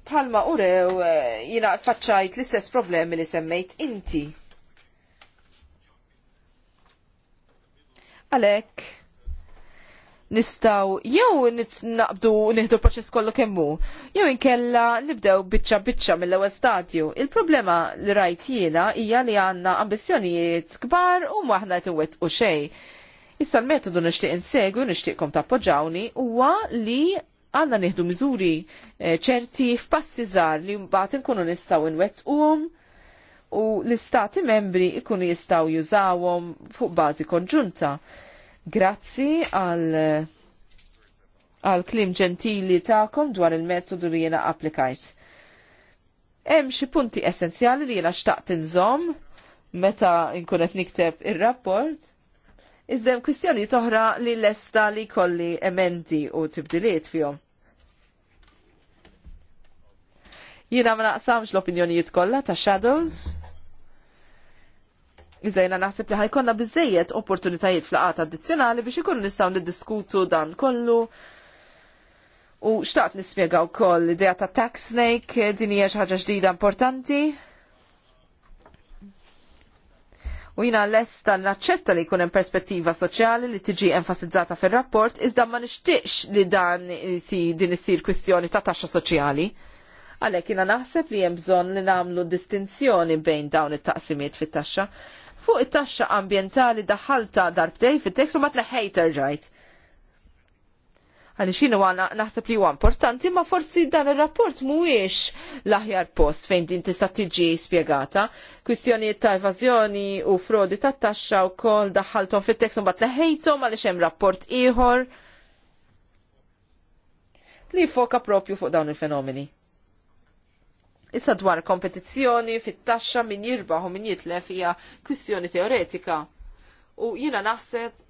Palma urew eh, jina faċċajt l-istess problemi li semmejt inti. Għalek, nistaw jew naqbdu nieħdu proċess kollu kemmu, jew inkella nibdew biċċa biċċa mill-ewwel stadju. Il-problema li rajt jiena hija li għandna ambizzjonijiet kbar u maħna qed u xejn. Issa l-metodu nixtieq insegwi u nixtieqkom tappoġġawni huwa li għandna nieħdu miżuri eh, ċerti f'passi żgħar li mbagħad inkunu nistgħu nwettquhom u l-istati membri ikunu jistgħu jużawhom fuq bażi konġunta Grazzi għal għal klim ġentili ta'kom dwar il-metodu li jena applikajt. Hemm xi punti essenzjali li jena xtaqt inżom meta inkunet nikteb ir-rapport. Iżda hemm kwistjoni toħra li lesta li kolli emendi u tibdiliet fihom. Jiena ma naqsamx l-opinjonijiet kollha ta' Shadows, Iżajna naħseb li ħajkonna bizzejiet opportunitajiet fl għata addizzjonali biex ikun nistaw niddiskutu dan kollu. U xtaqt nispjega wkoll l-idea ta' tax snake din hija xi ħaġa ġdida importanti. U jina lesta naċċetta li jkun hemm perspettiva soċjali li tiġi enfasizzata fir-rapport iżda ma nixtiex li dan si din issir kwistjoni ta' taxxa soċjali għalek jina naħseb li bżonn li namlu distinzjoni bejn dawn it-taqsimiet fit-taxxa. Fuq it-taxxa ambjentali daħħalta darbtej fit-tekst u ma tneħħej terġajt. Għalli xinu għana naħseb li huwa importanti, ma forsi dan il-rapport mhuwiex l-aħjar post fejn din tista' tiġi spjegata. Kwistjonijiet ta' evażjoni u frodi ta' taxxa wkoll daħħalthom fit-tekst u mbagħad neħejthom għaliex hemm rapport ieħor li foka propju fuq dawn il-fenomeni. Issa dwar kompetizzjoni fit-taxxa min jirbaħ u min jitlef hija kwistjoni teoretika. U jiena naħseb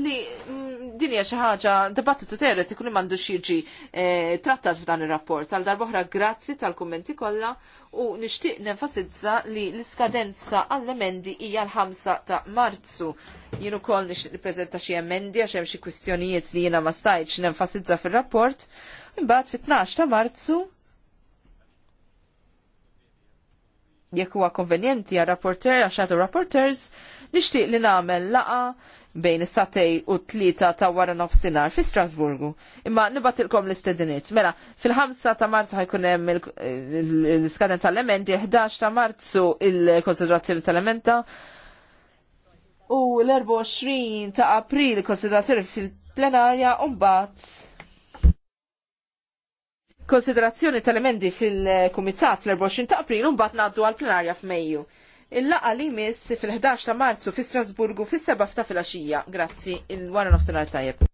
li mm, din hija xi ħaġa dibattitu teoretiku li m'għandux jiġi eh, trattat f'dan ir-rapport. Għal darb'oħra grazzi tal-kummenti kollha u nixtieq nenfasizza li l-iskadenza għall-emendi hija l-5 ta' Marzu. Jien ukoll nixtieq nippreżenta xi emendi għax hemm xi kwistjonijiet li jiena ma stajtx nenfasizza fir-rapport. Imbagħad fit-12 ta' Marzu jekk huwa konvenjenti għal rapporter għax għadu rapporters, nixtieq li nagħmel laqa bejn is-satej u t-tlieta ta' wara nofsinhar fi Strasburgu. Imma nibatilkom l-istedinit. Mela, fil ħamsa ta' Marzu ħajkun hemm l-iskaden tal-elementi, 11 ta' Marzu il-konsiderazzjoni tal-elementa u l-24 ta' April il konsiderazzjoni fil-plenarja u mbagħad konsiderazzjoni tal-emendi fil-Kumitat l-24 ta' April un bat naddu għal-plenarja f'Mejju. Il-laqa li mis fil-11 ta' Marzu fi Strasburgu fis-7 ta' filgħaxija. Grazzi, il-wara nofsinhar tajjeb.